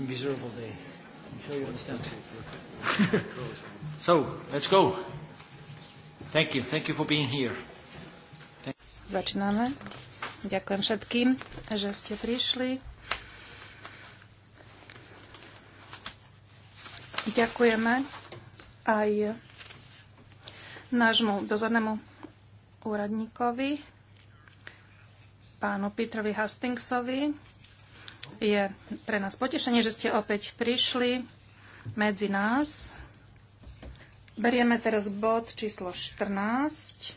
miserable day. I'm sure you understand. so, let's go. Thank you. Thank you for being here. Thank Začíname. Ďakujem všetkým, že ste prišli. Ďakujeme aj nášmu dozornému úradníkovi, pánu Petrovi Hastingsovi, je pre nás potešenie, že ste opäť prišli medzi nás. Berieme teraz bod číslo 14.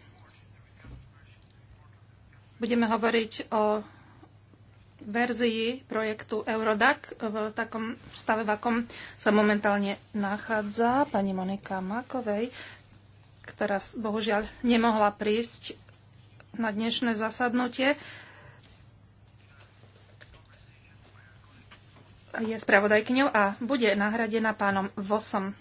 Budeme hovoriť o verzii projektu Eurodac v takom stave, v akom sa momentálne nachádza pani Monika Makovej, ktorá bohužiaľ nemohla prísť na dnešné zasadnutie. je spravodajkňou a bude nahradená pánom Vosom.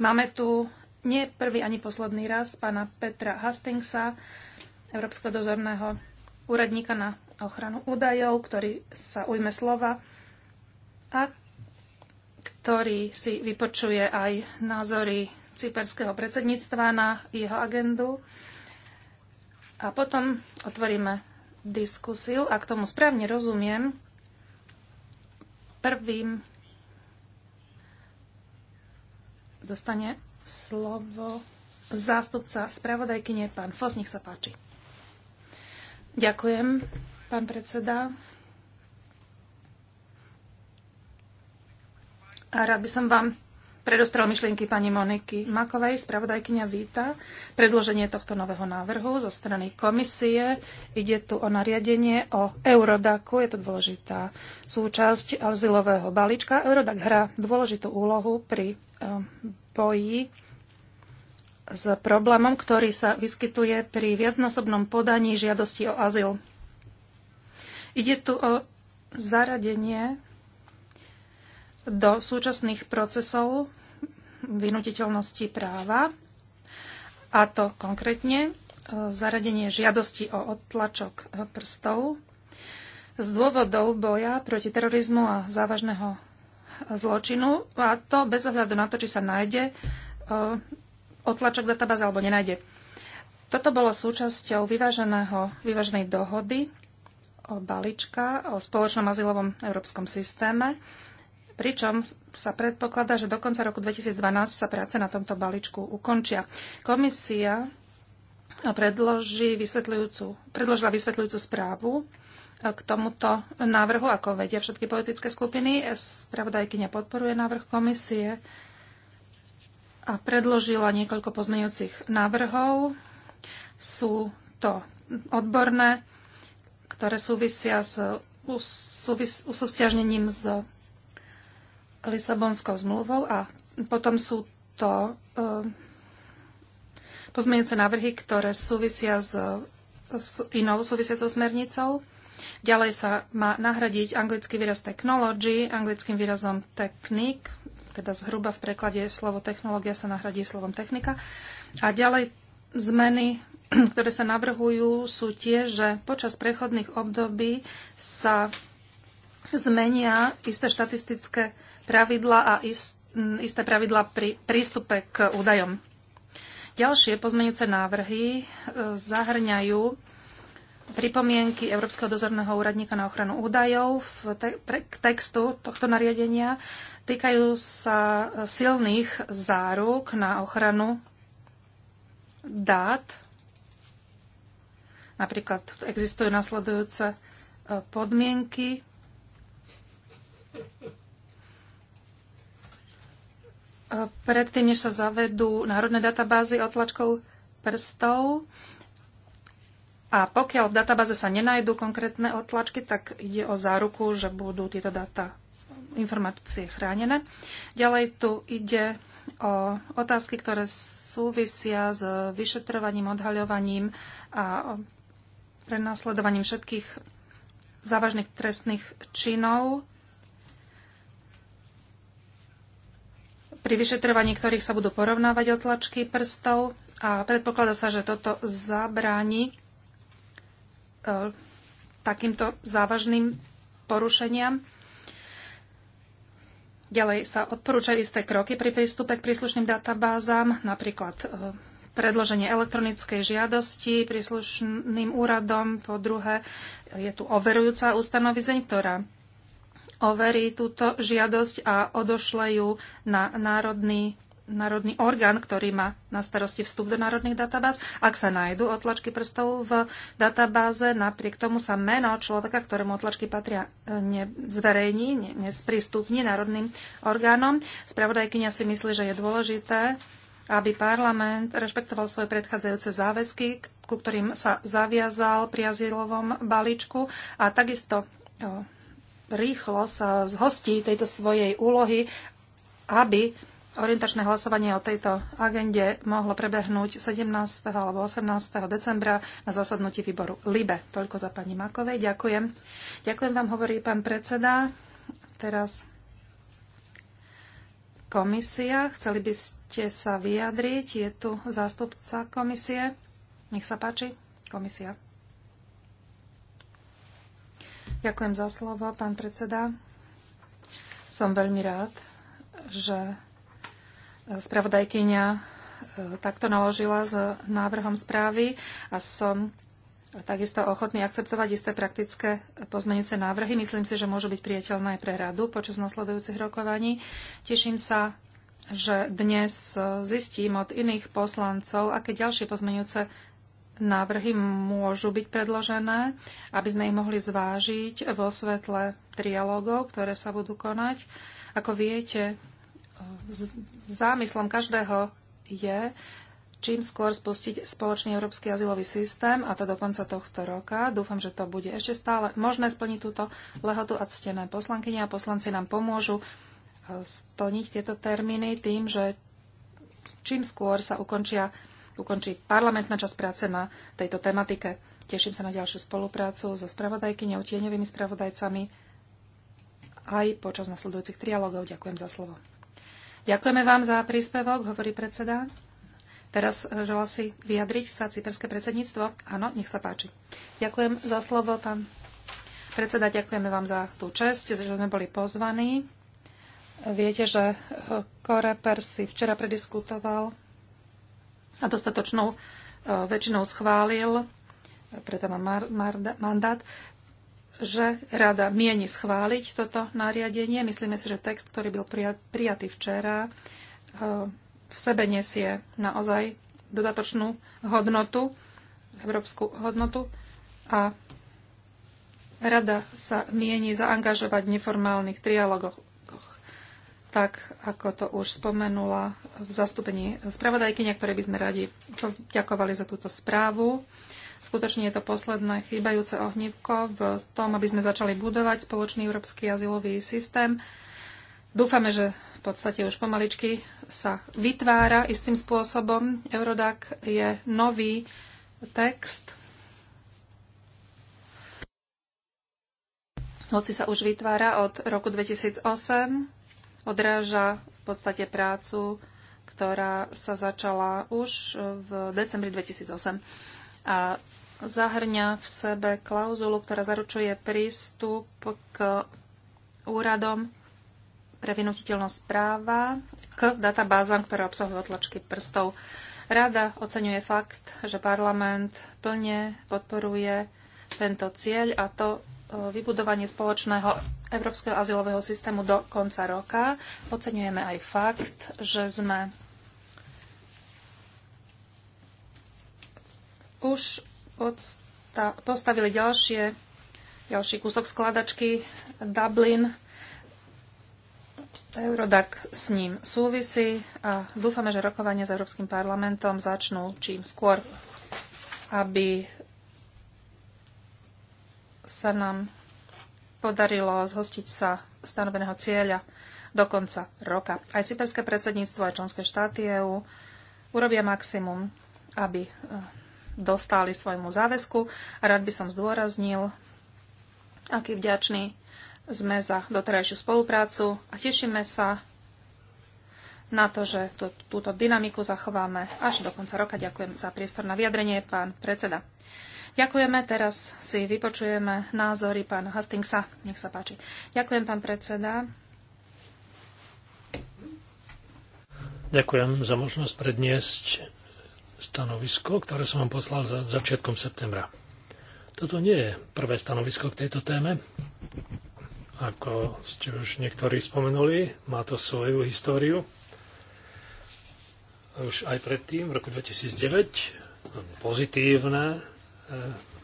Máme tu nie prvý ani posledný raz pána Petra Hastingsa, Európskeho dozorného úradníka na ochranu údajov, ktorý sa ujme slova a ktorý si vypočuje aj názory cyperského predsedníctva na jeho agendu. A potom otvoríme diskusiu, ak tomu správne rozumiem, prvým dostane slovo zástupca spravodajkyne, pán Fos, nech sa páči. Ďakujem, pán predseda. A rád by som vám predostrel myšlienky pani Moniky Makovej, spravodajkyňa víta predloženie tohto nového návrhu zo strany komisie. Ide tu o nariadenie o Eurodaku, je to dôležitá súčasť alzilového balíčka. Eurodak hrá dôležitú úlohu pri eh, boji s problémom, ktorý sa vyskytuje pri viacnásobnom podaní žiadosti o azyl. Ide tu o zaradenie do súčasných procesov vynutiteľnosti práva, a to konkrétne e, zaradenie žiadosti o odtlačok e, prstov z dôvodov boja proti terorizmu a závažného e, zločinu, a to bez ohľadu na to, či sa nájde odtlačok databáze alebo nenájde. Toto bolo súčasťou vyváženého, vyváženej dohody o balíčka o spoločnom azylovom európskom systéme pričom sa predpokladá, že do konca roku 2012 sa práce na tomto balíčku ukončia. Komisia predloží vysvetľujúcu, predložila vysvetľujúcu správu e, k tomuto návrhu, ako vedia všetky politické skupiny. Spravodajkyňa podporuje návrh komisie a predložila niekoľko pozmeňujúcich návrhov. Sú to odborné, ktoré súvisia s súvis, usústiažnením s Lisabonskou zmluvou a potom sú to eh, pozmeňujúce návrhy, ktoré súvisia s, s inou súvisiacou smernicou. Ďalej sa má nahradiť anglický výraz technology anglickým výrazom technik, teda zhruba v preklade slovo technológia sa nahradí slovom technika. A ďalej zmeny, ktoré sa navrhujú, sú tie, že počas prechodných období sa zmenia isté štatistické pravidla a isté pravidla pri prístupe k údajom. Ďalšie pozmeňujúce návrhy e, zahrňajú pripomienky Európskeho dozorného úradníka na ochranu údajov v te- pre- k textu tohto nariadenia. Týkajú sa silných záruk na ochranu dát. Napríklad existujú nasledujúce e, podmienky Predtým, než sa zavedú národné databázy otlačkov prstov, a pokiaľ v databáze sa nenajdú konkrétne otlačky, tak ide o záruku, že budú tieto data informácie chránené. Ďalej tu ide o otázky, ktoré súvisia s vyšetrovaním, odhaľovaním a prenasledovaním všetkých závažných trestných činov Pri vyšetrovaní ktorých sa budú porovnávať otlačky prstov a predpokladá sa, že toto zabráni e, takýmto závažným porušeniam. Ďalej sa odporúčajú isté kroky pri prístupe k príslušným databázám, napríklad e, predloženie elektronickej žiadosti príslušným úradom. Po druhé, je tu overujúca ustanovizeň, ktorá overí túto žiadosť a odošle ju na národný národný orgán, ktorý má na starosti vstup do národných databáz. Ak sa nájdú otlačky prstov v databáze, napriek tomu sa meno človeka, ktorému otlačky patria, e, nezverejní, nesprístupní národným orgánom. Spravodajkynia si myslí, že je dôležité, aby parlament rešpektoval svoje predchádzajúce záväzky, ku ktorým sa zaviazal pri azylovom balíčku a takisto rýchlo sa zhostí tejto svojej úlohy, aby orientačné hlasovanie o tejto agende mohlo prebehnúť 17. alebo 18. decembra na zasadnutí výboru LIBE. Toľko za pani Makovej. Ďakujem. Ďakujem vám, hovorí pán predseda. Teraz komisia. Chceli by ste sa vyjadriť? Je tu zástupca komisie. Nech sa páči. Komisia. Ďakujem za slovo, pán predseda. Som veľmi rád, že spravodajkyňa e, takto naložila s návrhom správy a som takisto ochotný akceptovať isté praktické pozmenujúce návrhy. Myslím si, že môžu byť priateľné aj pre radu počas nasledujúcich rokovaní. Teším sa, že dnes e, zistím od iných poslancov, aké ďalšie pozmenujúce návrhy môžu byť predložené, aby sme ich mohli zvážiť vo svetle trialogov, ktoré sa budú konať. Ako viete, zámyslom každého je čím skôr spustiť spoločný európsky azylový systém, a to do konca tohto roka. Dúfam, že to bude ešte stále možné splniť túto lehotu a ctené poslankyne a poslanci nám pomôžu e, splniť tieto termíny tým, že čím skôr sa ukončia ukončí parlamentná časť práce na tejto tematike. Teším sa na ďalšiu spoluprácu so spravodajkyňou, tieňovými spravodajcami aj počas nasledujúcich trialogov. Ďakujem za slovo. Ďakujeme vám za príspevok, hovorí predseda. Teraz e, želá si vyjadriť sa cyperské predsedníctvo. Áno, nech sa páči. Ďakujem za slovo, pán predseda. Ďakujeme vám za tú čest, že sme boli pozvaní. Viete, že Koreper si včera prediskutoval a dostatočnou e, väčšinou schválil, preto má mar, mar, mandát, že rada mieni schváliť toto nariadenie. Myslíme si, že text, ktorý bol prijatý včera, e, v sebe nesie naozaj dodatočnú hodnotu, európsku hodnotu a rada sa mieni zaangažovať v neformálnych trialogoch tak ako to už spomenula v zastúpení spravodajkynia, ktoré by sme radi ďakovali za túto správu. Skutočne je to posledné chýbajúce ohnívko v tom, aby sme začali budovať spoločný európsky azylový systém. Dúfame, že v podstate už pomaličky sa vytvára istým spôsobom. Eurodac je nový text, hoci sa už vytvára od roku 2008 odráža v podstate prácu, ktorá sa začala už v decembri 2008 a zahrňa v sebe klauzulu, ktorá zaručuje prístup k úradom pre vynutiteľnosť práva k databázam, ktoré obsahujú otlačky prstov. Rada oceňuje fakt, že parlament plne podporuje tento cieľ a to vybudovanie spoločného európskeho azylového systému do konca roka. Oceňujeme aj fakt, že sme už postavili ďalšie, ďalší kúsok skladačky Dublin. Eurodac s ním súvisí a dúfame, že rokovanie s Európskym parlamentom začnú čím skôr, aby sa nám podarilo zhostiť sa stanoveného cieľa do konca roka. Aj cyperské predsedníctvo, aj členské štáty EÚ urobia maximum, aby e, dostali svojmu záväzku. A rád by som zdôraznil, aký vďačný sme za doterajšiu spoluprácu a tešíme sa na to, že tú, túto dynamiku zachováme až do konca roka. Ďakujem za priestor na vyjadrenie, pán predseda. Ďakujeme, teraz si vypočujeme názory pána Hastingsa. Nech sa páči. Ďakujem, pán predseda. Ďakujem za možnosť predniesť stanovisko, ktoré som vám poslal za začiatkom septembra. Toto nie je prvé stanovisko k tejto téme. Ako ste už niektorí spomenuli, má to svoju históriu. Už aj predtým, v roku 2009, pozitívne E,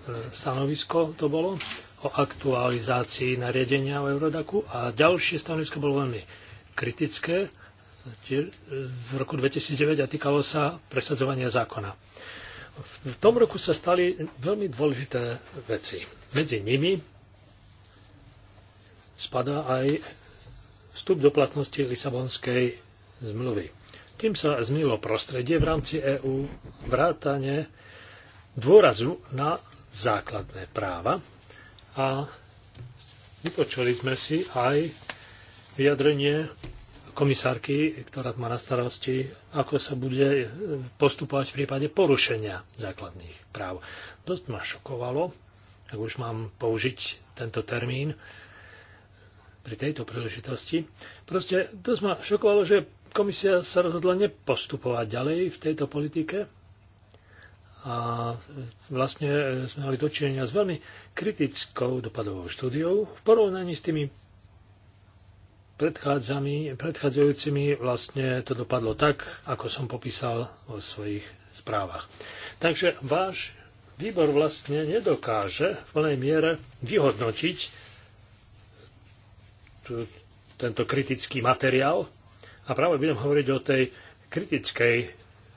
e, stanovisko to bolo o aktualizácii nariadenia o Eurodaku a ďalšie stanovisko bolo veľmi kritické e, v roku 2009 a týkalo sa presadzovania zákona. V tom roku sa stali veľmi dôležité veci. Medzi nimi spadá aj vstup do platnosti Lisabonskej zmluvy. Tým sa zmilo prostredie v rámci EÚ, vrátane dôrazu na základné práva a vypočuli sme si aj vyjadrenie komisárky, ktorá má na starosti, ako sa bude postupovať v prípade porušenia základných práv. Dosť ma šokovalo, ak už mám použiť tento termín pri tejto príležitosti. Proste dosť ma šokovalo, že komisia sa rozhodla nepostupovať ďalej v tejto politike, a vlastne e, sme mali dočinenia s veľmi kritickou dopadovou štúdiou v porovnaní s tými predchádzajúcimi vlastne to dopadlo tak, ako som popísal vo svojich správach. Takže váš výbor vlastne nedokáže v plnej miere vyhodnotiť tento kritický materiál a práve budem hovoriť o tej kritickej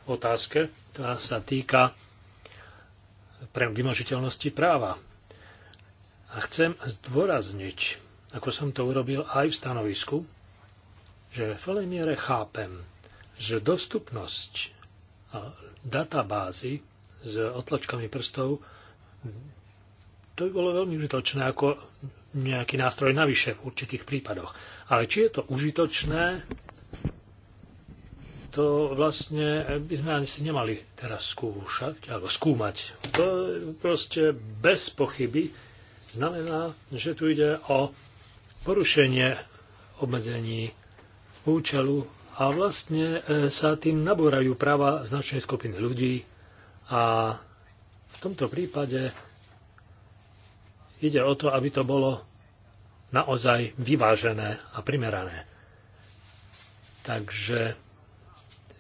otázke, ktorá sa týka pre vymožiteľnosti práva. A chcem zdôrazniť, ako som to urobil aj v stanovisku, že v veľej miere chápem, že dostupnosť databázy s otlačkami prstov to by bolo veľmi užitočné ako nejaký nástroj navyše v určitých prípadoch. Ale či je to užitočné, to vlastne eh, by sme ani si nemali teraz skúšať alebo skúmať. To proste bez pochyby znamená, že tu ide o porušenie obmedzení účelu a vlastne eh, sa tým nabúrajú práva značnej skupiny ľudí a v tomto prípade ide o to, aby to bolo naozaj vyvážené a primerané. Takže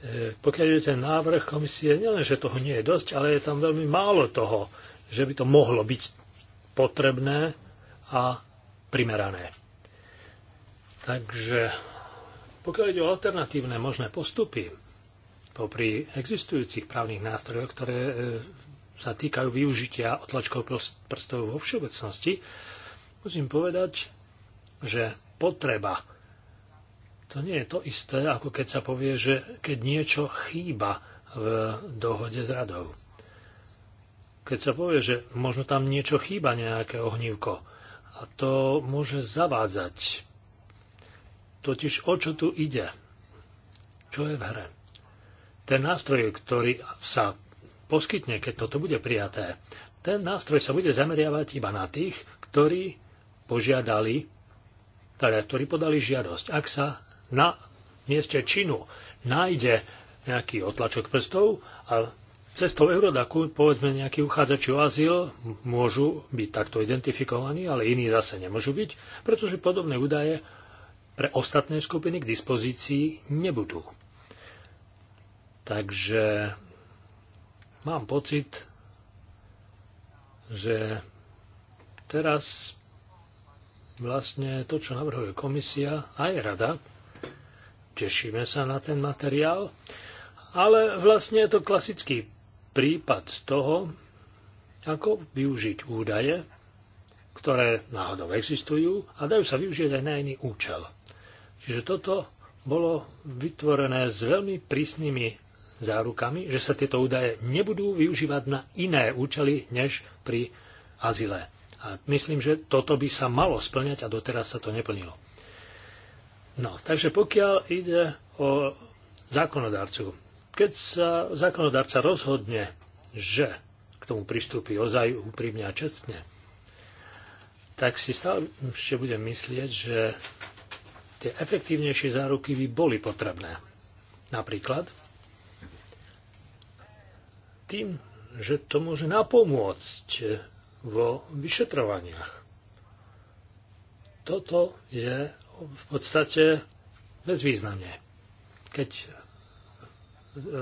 E, pokiaľ je ten návrh komisie, nielen, že toho nie je dosť, ale je tam veľmi málo toho, že by to mohlo byť potrebné a primerané. Takže pokiaľ ide o alternatívne možné postupy, popri existujúcich právnych nástrojoch, ktoré e, sa týkajú využitia otlačkov prstov vo všeobecnosti, musím povedať, že potreba to nie je to isté, ako keď sa povie, že keď niečo chýba v dohode s radou. Keď sa povie, že možno tam niečo chýba, nejaké ohnívko, a to môže zavádzať. Totiž o čo tu ide? Čo je v hre? Ten nástroj, ktorý sa poskytne, keď toto bude prijaté, ten nástroj sa bude zameriavať iba na tých, ktorí požiadali, teda ktorí podali žiadosť. Ak sa na mieste činu nájde nejaký otlačok prstov a cestou Eurodaku, povedzme nejakí uchádzači o azyl, môžu byť takto identifikovaní, ale iní zase nemôžu byť, pretože podobné údaje pre ostatné skupiny k dispozícii nebudú. Takže mám pocit, že teraz vlastne to, čo navrhuje komisia, aj rada, tešíme sa na ten materiál, ale vlastne je to klasický prípad toho, ako využiť údaje, ktoré náhodou existujú a dajú sa využiť aj na iný účel. Čiže toto bolo vytvorené s veľmi prísnymi zárukami, že sa tieto údaje nebudú využívať na iné účely než pri azile. A myslím, že toto by sa malo splňať a doteraz sa to neplnilo. No, takže pokiaľ ide o zákonodarcu, keď sa zákonodárca rozhodne, že k tomu pristúpi ozaj úprimne a čestne, tak si stále ešte budem myslieť, že tie efektívnejšie záruky by boli potrebné. Napríklad tým, že to môže napomôcť vo vyšetrovaniach. Toto je v podstate bezvýznamne. Keď e, e,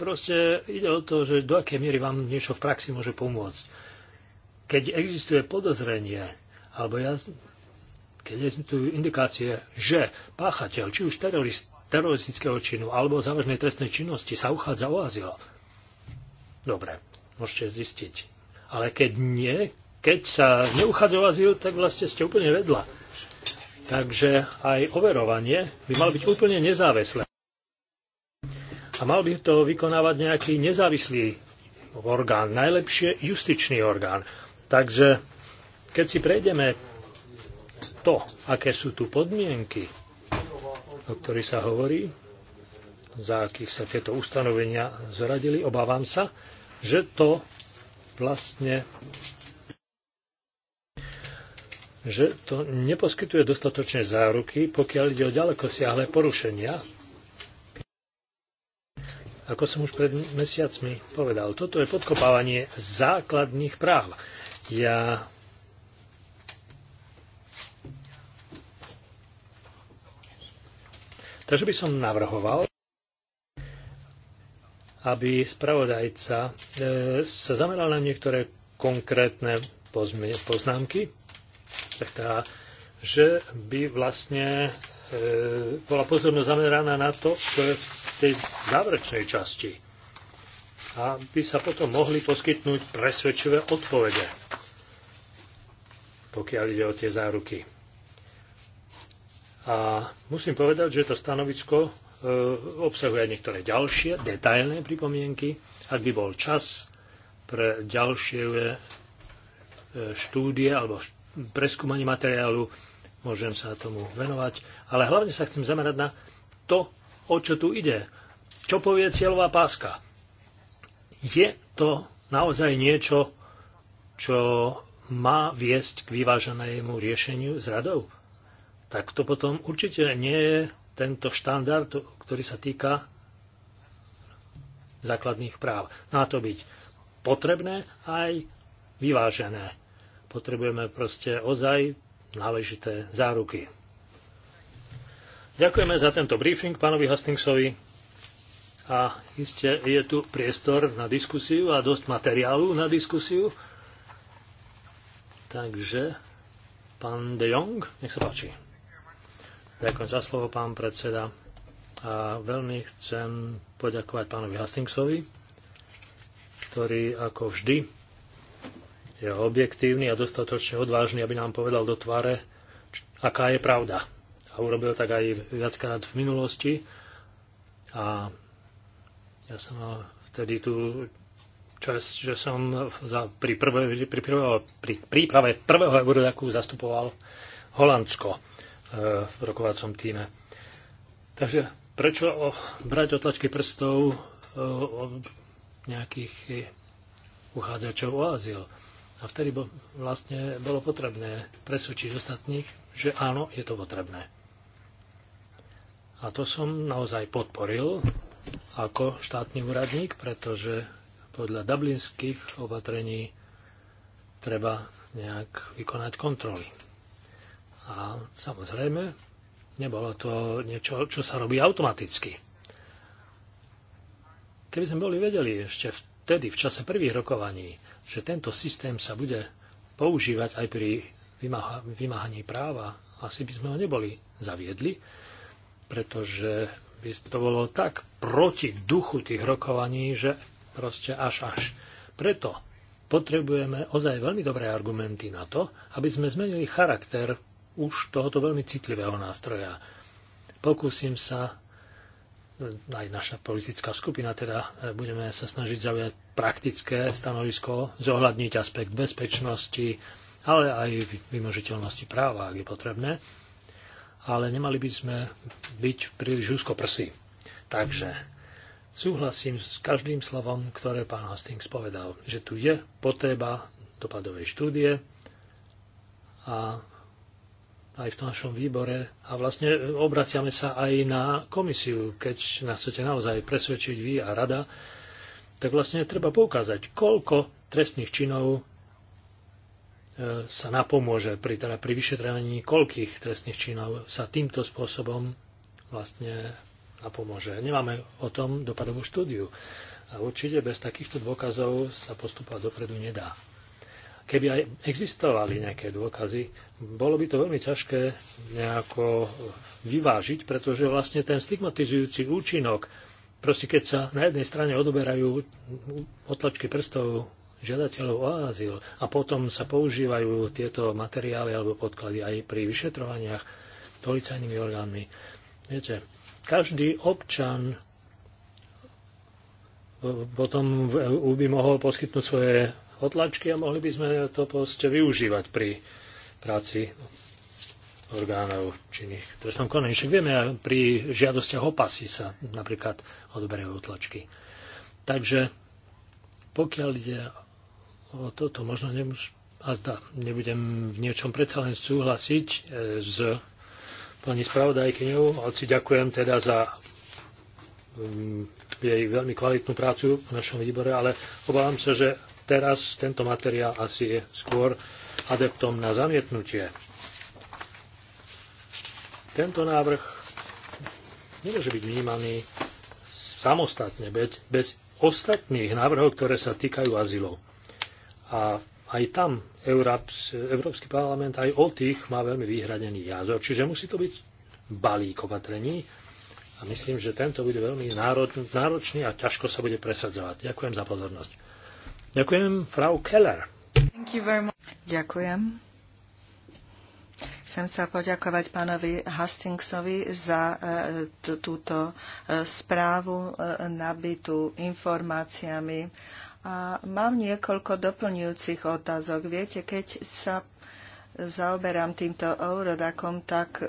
proste ide o to, že do akej miery vám niečo v praxi môže pomôcť. Keď existuje podozrenie, alebo ja, keď existujú indikácie, že páchateľ, či už terorist, teroristického činu alebo závažnej trestnej činnosti sa uchádza o azyl. Dobre, môžete zistiť. Ale keď nie, keď sa neuchádza o azyl, tak vlastne ste úplne vedla. Takže aj overovanie by malo byť úplne nezávislé. A mal by to vykonávať nejaký nezávislý orgán, najlepšie justičný orgán. Takže keď si prejdeme to, aké sú tu podmienky, o ktorých sa hovorí, za akých sa tieto ustanovenia zradili, obávam sa, že to vlastne že to neposkytuje dostatočné záruky, pokiaľ ide o ďaleko siahle porušenia. Ako som už pred mesiacmi povedal, toto je podkopávanie základných práv. Ja Takže by som navrhoval, aby spravodajca e, sa zameral na niektoré konkrétne poznámky taká, že by vlastne e, bola pozornosť zameraná na to, čo je v tej záverečnej časti. A by sa potom mohli poskytnúť presvedčivé odpovede, pokiaľ ide o tie záruky. A musím povedať, že to stanovisko e, obsahuje niektoré ďalšie detailné pripomienky. Ak by bol čas pre ďalšie e, štúdie alebo preskúmaní materiálu, môžem sa tomu venovať, ale hlavne sa chcem zamerať na to, o čo tu ide. Čo povie cieľová páska? Je to naozaj niečo, čo má viesť k vyváženému riešeniu s radou? Tak to potom určite nie je tento štandard, ktorý sa týka základných práv. Má to byť potrebné aj vyvážené. Potrebujeme proste ozaj náležité záruky. Ďakujeme za tento briefing pánovi Hastingsovi a iste je tu priestor na diskusiu a dosť materiálu na diskusiu. Takže pán De Jong, nech sa páči. Ďakujem za slovo, pán predseda. A veľmi chcem poďakovať pánovi Hastingsovi, ktorý ako vždy je objektívny a dostatočne odvážny, aby nám povedal do tváre, aká je pravda. A urobil tak aj viackrát v minulosti. A ja som mal vtedy tú čas, že som za, pri, prvé, pri, prvé, pri príprave prvého Eurodaku zastupoval Holandsko e, v rokovacom týme. Takže prečo brať otlačky prstov e, od nejakých uchádzačov o azyl? A vtedy bo, vlastne bolo potrebné presvedčiť ostatných, že áno, je to potrebné. A to som naozaj podporil ako štátny úradník, pretože podľa dublinských opatrení treba nejak vykonať kontroly. A samozrejme, nebolo to niečo, čo sa robí automaticky. Keby sme boli vedeli ešte vtedy, v čase prvých rokovaní, že tento systém sa bude používať aj pri vymáhaní práva, asi by sme ho neboli zaviedli, pretože by to bolo tak proti duchu tých rokovaní, že proste až až. Preto potrebujeme ozaj veľmi dobré argumenty na to, aby sme zmenili charakter už tohoto veľmi citlivého nástroja. Pokúsim sa aj naša politická skupina, teda e, budeme sa snažiť zaujať praktické stanovisko, zohľadniť aspekt bezpečnosti, ale aj vymožiteľnosti práva, ak je potrebné. Ale nemali by sme byť príliš úzko prsi. Takže súhlasím s každým slovom, ktoré pán Hastings povedal, že tu je potreba dopadovej štúdie a aj v našom výbore a vlastne obraciame sa aj na komisiu, keď nás chcete naozaj presvedčiť vy a rada, tak vlastne treba poukázať, koľko trestných činov e, sa napomôže pri, teda pri vyšetrení koľkých trestných činov sa týmto spôsobom vlastne napomôže. Nemáme o tom dopadovú štúdiu. A určite bez takýchto dôkazov sa postupovať dopredu nedá keby aj existovali nejaké dôkazy, bolo by to veľmi ťažké nejako vyvážiť, pretože vlastne ten stigmatizujúci účinok, proste keď sa na jednej strane odoberajú otlačky prstov žiadateľov o azyl a potom sa používajú tieto materiály alebo podklady aj pri vyšetrovaniach policajnými orgánmi. Viete, každý občan potom by mohol poskytnúť svoje otlačky a mohli by sme to proste využívať pri práci orgánov činných v trestnom konaní. Však vieme, pri žiadostiach opasy sa napríklad odberajú otlačky. Takže pokiaľ ide o toto, možno nemus- a zda, nebudem v niečom predsa len súhlasiť e, s pani spravodajkyňou, hoci ďakujem teda za mm, jej veľmi kvalitnú prácu v našom výbore, ale obávam sa, že teraz tento materiál asi je skôr adeptom na zamietnutie. Tento návrh nemôže byť vnímaný samostatne, bez ostatných návrhov, ktoré sa týkajú azylov. A aj tam Európs, Európsky parlament aj o tých má veľmi vyhradený jazor. Čiže musí to byť balík opatrení a myslím, že tento bude veľmi náročný a ťažko sa bude presadzovať. Ďakujem za pozornosť. Ďakujem, Frau Keller. Ďakujem. Chcem sa poďakovať pánovi Hastingsovi za e, túto e, správu e, nabitú informáciami. A mám niekoľko doplňujúcich otázok. Viete, keď sa zaoberám týmto Eurodakom, tak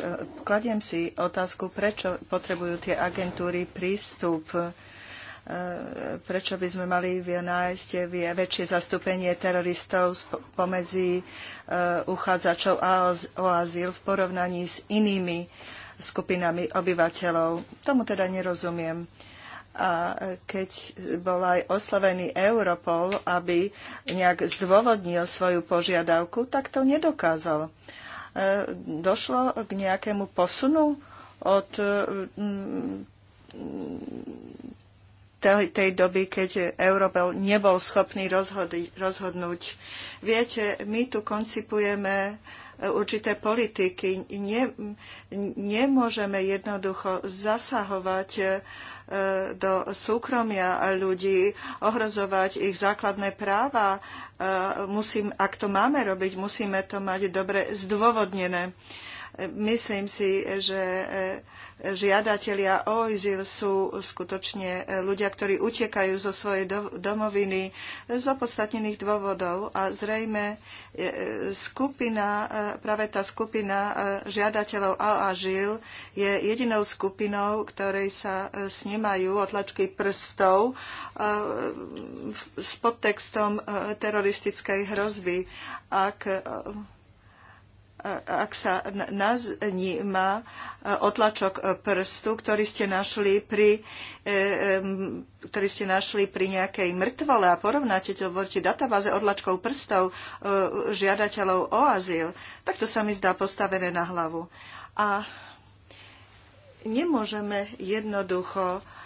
kladiem si otázku, prečo potrebujú tie agentúry prístup prečo by sme mali nájsť väčšie zastúpenie teroristov pomedzi e, uchádzačov o azyl v porovnaní s inými skupinami obyvateľov. Tomu teda nerozumiem. A keď bol aj oslovený Europol, aby nejak zdôvodnil svoju požiadavku, tak to nedokázal. E, došlo k nejakému posunu od tej doby, keď Europol nebol schopný rozhodnúť. Viete, my tu koncipujeme e, určité politiky. Nie, nemôžeme jednoducho zasahovať e, do súkromia ľudí, ohrozovať ich základné práva. E, musím, ak to máme robiť, musíme to mať dobre zdôvodnené. Myslím si, že žiadatelia o izyl sú skutočne ľudia, ktorí utekajú zo svojej domoviny z opodstatnených dôvodov a zrejme e, skupina, e, práve tá skupina e, žiadateľov o azyl je jedinou skupinou, ktorej sa snímajú otlačky prstov s podtextom teroristickej hrozby. Ak ak sa nazníma e, otlačok e, prstu, ktorý ste našli pri, e, ktorý ste našli pri nejakej mŕtvole a porovnáte to voči databáze odlačkov prstov žiadateľov o azyl, tak to sa mi zdá postavené na hlavu. A nemôžeme jednoducho uh,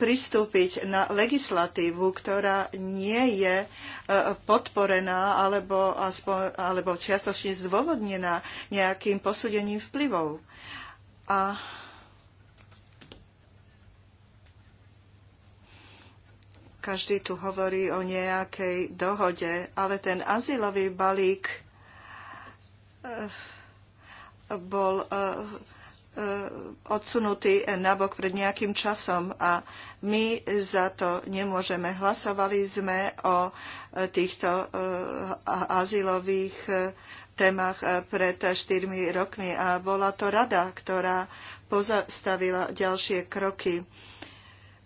pristúpiť na legislatívu, ktorá nie je e, podporená alebo, aspoň, alebo čiastočne zdôvodnená nejakým posúdením vplyvov. A každý tu hovorí o nejakej dohode, ale ten azylový balík e, bol e, E, odsunutý nabok pred nejakým časom a my za to nemôžeme. Hlasovali sme o e, týchto e, azylových témach pred 4 rokmi a bola to rada, ktorá pozastavila ďalšie kroky.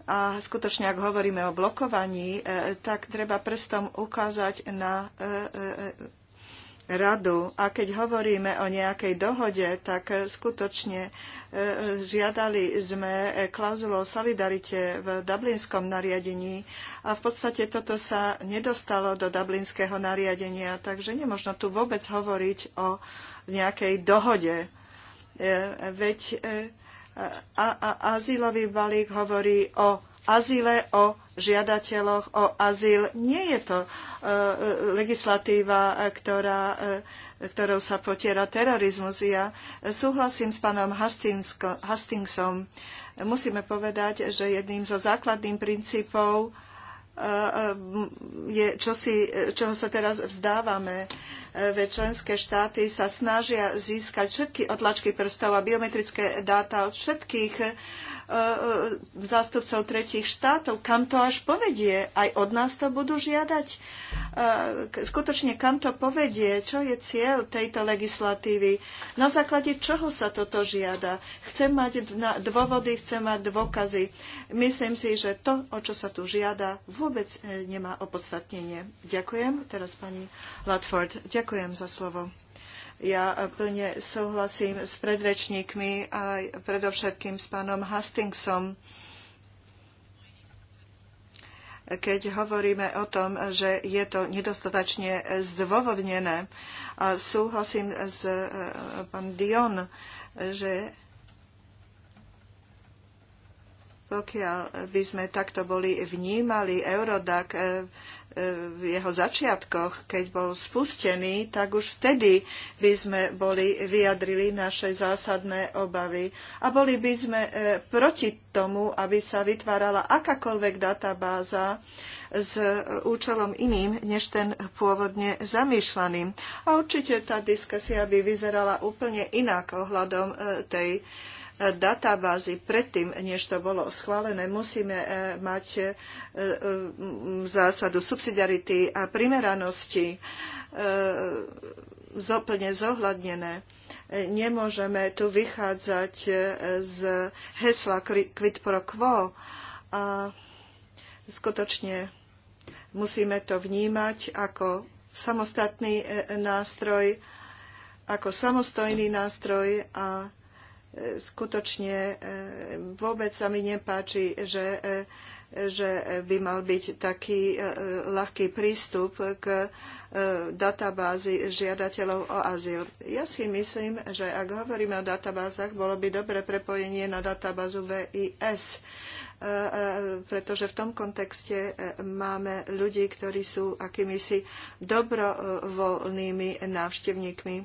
A skutočne, ak hovoríme o blokovaní, tak treba prstom ukázať na radu. A keď hovoríme o nejakej dohode, tak e, skutočne e, e, žiadali sme klauzulu o solidarite v dublinskom nariadení a v podstate toto sa nedostalo do dublinského nariadenia, takže nemožno tu vôbec hovoriť o nejakej dohode. Veď a, a, azylový balík hovorí o azyle, o žiadateľoch o azyl. Nie je to e, e, legislatíva, e, ktorá ktorou sa potiera terorizmus. Ja súhlasím s pánom Hastingsom. Musíme povedať, že jedným zo základných princípov je čosi, čoho sa teraz vzdávame. ve členské štáty sa snažia získať všetky otlačky prstov a biometrické dáta od všetkých E, e, zástupcov tretich štátov. Kam to až povedie? Aj od nás to budú žiadať? E, skutočne kam to povedie? Čo je cieľ tejto legislatívy? Na základe čoho sa toto žiada? Chcem mať dôvody, chcem mať dôkazy. Myslím si, že to, o čo sa tu žiada, vôbec nemá opodstatnenie. Ďakujem. Teraz pani Latford. Ďakujem za slovo. Ja plne súhlasím s predrečníkmi a predovšetkým s pánom Hastingsom keď hovoríme o tom, že je to nedostatočne zdôvodnené. A súhlasím s e, e, pán Dion, že pokiaľ by sme takto boli vnímali Eurodac e, e, v jeho začiatkoch, keď bol spustený, tak už vtedy by sme boli, vyjadrili naše zásadné obavy. A boli by sme e, proti tomu, aby sa vytvárala akákoľvek databáza s účelom iným, než ten pôvodne zamýšľaný. A určite tá diskusia by vyzerala úplne inak ohľadom tej databázy predtým, než to bolo schválené, musíme e, mať e, zásadu subsidiarity a primeranosti e, zoplne zohľadnené. Nemôžeme tu vychádzať z hesla quid pro quo a skutočne musíme to vnímať ako samostatný nástroj, ako samostojný nástroj a Skutočne e, vôbec sa mi nepáči, že e, že by mal byť taký e, ľahký prístup k databázi žiadateľov o azyl. Ja si myslím, že ak hovoríme o databázach, bolo by dobre prepojenie na databázu VIS, pretože v tom kontexte máme ľudí, ktorí sú akýmisi dobrovoľnými návštevníkmi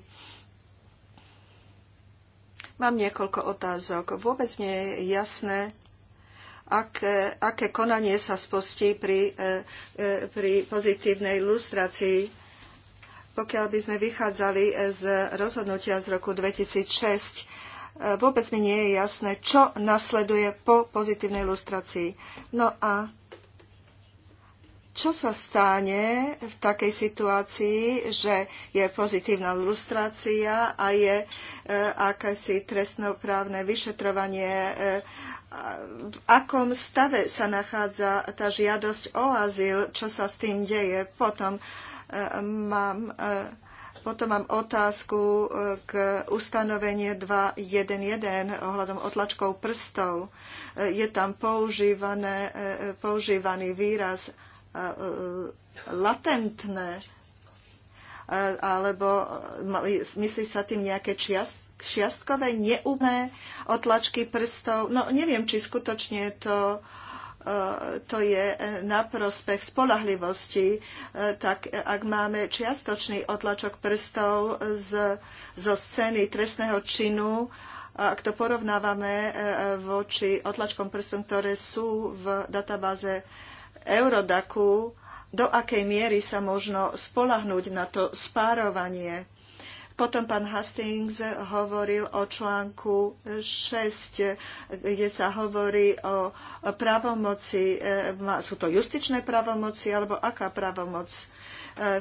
Mám niekoľko otázok. Vôbec nie je jasné, aké, aké konanie sa spustí pri, e, e, pri pozitívnej ilustrácii. Pokiaľ by sme vychádzali e, z rozhodnutia z roku 2006, vôbec mi nie je jasné, čo nasleduje po pozitívnej ilustrácii. No a čo sa stane v takej situácii, že je pozitívna lustrácia a je e, akési trestnoprávne vyšetrovanie, e, v akom stave sa nachádza tá žiadosť o azyl, čo sa s tým deje. Potom e, mám. E, potom mám otázku e, k ustanoveniu 2.1.1 ohľadom otlačkov prstov. E, je tam používané, e, používaný výraz E, e, latentné, e, alebo myslí sa tým nejaké čiast, čiastkové, neumé otlačky prstov. No neviem, či skutočne to to je na prospech spolahlivosti, tak ak máme čiastočný otlačok prstov z, zo scény trestného činu, ak to porovnávame voči otlačkom prstom, ktoré sú v databáze Eurodaku, do akej miery sa možno spolahnúť na to spárovanie. Potom pán Hastings hovoril o článku 6, kde sa hovorí o právomoci, e, sú to justičné právomoci alebo aká právomoc. E,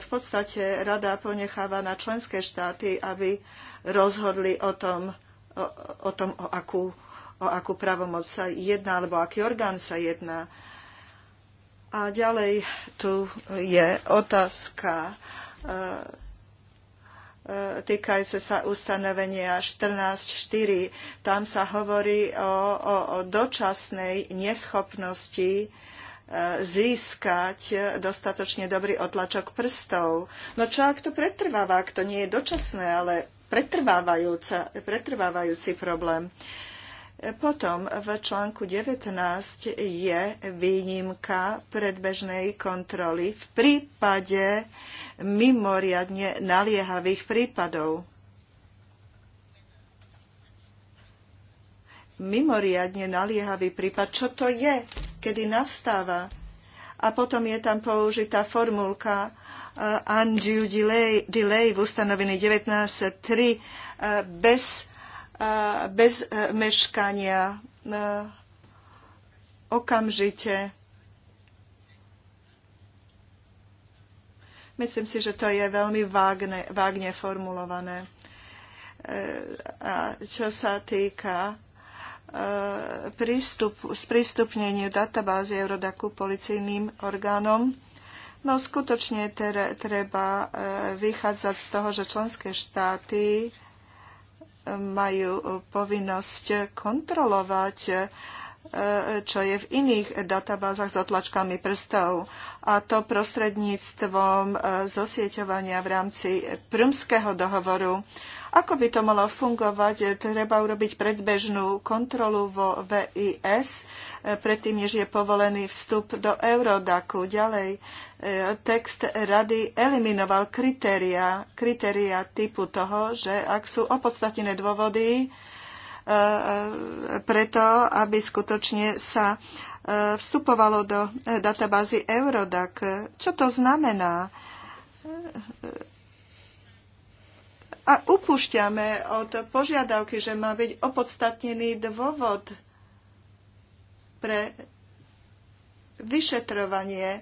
v podstate rada ponecháva na členské štáty, aby rozhodli o tom, o, o, tom, o akú, o akú právomoc sa jedná alebo aký orgán sa jedná. A ďalej tu je otázka e, e, týkajúce sa ustanovenia 14.4. Tam sa hovorí o, o, o dočasnej neschopnosti e, získať dostatočne dobrý otlačok prstov. No čo ak to pretrváva, ak to nie je dočasné, ale pretrvávajúci problém. Uh, potom v článku 19 je výnimka predbežnej kontroly v prípade mimoriadne naliehavých prípadov. Mimoriadne naliehavý prípad, čo to je, kedy nastáva? A potom je tam použitá formulka undue eh, delay, delay v ustanovení 19.3 eh, bez bez e, meškania, e, okamžite. Myslím si, že to je veľmi vágne, vágne formulované. E, a čo sa týka prístup, sprístupnenie databázy Eurodaku policijným orgánom. No skutočne treba vychádzať z toho, že členské štáty majú povinnosť kontrolovať, e, čo je v iných databázach s otlačkami prstov. A to prostredníctvom e, zosieťovania v rámci Prmského dohovoru. Ako by to malo fungovať? Treba urobiť predbežnú kontrolu vo VIS, eh, predtým, než je povolený vstup do Eurodaku. Ďalej, eh, text rady eliminoval kritéria, kritéria typu toho, že ak sú opodstatnené dôvody, eh, preto, aby skutočne sa vstupovalo do databázy Eurodac. Čo to znamená? a upúšťame od požiadavky, že má byť opodstatnený dôvod pre vyšetrovanie e,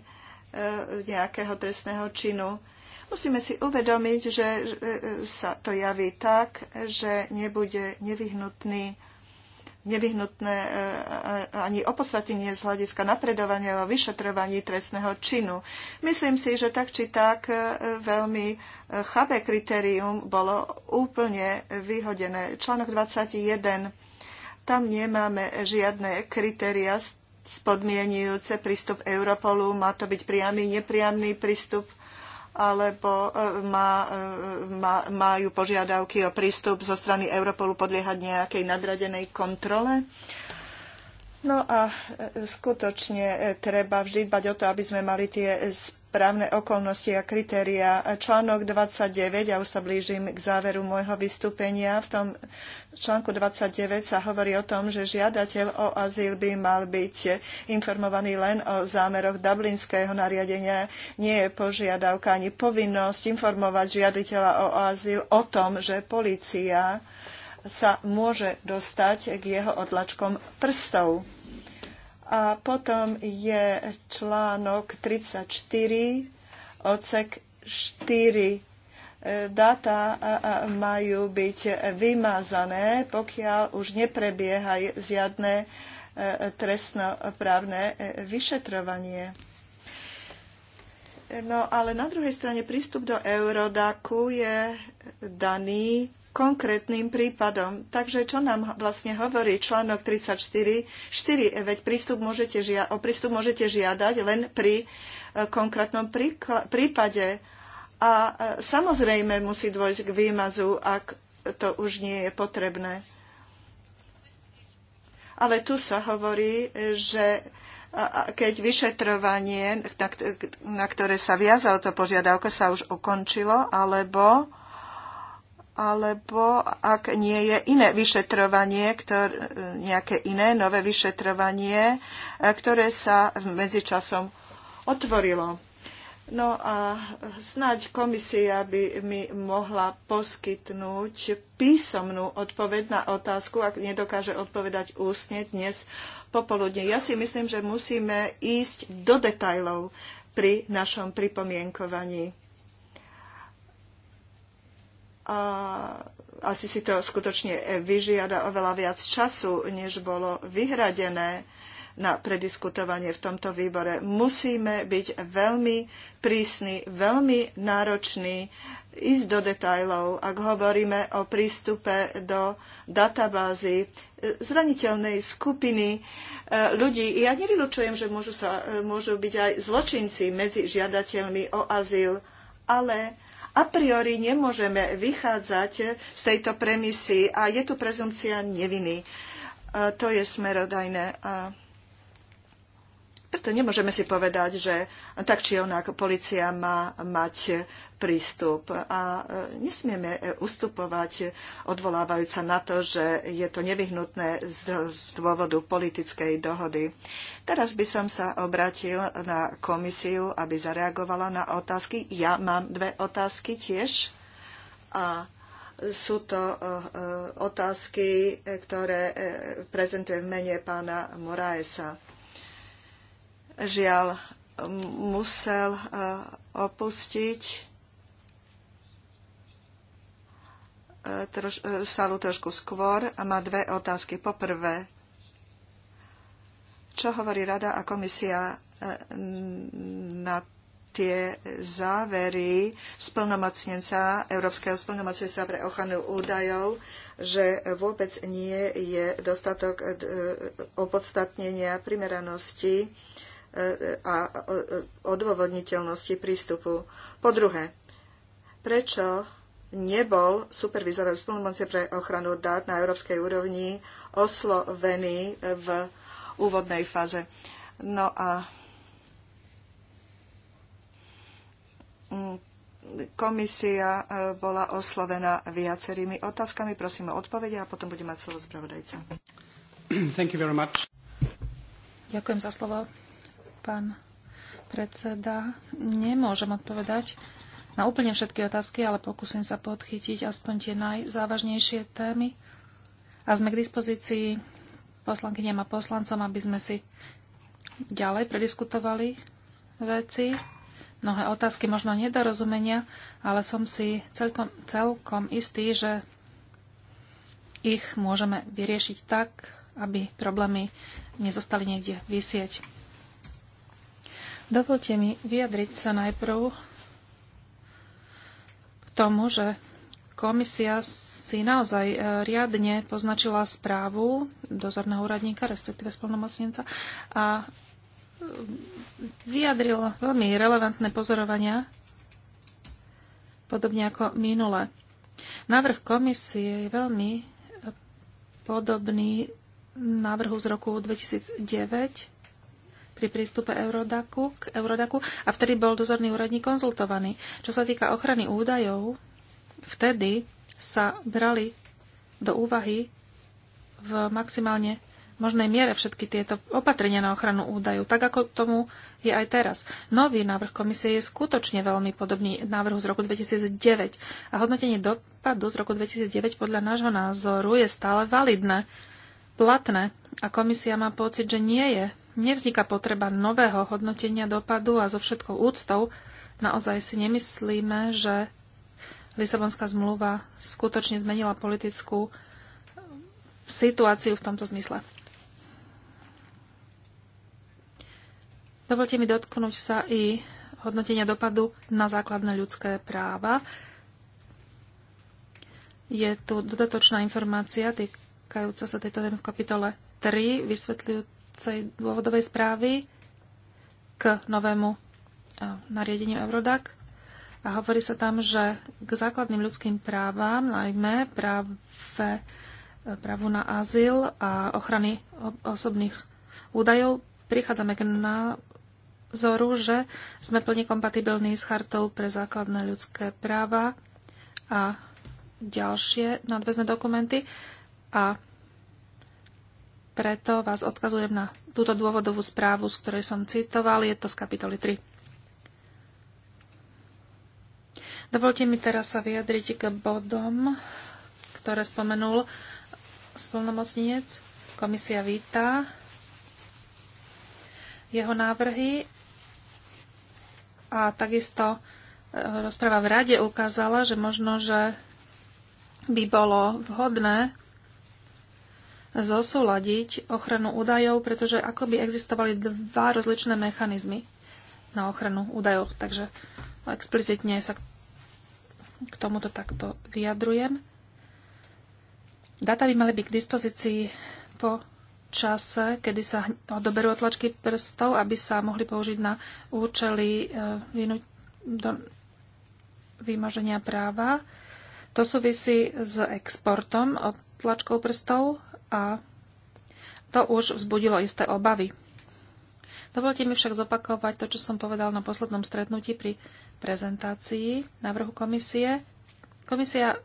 nejakého trestného činu. Musíme si uvedomiť, že e, e, sa to javí tak, že nebude nevyhnutný nevyhnutné e, e, ani opodstatnenie z hľadiska napredovania o vyšetrovaní trestného činu. Myslím si, že tak či tak e, veľmi chabé kritérium bolo úplne vyhodené. Článok 21. Tam nemáme žiadne kritéria spodmienujúce prístup Europolu. Má to byť priamy, nepriamný prístup alebo e, má, e, má, majú požiadavky o prístup zo strany Europolu podliehať nejakej nadradenej kontrole. No a e, skutočne treba vždy dbať o to, aby sme mali tie právne okolnosti a kritéria. Článok 29, ja už sa blížim k záveru môjho vystúpenia, v tom článku 29 sa hovorí o tom, že žiadateľ o azyl by mal byť informovaný len o zámeroch Dublinského nariadenia. Nie je požiadavka ani povinnosť informovať žiaditeľa o azyl o tom, že policia sa môže dostať k jeho odlačkom prstov a potom je článok 34, odsek 4. E, Dáta majú byť vymazané, pokiaľ už neprebieha žiadne e, trestnoprávne e, vyšetrovanie. No ale na druhej strane prístup do Eurodaku je daný konkrétnym prípadom. Takže čo nám vlastne hovorí článok 34? 4, e, veď prístup môžete žia- o prístup môžete žiadať len pri e, konkrétnom prípade. A e, samozrejme musí dôjsť k výmazu, ak to už nie je potrebné. Ale tu sa hovorí, že keď vyšetrovanie, na ktoré sa viazalo to požiadavka, sa už ukončilo, alebo alebo ak nie je iné vyšetrovanie, ktor, nejaké iné nové vyšetrovanie, e, ktoré sa medzičasom otvorilo. No a snáď komisia by mi mohla poskytnúť písomnú odpoveď na otázku, ak nedokáže odpovedať ústne dnes popoludne. Ja si myslím, že musíme ísť do detajlov pri našom pripomienkovaní a asi si to skutočne vyžiada oveľa viac času, než bolo vyhradené na prediskutovanie v tomto výbore. Musíme byť veľmi prísni, veľmi nároční, ísť do detajlov, ak hovoríme o prístupe do databázy zraniteľnej skupiny e, ľudí. Ja nevylučujem, že môžu, sa, e, môžu byť aj zločinci medzi žiadateľmi o azyl, ale a priori nemôžeme vychádzať z tejto premisy a je tu prezumcia neviny. To je smerodajné. A preto nemôžeme si povedať, že tak či onak policia má mať prístup a e, nesmieme e, ustupovať odvolávajúca sa na to, že je to nevyhnutné z dôvodu politickej dohody. Teraz by som sa obratil na komisiu, aby zareagovala na otázky. Ja mám dve otázky tiež a sú to e, otázky, ktoré prezentujem v mene pána Moraesa žiaľ musel eh, opustiť eh, troš, eh, salu trošku skôr a má dve otázky. Poprvé, čo hovorí Rada a komisia na tie závery splnomocnenca, Európskeho splnomocnenca pre ochranu údajov, že vôbec nie je dostatok opodstatnenia primeranosti a odôvodniteľnosti prístupu. Po druhé, prečo nebol supervizor spolumocne pre ochranu dát na európskej úrovni oslovený v úvodnej fáze. No a mm, komisia e, bola oslovená viacerými otázkami. Prosím o odpovede a potom bude mať slovo spravodajca. Ďakujem za slovo pán predseda. Nemôžem odpovedať na úplne všetky otázky, ale pokúsim sa podchytiť aspoň tie najzávažnejšie témy. A sme k dispozícii poslankyniam a poslancom, aby sme si ďalej prediskutovali veci. Mnohé otázky, možno nedorozumenia, ale som si celkom, celkom istý, že ich môžeme vyriešiť tak, aby problémy nezostali niekde vysieť. Dovolte mi vyjadriť sa najprv k tomu, že komisia si naozaj e, riadne poznačila správu dozorného úradníka, respektíve spolnomocnenca a e, vyjadril veľmi relevantné pozorovania, podobne ako minule. Návrh komisie je veľmi e, podobný návrhu z roku 2009 pri prístupe Eurodaku, k Eurodaku a vtedy bol dozorný úradník konzultovaný. Čo sa týka ochrany údajov, vtedy sa brali do úvahy v maximálne možnej miere všetky tieto opatrenia na ochranu údajov, tak ako tomu je aj teraz. Nový návrh komisie je skutočne veľmi podobný návrhu z roku 2009 a hodnotenie dopadu z roku 2009 podľa nášho názoru je stále validné, platné a komisia má pocit, že nie je nevzniká potreba nového hodnotenia dopadu a so všetkou úctou naozaj si nemyslíme, že Lisabonská zmluva skutočne zmenila politickú eh, situáciu v tomto zmysle. Dovolte mi dotknúť sa i hodnotenia dopadu na základné ľudské práva. Je tu dodatočná informácia týkajúca sa tejto témy v kapitole 3, vysvetľujú dôvodcej, dôvodovej správy k novému nariadeniu Eurodac. A hovorí sa tam, že k základným ľudským právam, najmä práve e, právu na azyl a ochrany osobných údajov, prichádzame k názoru, že sme plne kompatibilní s chartou pre základné ľudské práva a ďalšie nadväzné dokumenty. A preto vás odkazujem na túto dôvodovú správu, z ktorej som citoval. Je to z kapitoly 3. Dovolte mi teraz sa vyjadriť k bodom, ktoré spomenul splnomocniec. Komisia víta jeho návrhy a takisto e, rozpráva v rade ukázala, že možno, že by bolo vhodné zosúľadiť ochranu údajov, pretože ako by existovali dva rozličné mechanizmy na ochranu údajov. Takže explicitne sa k tomuto takto vyjadrujem. Data by mali byť k dispozícii po čase, kedy sa odoberú otlačky prstov, aby sa mohli použiť na účely e, vynu- do vymoženia práva. To súvisí s exportom od tlačkou prstov a to už vzbudilo isté obavy. Dovolte mi však zopakovať to, čo som povedal na poslednom stretnutí pri prezentácii návrhu komisie. Komisia e,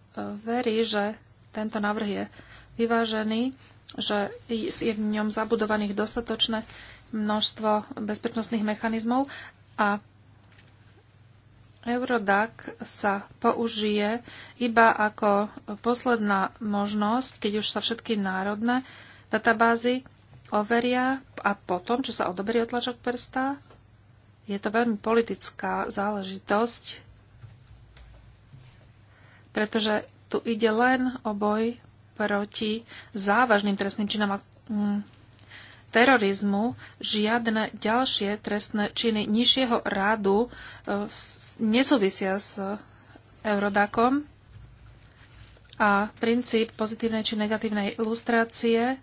verí, že tento návrh je vyvážený, že je v ňom zabudovaných dostatočné množstvo bezpečnostných mechanizmov a Eurodac sa použije iba ako posledná možnosť, keď už sa všetky národné databázy overia a potom, čo sa odoberie otlačok prsta, je to veľmi politická záležitosť, pretože tu ide len o boj proti závažným trestným činom a mm, terorizmu žiadne ďalšie trestné činy nižšieho rádu e, nesúvisia s Eurodakom a princíp pozitívnej či negatívnej ilustrácie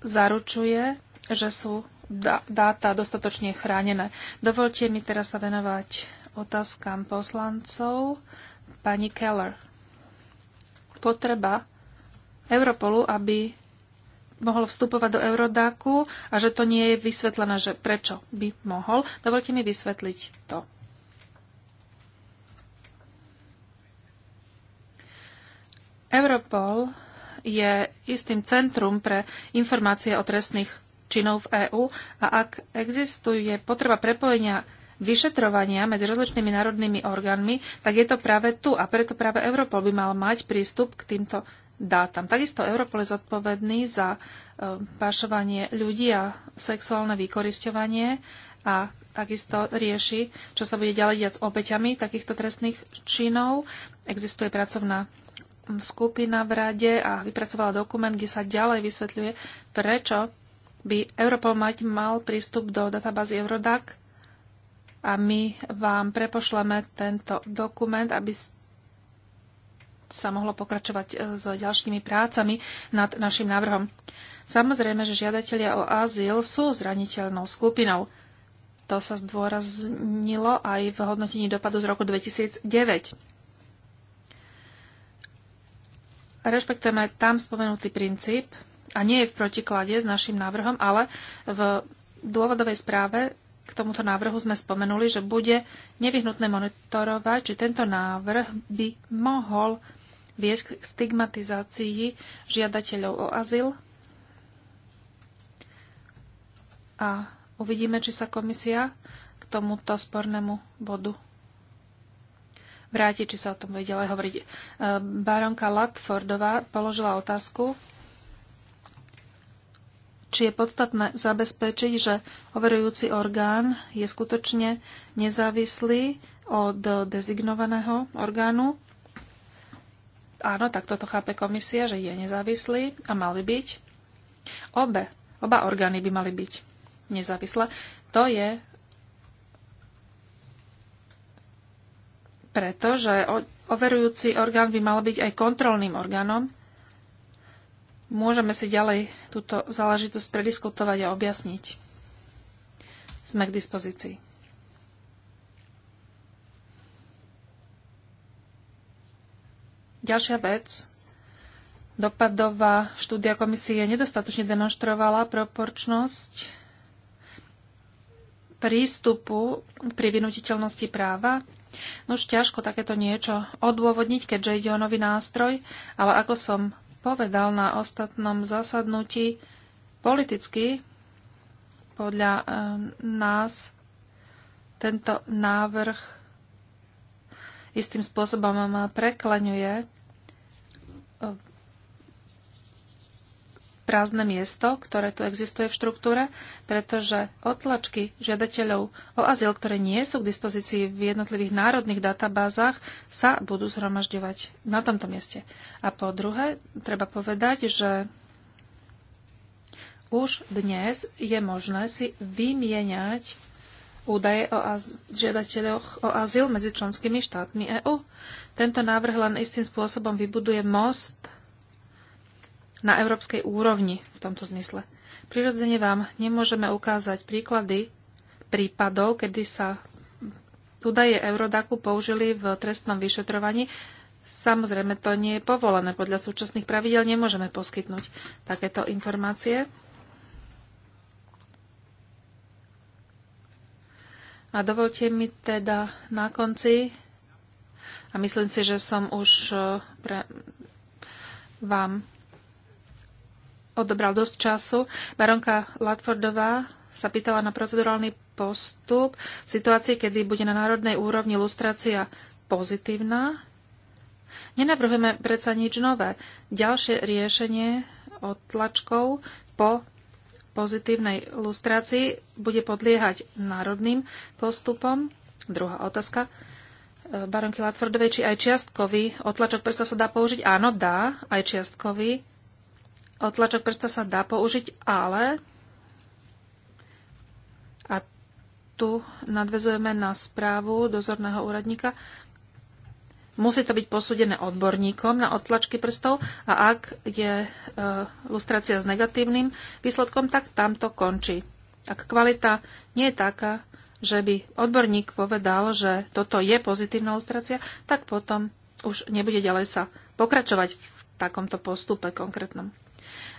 zaručuje, že sú dáta dostatočne chránené. Dovolte mi teraz sa venovať otázkam poslancov. Pani Keller, potreba Europolu, aby mohol vstupovať do Eurodaku a že to nie je vysvetlené, že prečo by mohol. Dovolte mi vysvetliť to. Europol je istým centrum pre informácie o trestných činov v EÚ a ak existuje potreba prepojenia vyšetrovania medzi rozličnými národnými orgánmi, tak je to práve tu a preto práve Europol by mal mať prístup k týmto dátam. Takisto Europol je zodpovedný za e, pašovanie ľudí a sexuálne vykorisťovanie a takisto rieši, čo sa bude ďalej diať s obeťami takýchto trestných činov. Existuje pracovná skupina v rade a vypracovala dokument, kde sa ďalej vysvetľuje, prečo by Europol mať mal prístup do databázy Eurodac a my vám prepošleme tento dokument, aby ste sa mohlo pokračovať e, s ďalšími prácami nad našim návrhom. Samozrejme, že žiadatelia o azyl sú zraniteľnou skupinou. To sa zdôraznilo aj v hodnotení dopadu z roku 2009. Rešpektujeme tam spomenutý princíp a nie je v protiklade s našim návrhom, ale v dôvodovej správe k tomuto návrhu sme spomenuli, že bude nevyhnutné monitorovať, či tento návrh by mohol viesť k stigmatizácii žiadateľov o azyl. A uvidíme, či sa komisia k tomuto spornému bodu vráti, či sa o tom bude ďalej hovoriť. E, baronka Latfordová položila otázku, či je podstatné zabezpečiť, že overujúci orgán je skutočne nezávislý od dezignovaného orgánu áno, tak toto chápe komisia, že je nezávislý a mal by byť. Obe, oba orgány by mali byť nezávislé. To je preto, že overujúci orgán by mal byť aj kontrolným orgánom. Môžeme si ďalej túto záležitosť prediskutovať a objasniť. Sme k dispozícii. Ďalšia vec. Dopadová štúdia komisie nedostatočne demonstrovala proporčnosť prístupu pri vynutiteľnosti práva. No už ťažko takéto niečo odôvodniť, keďže ide o nový nástroj, ale ako som povedal na ostatnom zasadnutí, politicky podľa eh, nás tento návrh istým spôsobom ma prekleňuje eh, prázdne miesto, ktoré tu existuje v štruktúre, pretože otlačky žiadateľov o azyl, ktoré nie sú k dispozícii v jednotlivých národných databázach, sa budú zhromažďovať na tomto mieste. A po druhé, treba povedať, že už dnes je možné si vymieňať údaje o az- žiadateľoch o azyl medzi členskými štátmi EÚ. Tento návrh len istým spôsobom vybuduje most na európskej úrovni v tomto zmysle. Prirodzene vám nemôžeme ukázať príklady prípadov, kedy sa údaje Eurodaku použili v trestnom vyšetrovaní. Samozrejme, to nie je povolené. Podľa súčasných pravidel nemôžeme poskytnúť takéto informácie. A dovolte mi teda na konci, a myslím si, že som už e, pre, vám odobral dosť času, baronka Latfordová sa pýtala na procedurálny postup v situácii, kedy bude na národnej úrovni lustrácia pozitívna. Nenavrhujeme predsa nič nové. Ďalšie riešenie od tlačkov po pozitívnej lustrácii bude podliehať národným postupom? Druhá otázka. E, baronky Latvordovej, či aj čiastkový otlačok prsta sa dá použiť? Áno, dá, aj čiastkový otlačok prsta sa dá použiť, ale a tu nadvezujeme na správu dozorného úradníka, Musí to byť posúdené odborníkom na odtlačky prstov a ak je e, lustrácia s negatívnym výsledkom, tak tam to končí. Ak kvalita nie je taká, že by odborník povedal, že toto je pozitívna lustrácia, tak potom už nebude ďalej sa pokračovať v takomto postupe konkrétnom.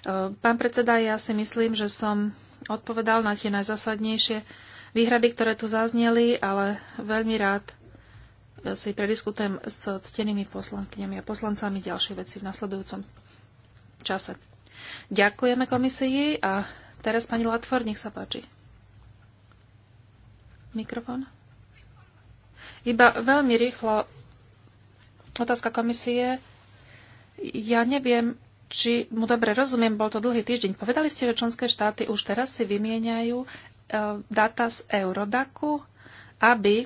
E, pán predseda, ja si myslím, že som odpovedal na tie najzásadnejšie výhrady, ktoré tu zazneli, ale veľmi rád si prediskutujem s ctenými poslankyňami a poslancami ďalšie veci v nasledujúcom čase. Ďakujeme komisii a teraz pani Latvor, nech sa páči. Mikrofón. Iba veľmi rýchlo otázka komisie. Ja neviem, či mu dobre rozumiem, bol to dlhý týždeň. Povedali ste, že členské štáty už teraz si vymieňajú e, data z Eurodaku, aby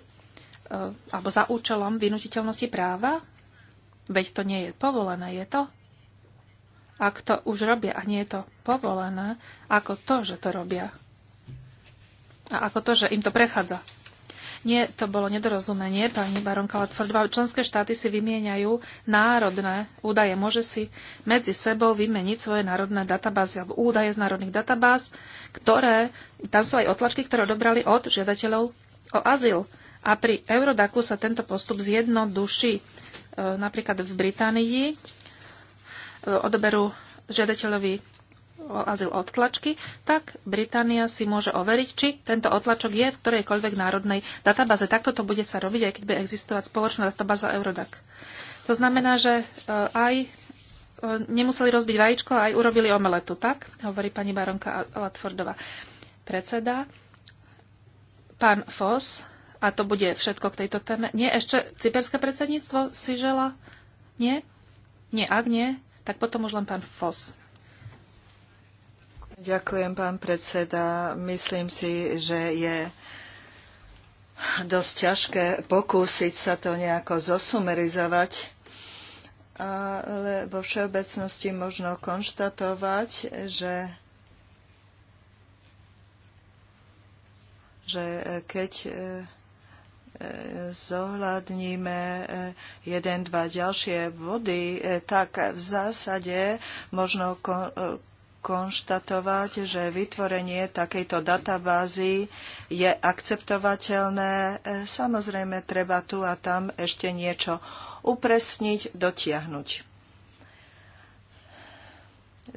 E, alebo za účelom vynutiteľnosti práva? Veď to nie je povolené, je to? Ak to už robia a nie je to povolené, ako to, že to robia? A ako to, že im to prechádza? Nie, to bolo nedorozumenie, pani baronka Latfordová. Členské štáty si vymieňajú národné údaje. Môže si medzi sebou vymeniť svoje národné databázy alebo údaje z národných databáz, ktoré, tam sú aj otlačky, ktoré odobrali od žiadateľov o azyl. A pri Eurodaku sa tento postup zjednoduší. E, napríklad v Británii e, odoberú žiadateľovi o azyl odtlačky, tak Británia si môže overiť, či tento odtlačok je v ktorejkoľvek národnej databáze. Takto to bude sa robiť, aj keď bude existovať spoločná databáza Eurodac. To znamená, že e, aj nemuseli rozbiť vajíčko, aj urobili omeletu, tak? Hovorí pani baronka Latfordová. Predseda, pán Foss, a to bude všetko k tejto téme. Nie, ešte cyperské predsedníctvo si žela? Nie? Nie, ak nie, tak potom už len pán Foss. Ďakujem, pán predseda. Myslím si, že je dosť ťažké pokúsiť sa to nejako zosumerizovať, ale vo všeobecnosti možno konštatovať, že že keď eh, zohľadníme eh, jeden, dva ďalšie body, eh, tak v zásade možno eh, konštatovať, že vytvorenie takejto databázy je akceptovateľné. Samozrejme, treba tu a tam ešte niečo upresniť, dotiahnuť.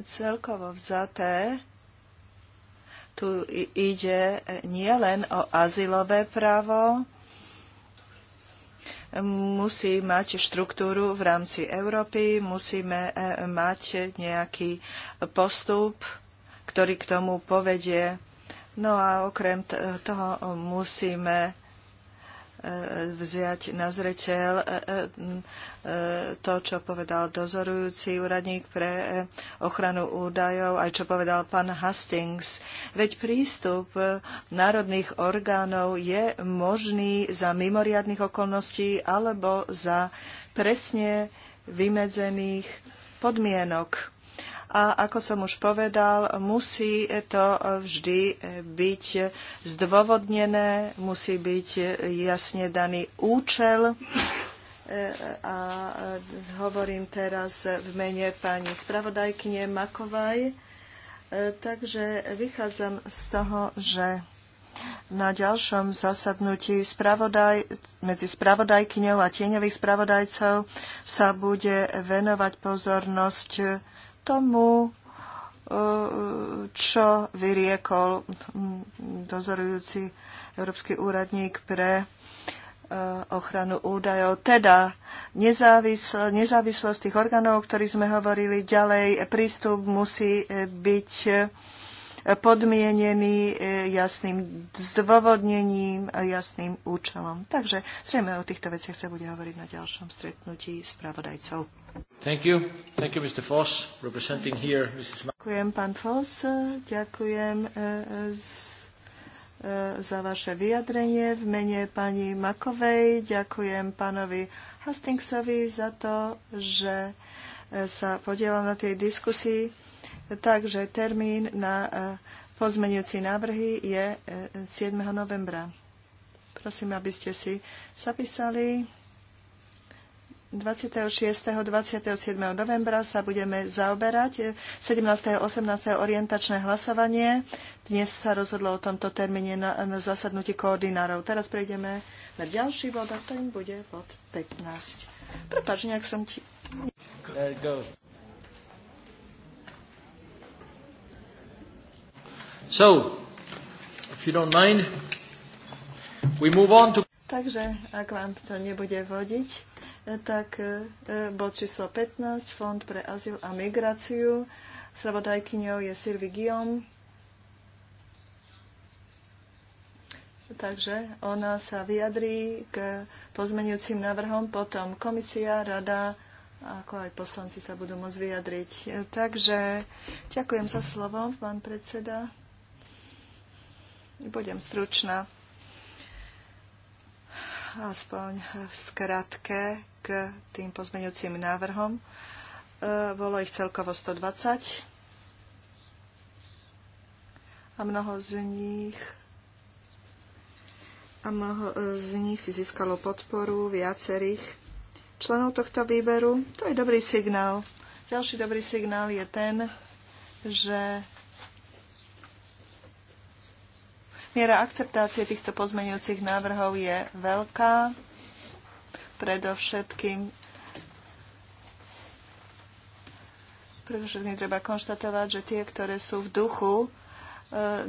Celkovo vzaté tu ide nielen o azylové právo, musí mať štruktúru v rámci Európy, musíme e, mať nejaký postup, ktorý k tomu povedie. No a okrem toho musíme E, vziať na zreteľ e, e, to, čo povedal dozorujúci úradník pre ochranu údajov, aj čo povedal pán Hastings. Veď prístup národných orgánov je možný za mimoriadných okolností alebo za presne vymedzených podmienok a ako som už povedal, musí to vždy byť zdôvodnené, musí byť jasne daný účel a hovorím teraz v mene pani spravodajkyne Makovaj. Takže vychádzam z toho, že na ďalšom zasadnutí spravodaj, medzi spravodajkyňou a tieňových spravodajcov sa bude venovať pozornosť tomu, eh, čo vyriekol dozorujúci európsky úradník pre eh, ochranu údajov, teda nezávisl, nezávislosť tých orgánov, o ktorých sme hovorili ďalej, prístup musí eh, byť podmienený jasným zdôvodnením a jasným účelom. Takže zrejme o týchto veciach sa bude hovoriť na ďalšom stretnutí spravodajcov. Thank you. Thank you, Mr. Foss, representing here Mrs. Ďakujem, pán Foss. Ďakujem e, e, e, za vaše vyjadrenie v mene pani Makovej. Ďakujem pánovi Hastingsovi za to, že sa podielal na tej diskusii. Takže termín na pozmenujúci návrhy je 7. novembra. Prosím, aby ste si zapísali. 26. 27. novembra sa budeme zaoberať. 17. 18. orientačné hlasovanie. Dnes sa rozhodlo o tomto termíne na, na zasadnutí koordinárov. Teraz prejdeme na ďalší bod a to im bude bod 15. Prepač, nejak som ti... So, if you don't mind, we move on to... Takže ak vám to nebude vodiť, tak e, bod číslo 15, Fond pre azyl a migráciu. Spravodajkyňou je Sylvie Guillaume. Takže ona sa vyjadrí k pozmenujúcim návrhom, potom komisia, rada, ako aj poslanci sa budú môcť vyjadriť. E, takže ďakujem za slovo, pán predseda. Budem stručná aspoň v skratke k tým pozmeňujúcim návrhom. E, bolo ich celkovo 120 a mnoho z nich a mnoho e, z nich si získalo podporu viacerých členov tohto výberu. To je dobrý signál. Ďalší dobrý signál je ten, že miera akceptácie týchto pozmeňujúcich návrhov je veľká. Predovšetkým Predovšetkým treba konštatovať, že tie, ktoré sú v duchu e,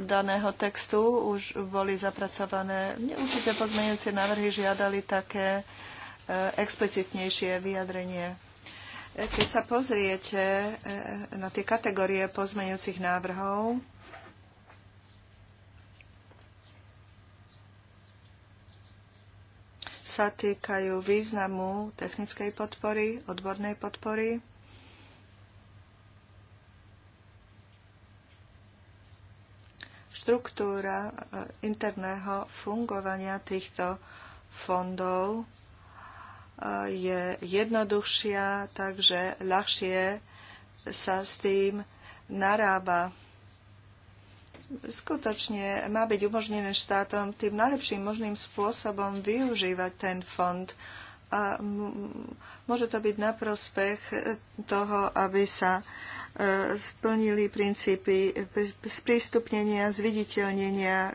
daného textu, už boli zapracované. Určite pozmeňujúce návrhy žiadali také e, explicitnejšie vyjadrenie. E, keď sa pozriete na tie kategórie pozmeňujúcich návrhov, sa týkajú významu technickej podpory, odbornej podpory. Štruktúra e, interného fungovania týchto fondov e, je jednoduchšia, takže ľahšie sa s tým narába skutočne má byť umožnené štátom tým najlepším možným spôsobom využívať ten fond. A môže to byť na prospech toho, aby sa e, splnili princípy sprístupnenia, zviditeľnenia e,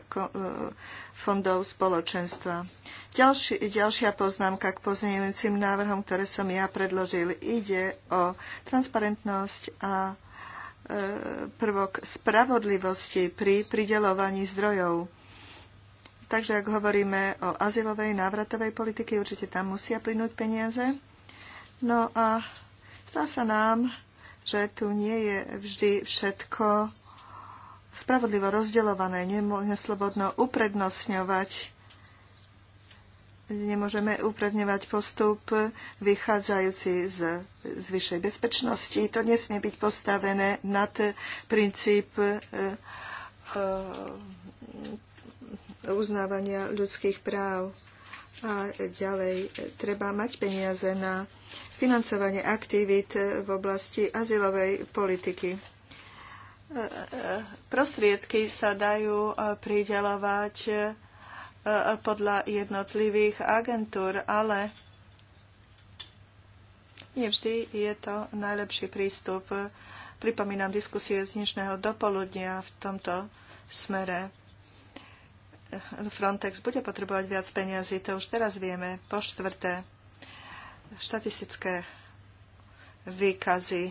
fondov spoločenstva. Ďalši, ďalšia poznámka k pozmeňujúcim návrhom, ktoré som ja predložil, ide o transparentnosť a prvok spravodlivosti pri pridelovaní zdrojov. Takže ak hovoríme o azylovej návratovej politike, určite tam musia plynúť peniaze. No a zdá sa nám, že tu nie je vždy všetko spravodlivo rozdeľované, neslobodno uprednostňovať nemôžeme upredňovať postup vychádzajúci z, z vyššej bezpečnosti. To nesmie byť postavené nad princíp e, e, uznávania ľudských práv. A ďalej treba mať peniaze na financovanie aktivít v oblasti azylovej politiky. E, prostriedky sa dajú pridelovať podľa jednotlivých agentúr, ale nevždy je to najlepší prístup. Pripomínam diskusie z dnešného dopoludnia v tomto smere. Frontex bude potrebovať viac peniazy, to už teraz vieme. Po štvrté, štatistické výkazy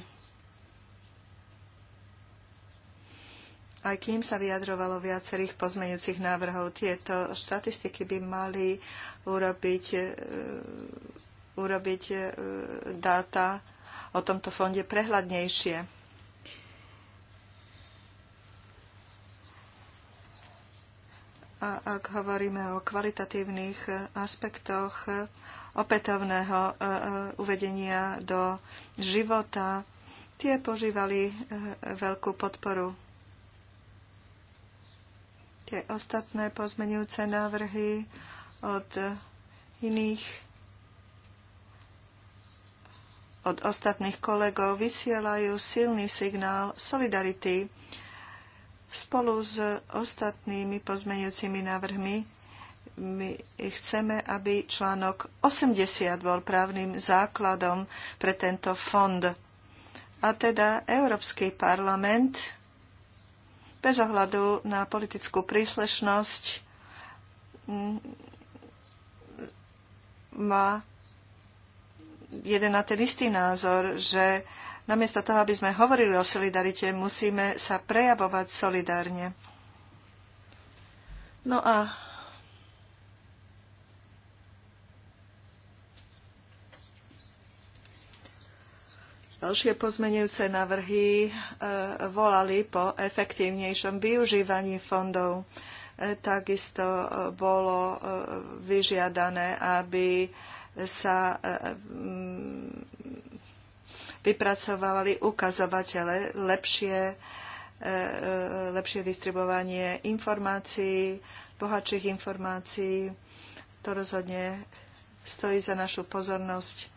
Aj kým sa vyjadrovalo viacerých pozmeňujúcich návrhov, tieto štatistiky by mali urobiť, e, urobiť e, dáta o tomto fonde prehľadnejšie. A ak hovoríme o kvalitatívnych aspektoch opätovného e, uvedenia do života, tie požívali veľkú podporu nejaké ostatné pozmenujúce návrhy od iných od ostatných kolegov vysielajú silný signál solidarity spolu s ostatnými pozmeňujúcimi návrhmi my chceme, aby článok 80 bol právnym základom pre tento fond. A teda Európsky parlament bez ohľadu na politickú príslešnosť má jeden na ten istý názor, že namiesto toho, aby sme hovorili o solidarite, musíme sa prejavovať solidárne. No a Ďalšie pozmenujúce návrhy e, volali po efektívnejšom využívaní fondov. E, takisto e, bolo vyžiadané, aby sa mm, vypracovali ukazovatele lepšie, lepšie distribuovanie informácií, bohatších informácií. To rozhodne stojí za našu pozornosť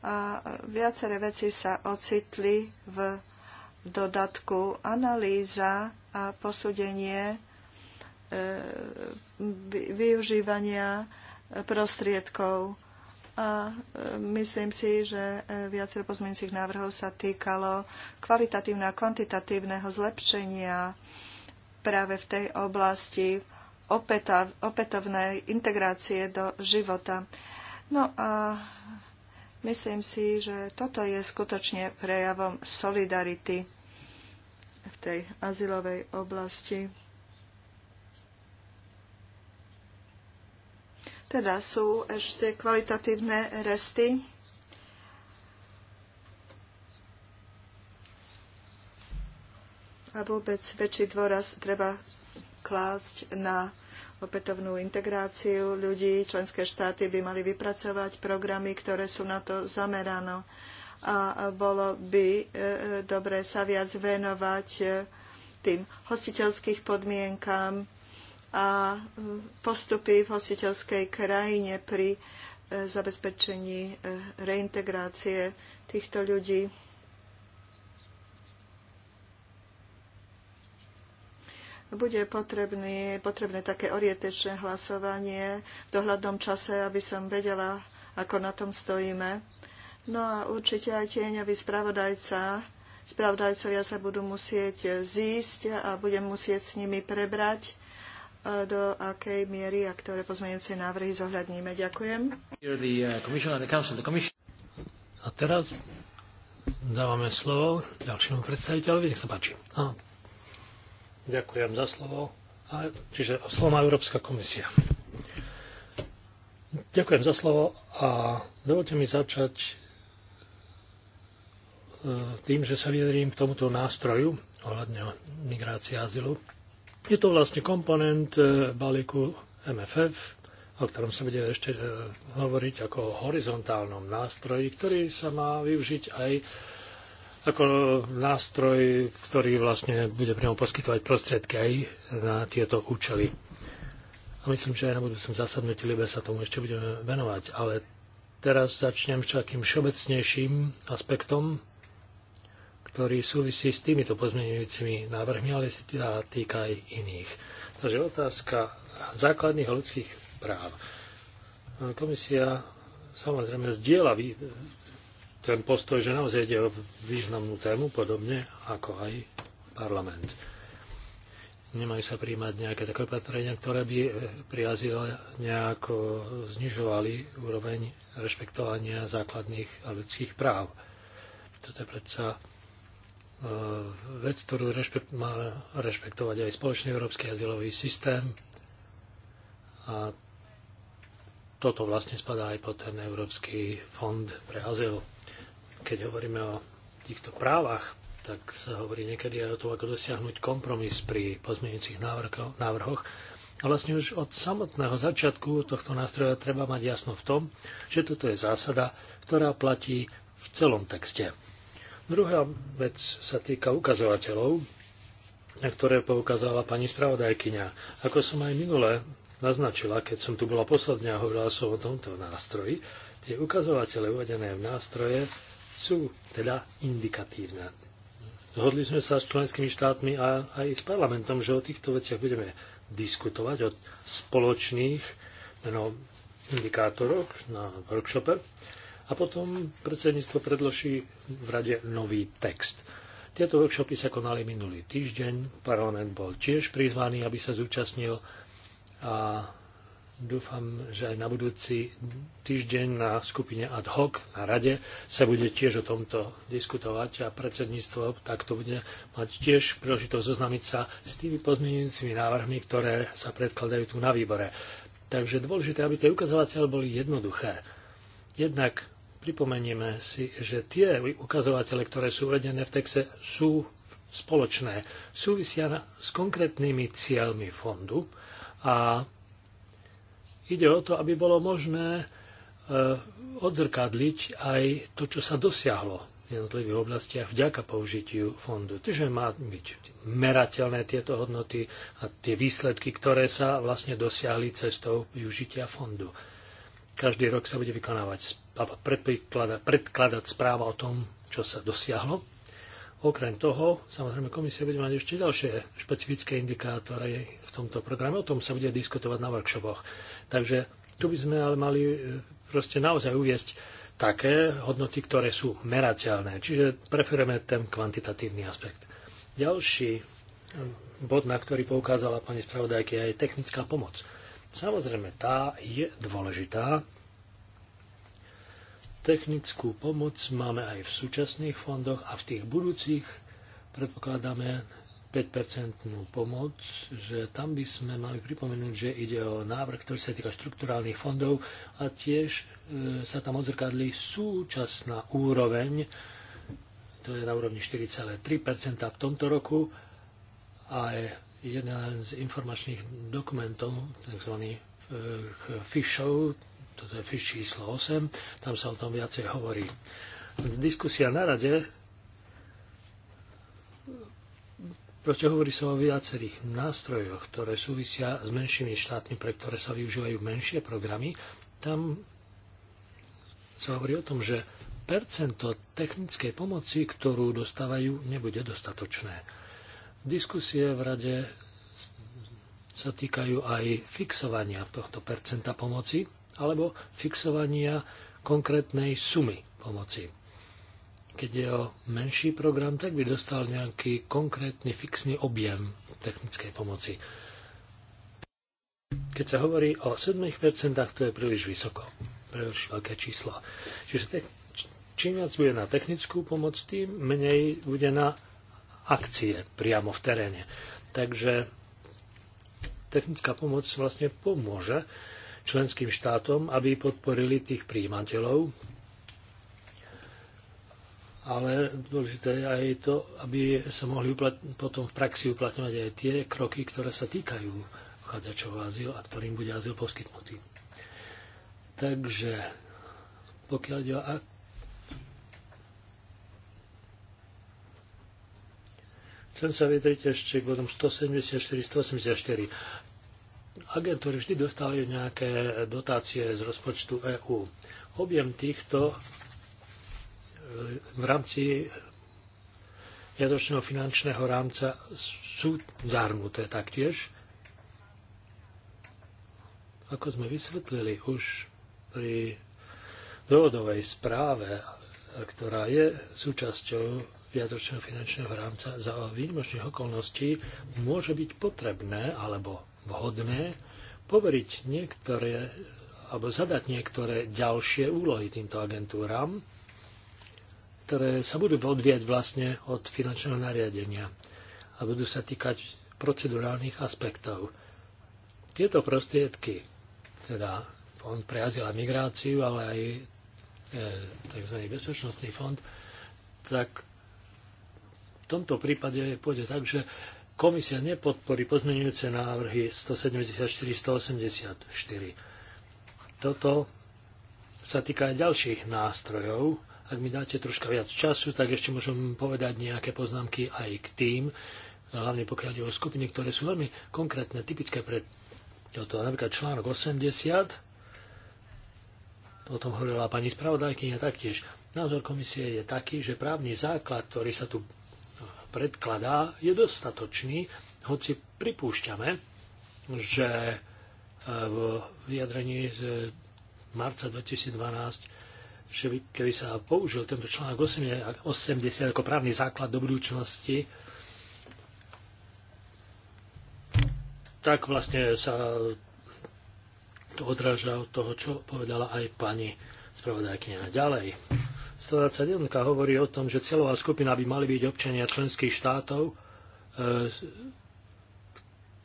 a viaceré veci sa ocitli v dodatku analýza a posúdenie e, využívania prostriedkov. A e, myslím si, že e, viacero pozmeňujúcich návrhov sa týkalo kvalitatívne a kvantitatívneho zlepšenia práve v tej oblasti opätovnej integrácie do života. No a Myslím si, že toto je skutočne prejavom solidarity v tej azylovej oblasti. Teda sú ešte kvalitatívne resty. A vôbec väčší dôraz treba klásť na opätovnú integráciu ľudí. Členské štáty by mali vypracovať programy, ktoré sú na to zamerané. A bolo by e, e, dobre sa viac venovať e, tým hostiteľských podmienkám a postupy v hostiteľskej krajine pri zabezpečení reintegrácie týchto ľudí bude potrebný, potrebné také orietečné hlasovanie v dohľadnom čase, aby som vedela, ako na tom stojíme. No a určite aj tieňový spravodajca, spravodajcovia sa budú musieť zísť a budem musieť s nimi prebrať, e, do akej miery a ktoré pozmeňujúce návrhy zohľadníme. Ďakujem. Uh, a teraz dávame slovo ďalšiemu predstaviteľovi. Nech sa páči. Aha. No, Ďakujem za slovo. A, čiže slovo má Európska komisia. Ďakujem za slovo a dovolte mi začať e, tým, že sa vyjadrím k tomuto nástroju ohľadne migrácie a azylu. Je to vlastne komponent e, balíku MFF, o ktorom sa bude ešte e, hovoriť ako o horizontálnom nástroji, ktorý sa má využiť aj ako nástroj, ktorý vlastne bude priamo poskytovať prostriedky aj na tieto účely. A myslím, že aj na budúcom zasadnutí Libe sa tomu ešte budeme venovať. Ale teraz začnem s takým všeobecnejším aspektom, ktorý súvisí s týmito pozmeňujúcimi návrhmi, ale si teda týka aj iných. Takže otázka základných ľudských práv. Komisia samozrejme zdieľa ten postoj, že naozaj ide o významnú tému, podobne ako aj parlament. Nemajú sa príjmať nejaké také opatrenia, ktoré by eh, pri azíle nejako znižovali úroveň rešpektovania základných a ľudských práv. Toto je predsa eh, vec, ktorú rešpekt, má rešpektovať aj spoločný európsky azylový systém. A toto vlastne spadá aj pod ten Európsky fond pre azyl keď hovoríme o týchto právach, tak sa hovorí niekedy aj o tom, ako dosiahnuť kompromis pri pozmeňujúcich návrhoch. A vlastne už od samotného začiatku tohto nástroja treba mať jasno v tom, že toto je zásada, ktorá platí v celom texte. Druhá vec sa týka ukazovateľov, na ktoré poukázala pani spravodajkyňa. Ako som aj minule naznačila, keď som tu bola posledne a hovorila som o tomto nástroji, tie ukazovatele uvedené v nástroje sú teda indikatívne. Zhodli sme sa s členskými štátmi a aj s parlamentom, že o týchto veciach budeme diskutovať, o spoločných no, indikátoroch na workshope. A potom predsedníctvo predloží v rade nový text. Tieto workshopy sa konali minulý týždeň. Parlament bol tiež prizvaný, aby sa zúčastnil a Dúfam, že aj na budúci týždeň na skupine ad hoc na rade sa bude tiež o tomto diskutovať a predsedníctvo takto bude mať tiež príležitosť zoznámiť sa s tými pozmeňujúcimi návrhmi, ktoré sa predkladajú tu na výbore. Takže dôležité, aby tie ukazovateľe boli jednoduché. Jednak pripomenieme si, že tie ukazovatele, ktoré sú uvedené v texte, sú spoločné, súvisia s konkrétnymi cieľmi fondu a Ide o to, aby bolo možné e, odzrkadliť aj to, čo sa dosiahlo v jednotlivých oblastiach vďaka použitiu fondu. Čiže má byť merateľné tieto hodnoty a tie výsledky, ktoré sa vlastne dosiahli cestou využitia fondu. Každý rok sa bude vykonávať, predkladať, správa o tom, čo sa dosiahlo Okrem toho, samozrejme, komisia bude mať ešte ďalšie špecifické indikátory v tomto programe. O tom sa bude diskutovať na workshopoch. Takže tu by sme ale mali e, proste naozaj uviesť také hodnoty, ktoré sú merateľné. Čiže preferujeme ten kvantitatívny aspekt. Ďalší e, bod, na ktorý poukázala pani spravodajky, je technická pomoc. Samozrejme, tá je dôležitá, Technickú pomoc máme aj v súčasných fondoch a v tých budúcich predpokladáme 5-percentnú pomoc, že tam by sme mali pripomenúť, že ide o návrh, ktorý sa týka štrukturálnych fondov a tiež e, sa tam odzrkadlí súčasná úroveň, to je na úrovni 4,3 v tomto roku a je jeden z informačných dokumentov, tzv. E, fišov, toto je fiš číslo 8, tam sa o tom viacej hovorí. Diskusia na rade, proste hovorí sa o viacerých nástrojoch, ktoré súvisia s menšími štátmi, pre ktoré sa využívajú menšie programy. Tam sa hovorí o tom, že percento technickej pomoci, ktorú dostávajú, nebude dostatočné. Diskusie v rade sa týkajú aj fixovania tohto percenta pomoci alebo fixovania konkrétnej sumy pomoci. Keď je o menší program, tak by dostal nejaký konkrétny fixný objem technickej pomoci. Keď sa hovorí o 7%, to je príliš vysoko, príliš veľké číslo. Čiže te, čím viac bude na technickú pomoc, tým menej bude na akcie priamo v teréne. Takže technická pomoc vlastne pomôže členským štátom, aby podporili tých príjimateľov. Ale dôležité je aj to, aby sa mohli potom v praxi uplatňovať aj tie kroky, ktoré sa týkajú uchádzačov azyl a ktorým bude azyl poskytnutý. Takže pokiaľ ide o Chcem sa vytriť ešte k bodom 174-184 agentúry vždy dostávajú nejaké dotácie z rozpočtu EÚ. Objem týchto e, v rámci jadočného finančného rámca sú zahrnuté taktiež. Ako sme vysvetlili už pri dôvodovej správe, ktorá je súčasťou viacročného finančného rámca za výnimočných okolností môže byť potrebné alebo vhodné poveriť niektoré alebo zadať niektoré ďalšie úlohy týmto agentúram, ktoré sa budú odvieť vlastne od finančného nariadenia a budú sa týkať procedurálnych aspektov. Tieto prostriedky, teda Fond pre azyl a migráciu, ale aj e, tzv. bezpečnostný fond, tak v tomto prípade pôjde tak, že komisia nepodporí pozmeňujúce návrhy 174-184. Toto sa týka aj ďalších nástrojov. Ak mi dáte troška viac času, tak ešte môžem povedať nejaké poznámky aj k tým, hlavne pokiaľ ide o skupiny, ktoré sú veľmi konkrétne, typické pre toto. Napríklad článok 80, o tom hovorila pani spravodajkynia taktiež. Názor komisie je taký, že právny základ, ktorý sa tu predkladá, je dostatočný, hoci pripúšťame, že e, v vyjadrení z marca 2012, že keby sa použil tento článok 80 ako právny základ do budúcnosti, tak vlastne sa to odráža od toho, čo povedala aj pani spravodajkyňa ďalej. 121 hovorí o tom, že celová skupina by mali byť občania členských štátov, e,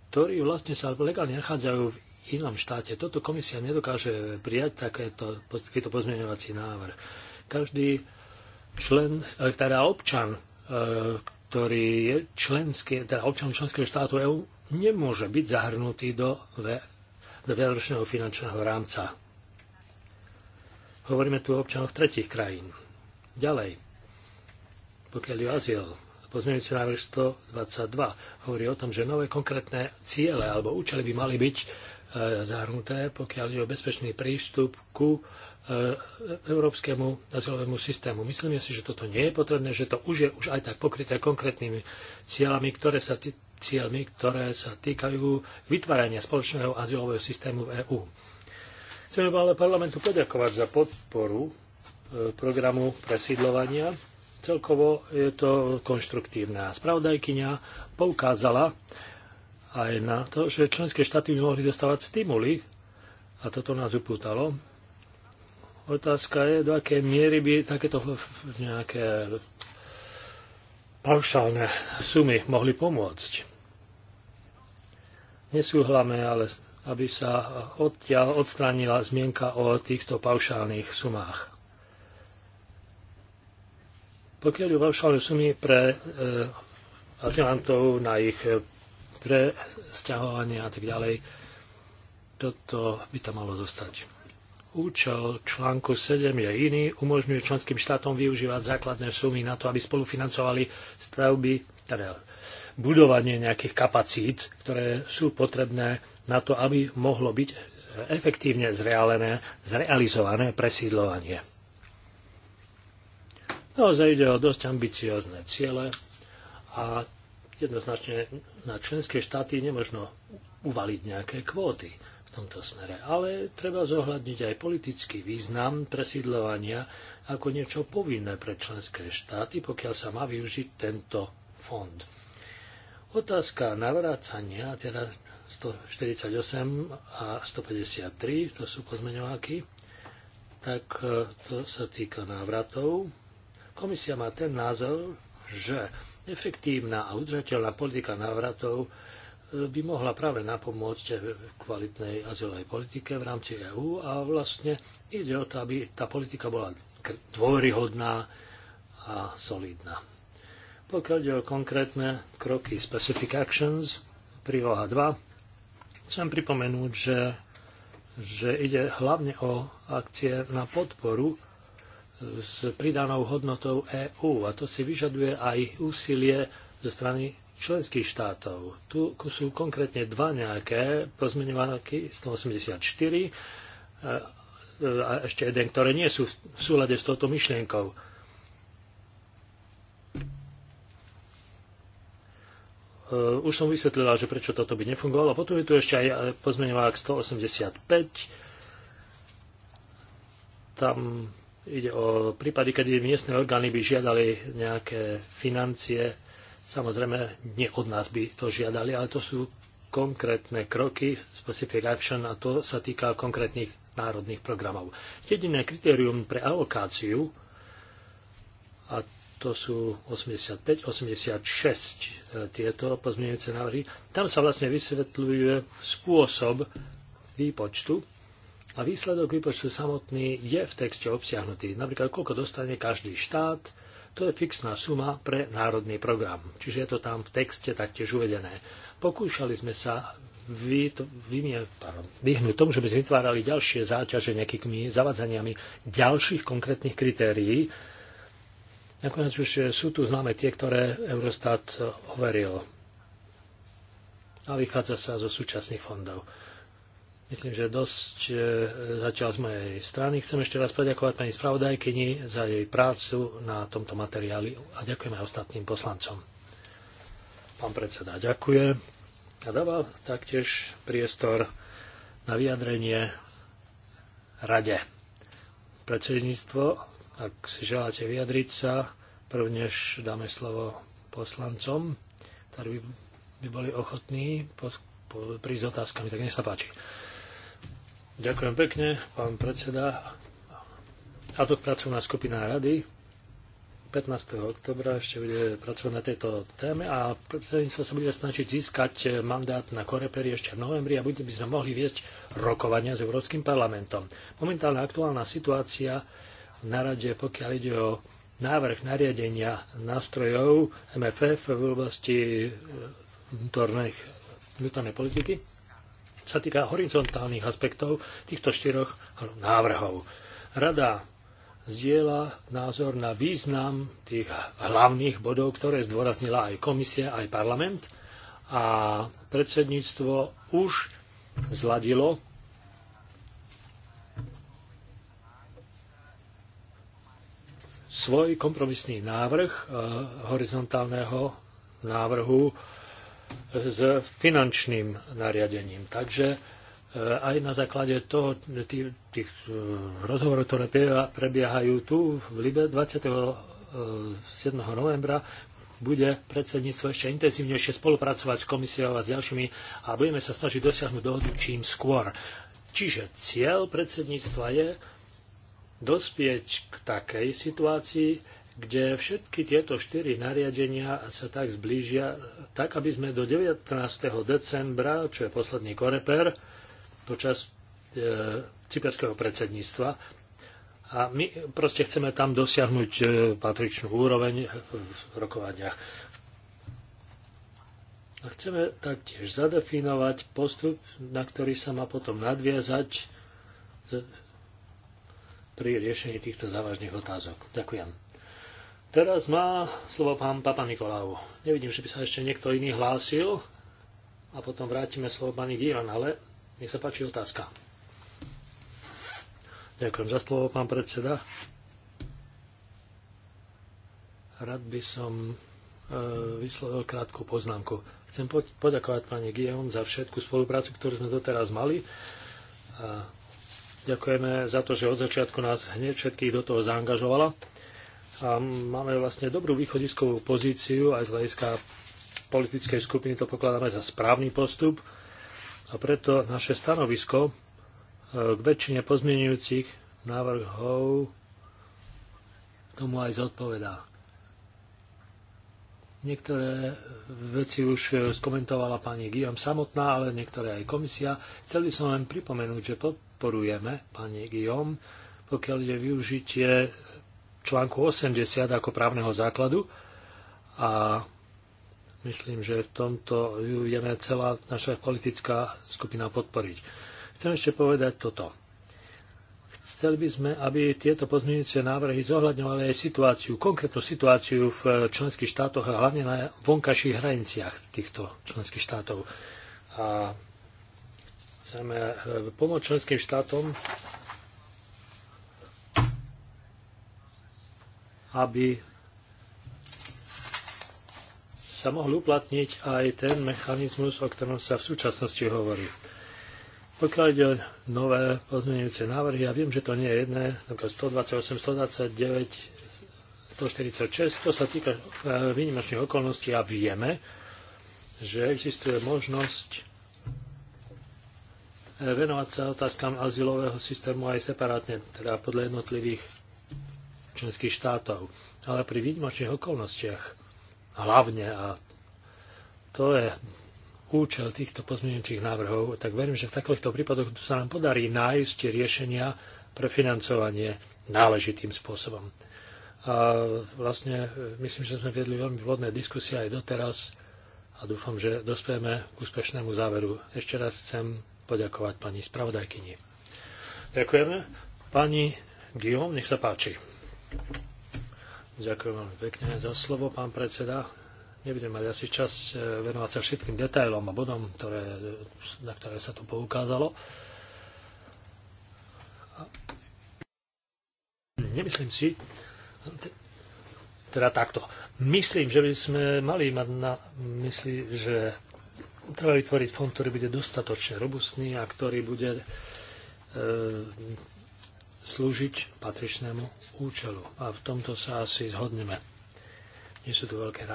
ktorí vlastne sa legálne nachádzajú v inom štáte. Toto komisia nedokáže prijať takéto, takýto pozmeňovací návrh. Každý člen, e, teda občan, e, ktorý je členský, teda občan členského štátu EÚ, nemôže byť zahrnutý do, v, do viacročného finančného rámca. Hovoríme tu o občanoch tretich krajín. Ďalej, pokiaľ je azyl, pozmeňujúci návrh 122 hovorí o tom, že nové konkrétne ciele alebo účely by mali byť e, zahrnuté, pokiaľ je o bezpečný prístup ku e, európskemu azylovému systému. Myslím si, že toto nie je potrebné, že to už je už aj tak pokryté konkrétnymi cieľami, ktoré sa, tý, cieľmi, ktoré sa týkajú vytvárania spoločného azylového systému v EÚ. Chcem ale parlamentu poďakovať za podporu E, programu presídlovania. Celkovo je to konštruktívne. A spravodajkynia poukázala aj na to, že členské štáty by mohli dostávať stimuly a toto nás upútalo. Otázka je, do akej miery by takéto nejaké paušálne sumy mohli pomôcť. Nesúhlame ale aby sa odtiaľ odstránila zmienka o týchto paušálnych sumách. Pokiaľ ju paušálne sumy pre e, azylantov na ich e, pre sťahovanie a tak ďalej, toto by tam malo zostať. Účel článku 7 je iný, umožňuje členským štátom využívať základné sumy na to, aby spolufinancovali stavby, teda budovanie nejakých kapacít, ktoré sú potrebné na to, aby mohlo byť efektívne zrealené, zrealizované presídlovanie. Naozaj ide o dosť ambiciozne ciele a jednoznačne na členské štáty nemožno uvaliť nejaké kvóty v tomto smere, ale treba zohľadniť aj politický význam presídľovania ako niečo povinné pre členské štáty, pokiaľ sa má využiť tento fond. Otázka navrácania, teda 148 a 153, to sú pozmeňováky, tak eh, to sa týka návratov Komisia má ten názor, že efektívna a udržateľná politika návratov e, by mohla práve napomôcť kvalitnej azylovej politike v rámci EÚ a vlastne ide o to, aby tá politika bola dôveryhodná a solidná. Pokiaľ ide o konkrétne kroky Specific Actions, príloha 2, chcem pripomenúť, že, že ide hlavne o akcie na podporu s pridanou hodnotou EÚ. A to si vyžaduje aj úsilie zo strany členských štátov. Tu sú konkrétne dva nejaké pozmeňováky 184 e, a ešte jeden, ktoré nie sú v súlade s touto myšlienkou. E, už som vysvetlila, že prečo toto by nefungovalo. Potom je tu ešte aj e, pozmeňovák 185. Tam Ide o prípady, kedy miestne orgány by žiadali nejaké financie. Samozrejme, nie od nás by to žiadali, ale to sú konkrétne kroky, specific action, a to sa týka konkrétnych národných programov. Jediné kritérium pre alokáciu, a to sú 85-86 e, tieto pozmeňujúce návrhy, tam sa vlastne vysvetľuje spôsob výpočtu a výsledok výpočtu samotný je v texte obsiahnutý. Napríklad, koľko dostane každý štát, to je fixná suma pre národný program. Čiže je to tam v texte taktiež uvedené. Pokúšali sme sa vy, pardon, vyhnúť tomu, že by sme vytvárali ďalšie záťaže nejakými zavadzaniami ďalších konkrétnych kritérií. Nakoniec už sú tu známe tie, ktoré Eurostat overil. A vychádza sa zo súčasných fondov. Myslím, že dosť e, zatiaľ z mojej strany. Chcem ešte raz poďakovať pani spravodajkyni za jej prácu na tomto materiáli a ďakujem aj ostatným poslancom. Pán predseda ďakuje a dáva taktiež priestor na vyjadrenie rade. Predsedníctvo, ak si želáte vyjadriť sa, prvnež dáme slovo poslancom, ktorí by, by boli ochotní po, po, prísť s otázkami, tak nech sa páči. Ďakujem pekne, pán predseda. A to pracovná skupina rady 15. oktobra ešte bude pracovať na tejto téme a predsedníctvo sa bude snažiť získať mandát na Koreperi ešte v novembri a bude by sme mohli viesť rokovania s Európskym parlamentom. Momentálna aktuálna situácia na rade, pokiaľ ide o návrh nariadenia nástrojov MFF v oblasti vnútornej politiky, sa týka horizontálnych aspektov týchto štyroch návrhov. Rada zdieľa názor na význam tých hlavných bodov, ktoré zdôraznila aj komisia, aj parlament a predsedníctvo už zladilo svoj kompromisný návrh eh, horizontálneho návrhu s finančným nariadením. Takže eh, aj na základe toho, tých, tých eh, rozhovorov, ktoré prebiehajú tu v Libe 27. Eh, novembra, bude predsedníctvo ešte intenzívnejšie spolupracovať s komisiou a s ďalšími a budeme sa snažiť dosiahnuť dohodu čím skôr. Čiže cieľ predsedníctva je dospieť k takej situácii, kde všetky tieto štyri nariadenia sa tak zblížia, tak aby sme do 19. decembra, čo je posledný koreper, počas e, cyperského predsedníctva, a my proste chceme tam dosiahnuť e, patričnú úroveň v rokovaniach. A chceme taktiež zadefinovať postup, na ktorý sa má potom nadviazať pri riešení týchto závažných otázok. Ďakujem. Teraz má slovo pán Papa Nikolávo. Nevidím, že by sa ešte niekto iný hlásil a potom vrátime slovo pani Gion, ale nech sa páči otázka. Ďakujem za slovo, pán predseda. Rád by som e, vyslovil krátku poznámku. Chcem poďakovať pani Guillaume za všetku spoluprácu, ktorú sme doteraz mali. A ďakujeme za to, že od začiatku nás hneď všetkých do toho zaangažovala a máme vlastne dobrú východiskovú pozíciu aj z hľadiska politickej skupiny to pokladáme za správny postup a preto naše stanovisko e, k väčšine pozmienujúcich návrhov tomu aj zodpovedá. Niektoré veci už e, skomentovala pani Guillaume samotná, ale niektoré aj komisia. Chcel by som len pripomenúť, že podporujeme pani Guillaume, pokiaľ je využitie článku 80 ako právneho základu a myslím, že v tomto ju vieme celá naša politická skupina podporiť. Chcem ešte povedať toto. Chceli by sme, aby tieto pozmeňujúce návrhy zohľadňovali aj situáciu, konkrétnu situáciu v členských štátoch a hlavne na vonkajších hraniciach týchto členských štátov. A chceme eh, pomôcť členským štátom aby sa mohol uplatniť aj ten mechanizmus, o ktorom sa v súčasnosti hovorí. Pokiaľ ide o nové pozmeňujúce návrhy, ja viem, že to nie je jedné, napríklad 128, 129, 146, to sa týka e, výnimočných okolností a vieme, že existuje možnosť e, venovať sa otázkam azylového systému aj separátne, teda podľa jednotlivých členských štátov, ale pri výnimočných okolnostiach hlavne a to je účel týchto pozmeňujúcich návrhov, tak verím, že v takýchto prípadoch sa nám podarí nájsť riešenia pre financovanie náležitým spôsobom. A vlastne e, myslím, že sme viedli veľmi vhodné diskusie aj doteraz a dúfam, že dospieme k úspešnému záveru. Ešte raz chcem poďakovať pani spravodajkyni. Ďakujeme. Pani Guillaume, nech sa páči. Ďakujem veľmi pekne za slovo, pán predseda. Nebudem mať asi čas eh, venovať sa všetkým detailom a bodom, ktoré, na ktoré sa tu poukázalo. Nemyslím si, teda takto. Myslím, že by sme mali mať na mysli, že treba vytvoriť fond, ktorý bude dostatočne robustný a ktorý bude e, slúžiť patričnému účelu. A v tomto sa asi zhodneme. Nie sú tu veľké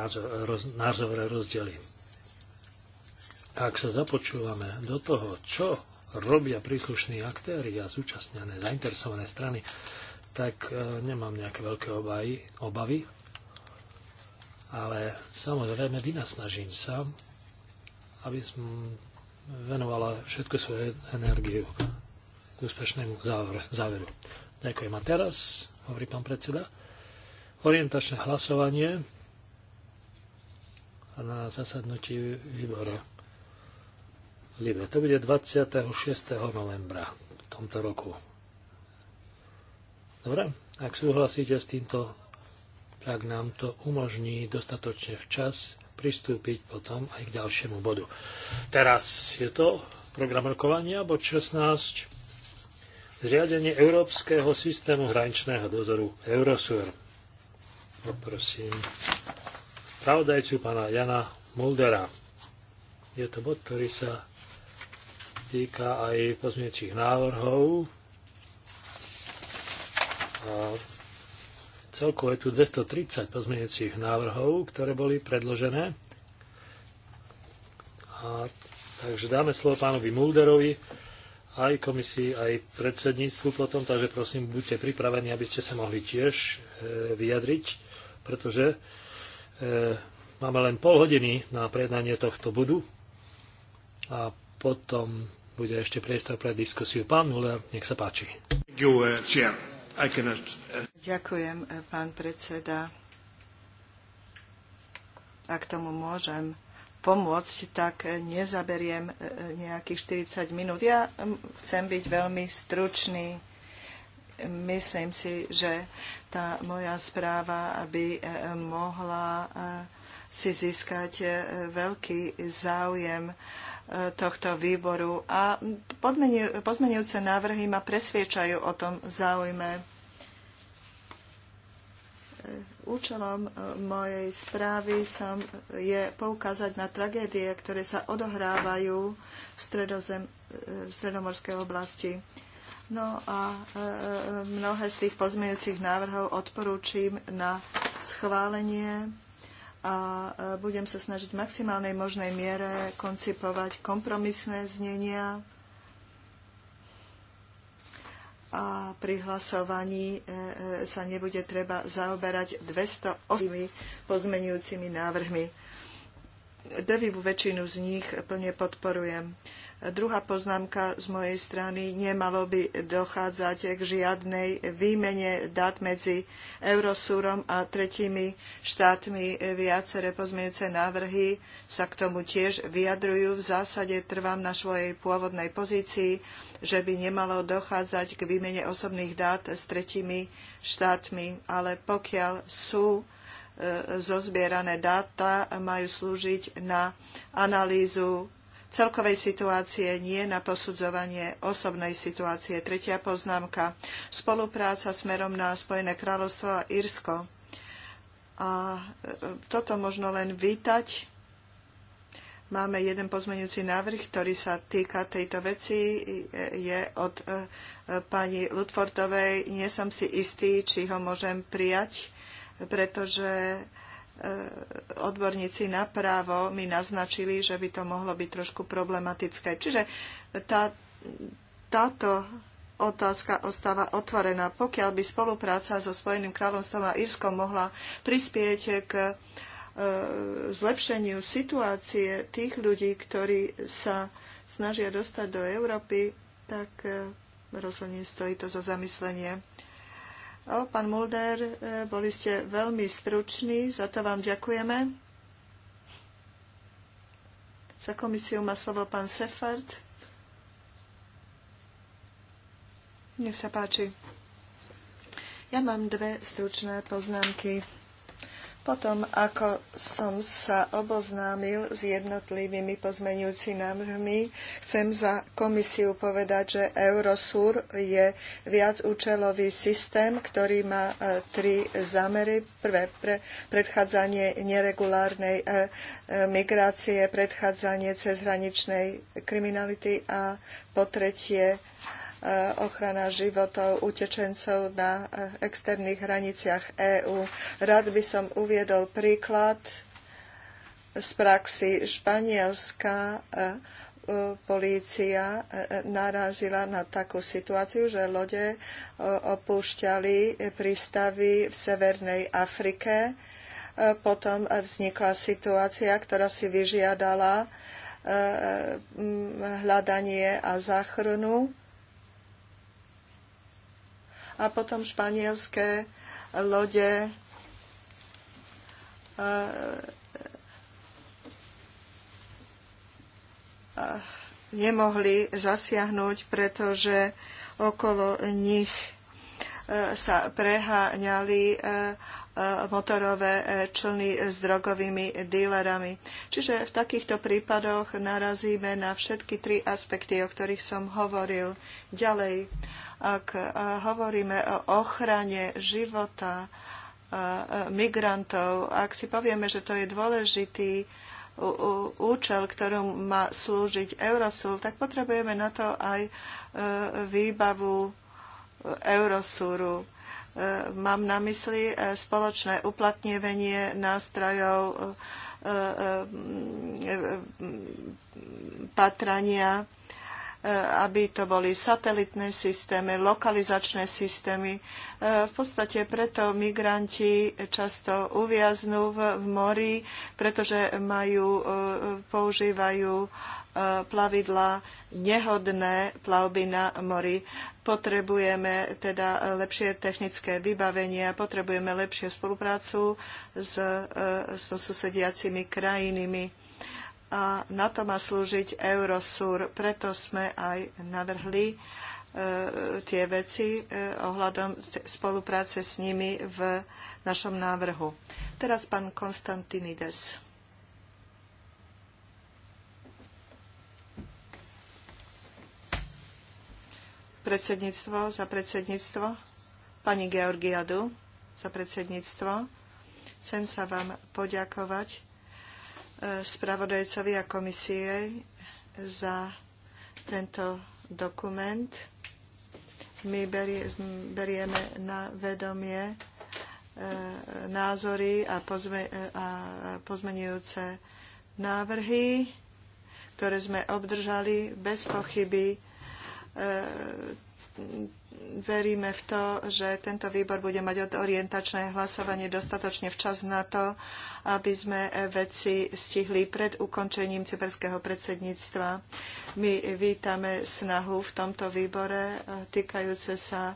názorové rozdiely. Ak sa započúvame do toho, čo robia príslušní aktéry a zúčastnené zainteresované strany, tak e, nemám nejaké veľké obavy, obavy ale samozrejme vynasnažím sa, aby som venovala všetku svoju energiu k úspešnému záveru. Ďakujem. A teraz, hovorí pán predseda, orientačné hlasovanie na zasadnutí výboru Libe. To bude 26. novembra v tomto roku. Dobre, ak súhlasíte s týmto, tak nám to umožní dostatočne včas pristúpiť potom aj k ďalšiemu bodu. Teraz je to program rokovania, bod 16 zriadenie Európskeho systému hraničného dozoru Eurosur. Poprosím no, pravdajcu pána Jana Muldera. Je to bod, ktorý sa týka aj pozmeňujúcich návrhov. A celkovo je tu 230 pozmeňujúcich návrhov, ktoré boli predložené. A, takže dáme slovo pánovi Mulderovi, aj komisii, aj predsedníctvu potom, takže prosím, buďte pripravení, aby ste sa mohli tiež e, vyjadriť, pretože e, máme len pol hodiny na prednanie tohto budu a potom bude ešte priestor pre diskusiu. Pán Muller, nech sa páči. Uh, uh, Ďakujem, uh, pán predseda. Ak tomu môžem, pomôcť, tak nezaberiem e, nejakých 40 minút. Ja mm, chcem byť veľmi stručný. Myslím si, že tá moja správa by e, mohla e, si získať veľký záujem tohto výboru a pozmenujúce návrhy ma presviečajú o tom záujme Účelom e, mojej správy som, je poukázať na tragédie, ktoré sa odohrávajú v, stredozem, e, v stredomorskej oblasti. No a e, mnohé z tých pozmeňujúcich návrhov odporúčim na schválenie a budem sa snažiť v maximálnej možnej miere koncipovať kompromisné znenia a pri hlasovaní e, e, sa nebude treba zaoberať 208 pozmenujúcimi návrhmi. Drvivú väčšinu z nich plne podporujem. Druhá poznámka z mojej strany, nemalo by dochádzať k žiadnej výmene dát medzi Eurosúrom a tretími štátmi. Viaceré pozmeňujúce návrhy sa k tomu tiež vyjadrujú. V zásade trvám na svojej pôvodnej pozícii, že by nemalo dochádzať k výmene osobných dát s tretími štátmi, ale pokiaľ sú e, zozbierané dáta majú slúžiť na analýzu celkovej situácie, nie na posudzovanie osobnej situácie. Tretia poznámka. Spolupráca smerom na Spojené kráľovstvo a Írsko. A e, toto možno len vítať. Máme jeden pozmeňujúci návrh, ktorý sa týka tejto veci. E, je od e, pani Ludfordovej. Nie som si istý, či ho môžem prijať, pretože E, odborníci na právo mi naznačili, že by to mohlo byť trošku problematické. Čiže tá, táto otázka ostáva otvorená. Pokiaľ by spolupráca so Spojeným kráľovstvom a Írskom mohla prispieť k e, zlepšeniu situácie tých ľudí, ktorí sa snažia dostať do Európy, tak e, rozhodne stojí to za zamyslenie. O, pán Mulder, e, boli ste veľmi struční, za to vám ďakujeme. Za komisiu má slovo pán Seffert. Nech sa páči. Ja mám dve stručné poznámky. Potom, ako som sa oboznámil s jednotlivými pozmenujúci návrhmi, chcem za komisiu povedať, že Eurosur je viacúčelový systém, ktorý má e, tri zamery. Prvé, pre predchádzanie neregulárnej e, e, migrácie, predchádzanie cezhraničnej kriminality a po tretie Eh, ochrana životov utečencov na eh, externých hraniciach EÚ. Rád by som uviedol príklad z praxi Španielska. Eh, polícia narazila na takú situáciu, že lode opúšťali prístavy v Severnej Afrike. Potom vznikla situácia, ktorá si vyžiadala hľadanie a záchranu a potom španielské lode nemohli zasiahnuť, pretože okolo nich e, sa preháňali e, e, motorové člny s drogovými dílerami. Čiže v takýchto prípadoch narazíme na všetky tri aspekty, o ktorých som hovoril. Ďalej, ak eh, hovoríme o ochrane života eh, migrantov, ak si povieme, že to je dôležitý účel, ktorom má slúžiť Eurosul, tak potrebujeme na to aj eh, výbavu Eurosuru. Mám na mysli spoločné uplatnenie nástrojov patrania Eh, aby to boli satelitné systémy, lokalizačné systémy. Eh, v podstate preto migranti často uviaznú v mori, pretože majú, eh, používajú plavidla nehodné plavby na mori. Potrebujeme teda lepšie technické vybavenie a potrebujeme lepšiu spoluprácu s, s susediacimi krajinami a na to má slúžiť Eurosur. Preto sme aj navrhli e, tie veci e, ohľadom spolupráce s nimi v našom návrhu. Teraz pán Konstantinides. Predsedníctvo za predsedníctvo. Pani Georgiadu za predsedníctvo. Chcem sa vám poďakovať spravodajcovi a komisie za tento dokument. My berieme na vedomie e, názory e, a, pozmenujúce návrhy, ktoré sme obdržali. Bez pochyby e, veríme v to, že tento výbor bude mať orientačné hlasovanie dostatočne včas na to, aby sme e, veci stihli pred ukončením cyperského predsedníctva. My vítame snahu v tomto výbore e, týkajúce sa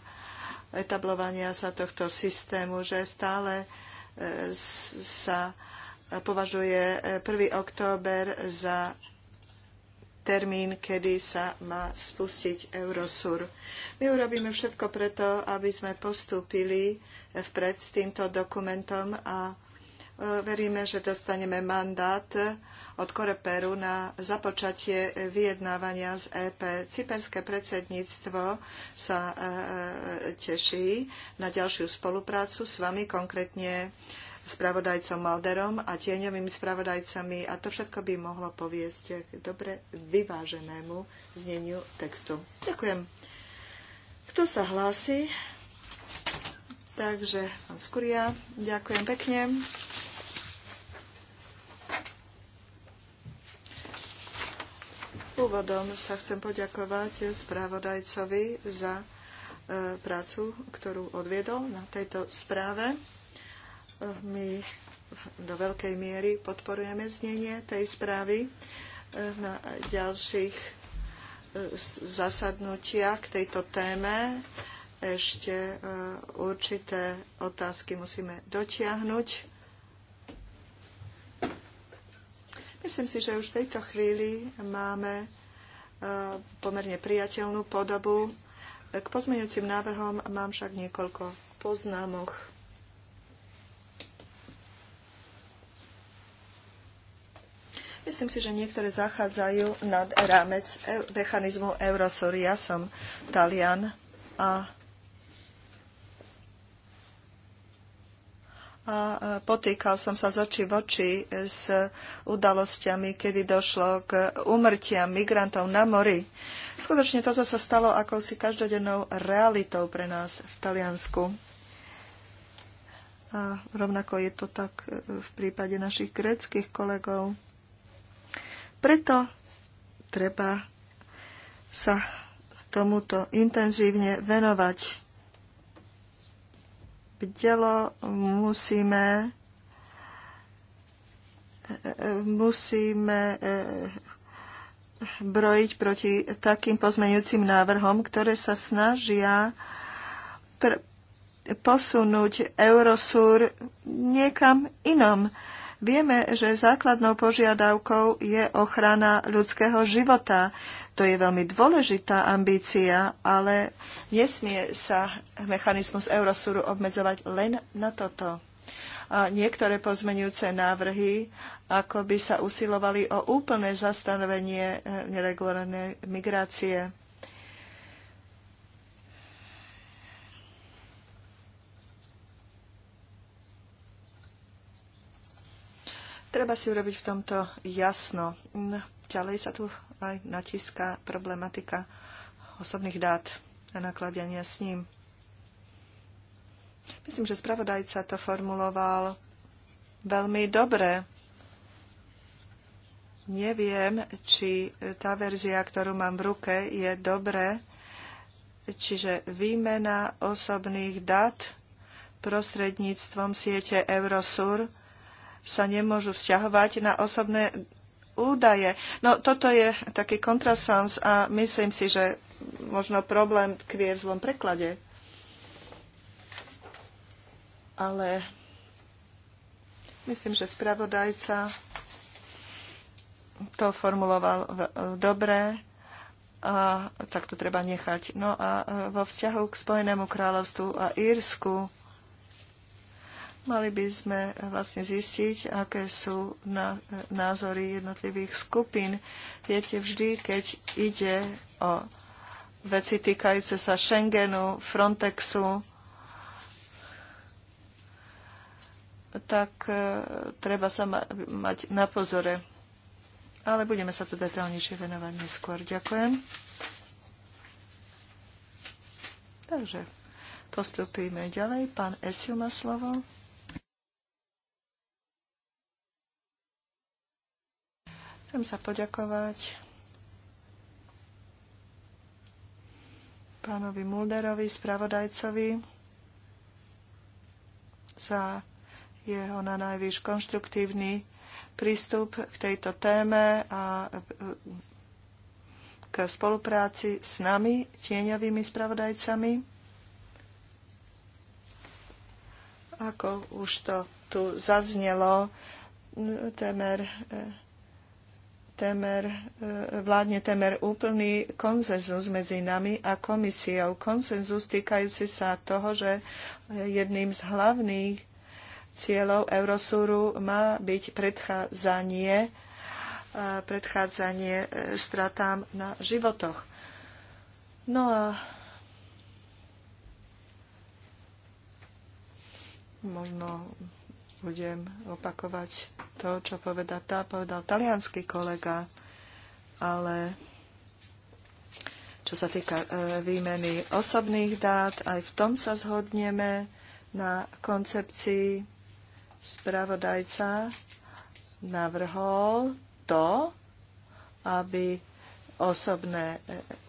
etablovania sa tohto systému, že stále e, sa považuje 1. október za termín, kedy sa má spustiť Eurosur. My urobíme všetko preto, aby sme postúpili vpred s týmto dokumentom a e, veríme, že dostaneme mandát od Koreperu na započatie vyjednávania z EP. Cyperské predsedníctvo sa e, e, teší na ďalšiu spoluprácu s vami, konkrétne spravodajcom Malderom a tieňovými spravodajcami a to všetko by mohlo poviesť k dobre vyváženému zneniu textu. Ďakujem. Kto sa hlási? Takže, pán Skuria, ďakujem pekne. Úvodom sa chcem poďakovať spravodajcovi za e, prácu, ktorú odviedol na tejto správe my do veľkej miery podporujeme znenie tej správy. E, na ďalších e, zasadnutiach k tejto téme ešte e, určité otázky musíme dotiahnuť. Myslím si, že už v tejto chvíli máme pomerne priateľnú podobu. K pozmeňujúcim návrhom mám však niekoľko poznámoch. Myslím si, že niektoré zachádzajú nad rámec e, mechanizmu Eurosory. Ja som Talian a a e, potýkal som sa z očí v oči s udalosťami, kedy došlo k umrtiam migrantov na mori. Skutočne toto sa stalo akousi každodennou realitou pre nás v Taliansku. A rovnako je to tak e, v prípade našich gréckých kolegov. Preto treba sa tomuto intenzívne venovať. Bdelo musíme musíme e, brojiť proti takým pozmeňujúcim návrhom, ktoré sa snažia posunúť Eurosur niekam inom. Vieme, že základnou požiadavkou je ochrana ľudského života. To je veľmi dôležitá ambícia, ale nesmie sa mechanizmus Eurosuru obmedzovať len na toto. A niektoré pozmenujúce návrhy ako by sa usilovali o úplné zastanovenie eh, neregulárnej migrácie Treba si urobiť v tomto jasno. Ďalej sa tu aj natíska problematika osobných dát a nakladania s ním. Myslím, že spravodajca to formuloval veľmi dobre. Neviem, či tá verzia, ktorú mám v ruke, je dobre. Čiže výmena osobných dát prostredníctvom siete Eurosur sa nemôžu vzťahovať na osobné údaje. No toto je taký kontrasans a myslím si, že možno problém tkvie v zlom preklade. Ale myslím, že spravodajca to formuloval dobre a tak to treba nechať. No a e, vo vzťahu k Spojenému kráľovstvu a Írsku Mali by sme vlastne zistiť, aké sú názory jednotlivých skupín. Viete, vždy, keď ide o veci týkajúce sa Schengenu, Frontexu, tak e, treba sa mať na pozore. Ale budeme sa to detaľnejšie venovať neskôr. Ďakujem. Takže postupíme ďalej. Pán Esiu má slovo. Chcem sa poďakovať pánovi Mulderovi, spravodajcovi, za jeho na najvyš konštruktívny prístup k tejto téme a e, k spolupráci s nami, tieňovými spravodajcami. Ako už to tu zaznelo, témer e, temer, e, vládne temer úplný konsenzus medzi nami a komisiou. Konsenzus týkajúci sa toho, že jedným z hlavných cieľov Eurosúru má byť predchádzanie, e, predchádzanie e, stratám na životoch. No a možno budem opakovať to, čo povedal tá, povedal talianský kolega, ale čo sa týka e, výmeny osobných dát, aj v tom sa zhodneme na koncepcii spravodajca navrhol to, aby osobné e,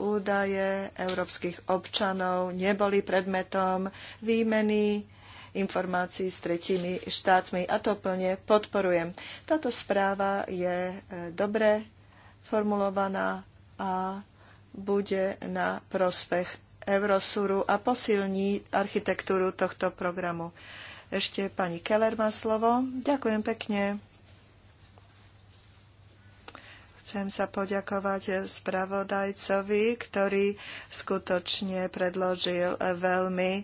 údaje európskych občanov neboli predmetom výmeny informácií s tretími štátmi a to plne podporujem. Táto správa je e, dobre formulovaná a bude na prospech Eurosuru a posilní architektúru tohto programu. Ešte pani Keller má slovo. Ďakujem pekne. Chcem sa poďakovať spravodajcovi, ktorý skutočne predložil veľmi e,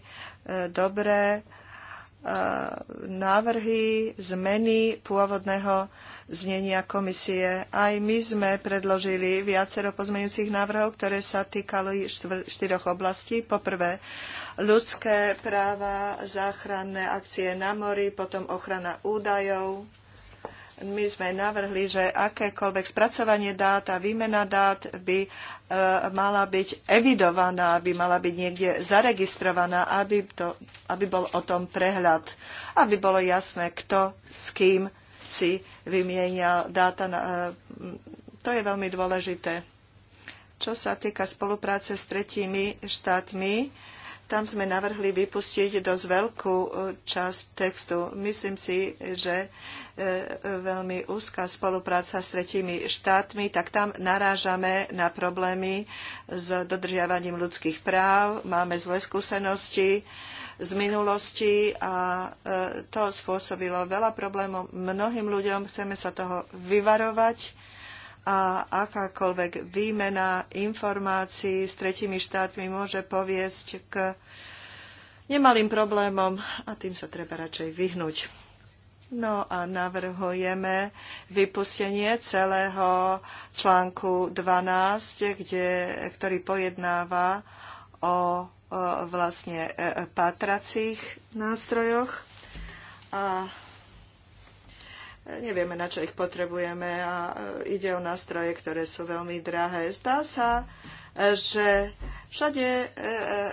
dobré návrhy zmeny pôvodného znenia komisie. Aj my sme predložili viacero pozmeňujúcich návrhov, ktoré sa týkali štyroch oblastí. Poprvé, ľudské práva, záchranné akcie na mori, potom ochrana údajov. My sme navrhli, že akékoľvek spracovanie dát a výmena dát by E, mala byť evidovaná, aby mala byť niekde zaregistrovaná, aby, to, aby bol o tom prehľad, aby bolo jasné, kto s kým si vymienial dáta. Na, e, to je veľmi dôležité. Čo sa týka spolupráce s tretími štátmi, tam sme navrhli vypustiť dosť veľkú e, časť textu. Myslím si, že E, veľmi úzká spolupráca s tretími štátmi, tak tam narážame na problémy s dodržiavaním ľudských práv, máme zlé skúsenosti z minulosti a e, to spôsobilo veľa problémov mnohým ľuďom. Chceme sa toho vyvarovať a akákoľvek výmena informácií s tretimi štátmi môže poviesť k nemalým problémom a tým sa treba radšej vyhnúť. No a navrhujeme vypustenie celého článku 12, kde, ktorý pojednáva o, o vlastne e, e, pátracích nástrojoch. A nevieme, na čo ich potrebujeme a e, ide o nástroje, ktoré sú veľmi drahé. Zdá sa, že všade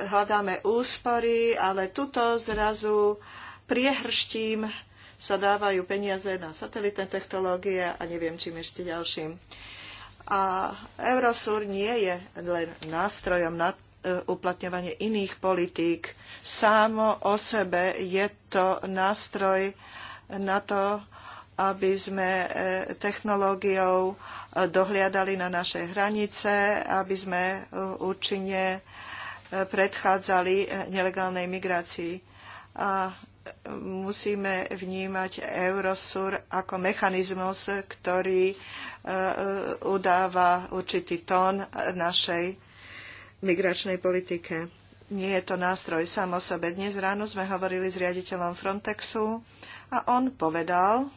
hľadáme úspory, ale tuto zrazu priehrštím sa dávajú peniaze na satelitné technológie a neviem čím ešte ďalším. A Eurosur nie je len nástrojom na e, uplatňovanie iných politík. Samo o sebe je to nástroj na to, aby sme e, technológiou e, dohliadali na naše hranice, aby sme účinne predchádzali nelegálnej migrácii. A musíme vnímať Eurosur ako mechanizmus, ktorý e, udáva určitý tón našej migračnej politike. Nie je to nástroj sám o sebe. Dnes ráno sme hovorili s riaditeľom Frontexu a on povedal,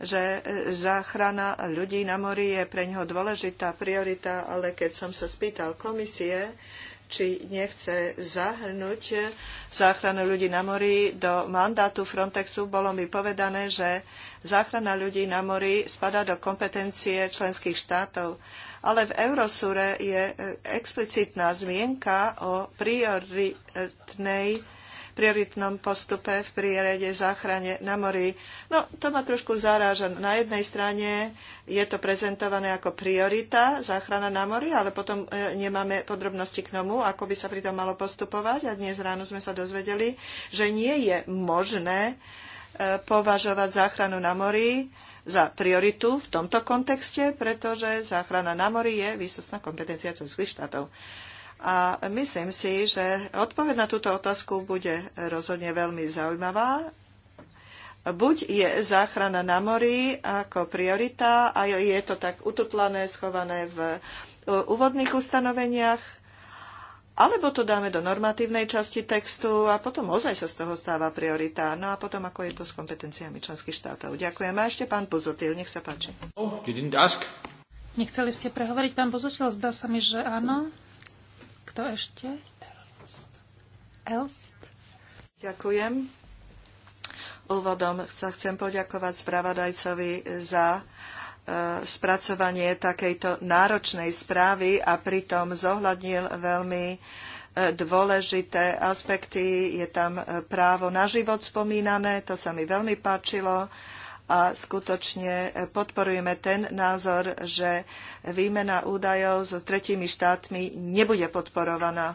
že záchrana ľudí na mori je pre neho dôležitá priorita, ale keď som sa spýtal komisie, či nechce zahrnúť záchranu ľudí na mori do mandátu Frontexu. Bolo mi povedané, že záchrana ľudí na mori spadá do kompetencie členských štátov. Ale v Eurosure je e, explicitná zmienka o prioritnej prioritnom postupe v prírede záchrane na mori. No, to ma trošku zaráža. Na jednej strane je to prezentované ako priorita záchrana na mori, ale potom e, nemáme podrobnosti k tomu, ako by sa pri tom malo postupovať. A dnes ráno sme sa dozvedeli, že nie je možné e, považovať záchranu na mori za prioritu v tomto kontexte, pretože záchrana na mori je výsostná kompetencia členských štátov. A myslím si, že odpoveď na túto otázku bude rozhodne veľmi zaujímavá. Buď je záchrana na mori ako priorita a je to tak ututlané, schované v úvodných ustanoveniach, alebo to dáme do normatívnej časti textu a potom ozaj sa z toho stáva priorita. No a potom, ako je to s kompetenciami členských štátov. Ďakujem. A ešte pán Buzutil, nech sa páči. Oh, Nechceli ste prehovoriť, pán Buzutil? Zdá sa mi, že áno. Kto ešte? Elst. Ďakujem. Úvodom sa chcem poďakovať spravodajcovi za e, spracovanie takejto náročnej správy a pritom zohľadnil veľmi e, dôležité aspekty. Je tam e, právo na život spomínané, to sa mi veľmi páčilo a skutočne e, podporujeme ten názor, že výmena údajov so tretími štátmi nebude podporovaná.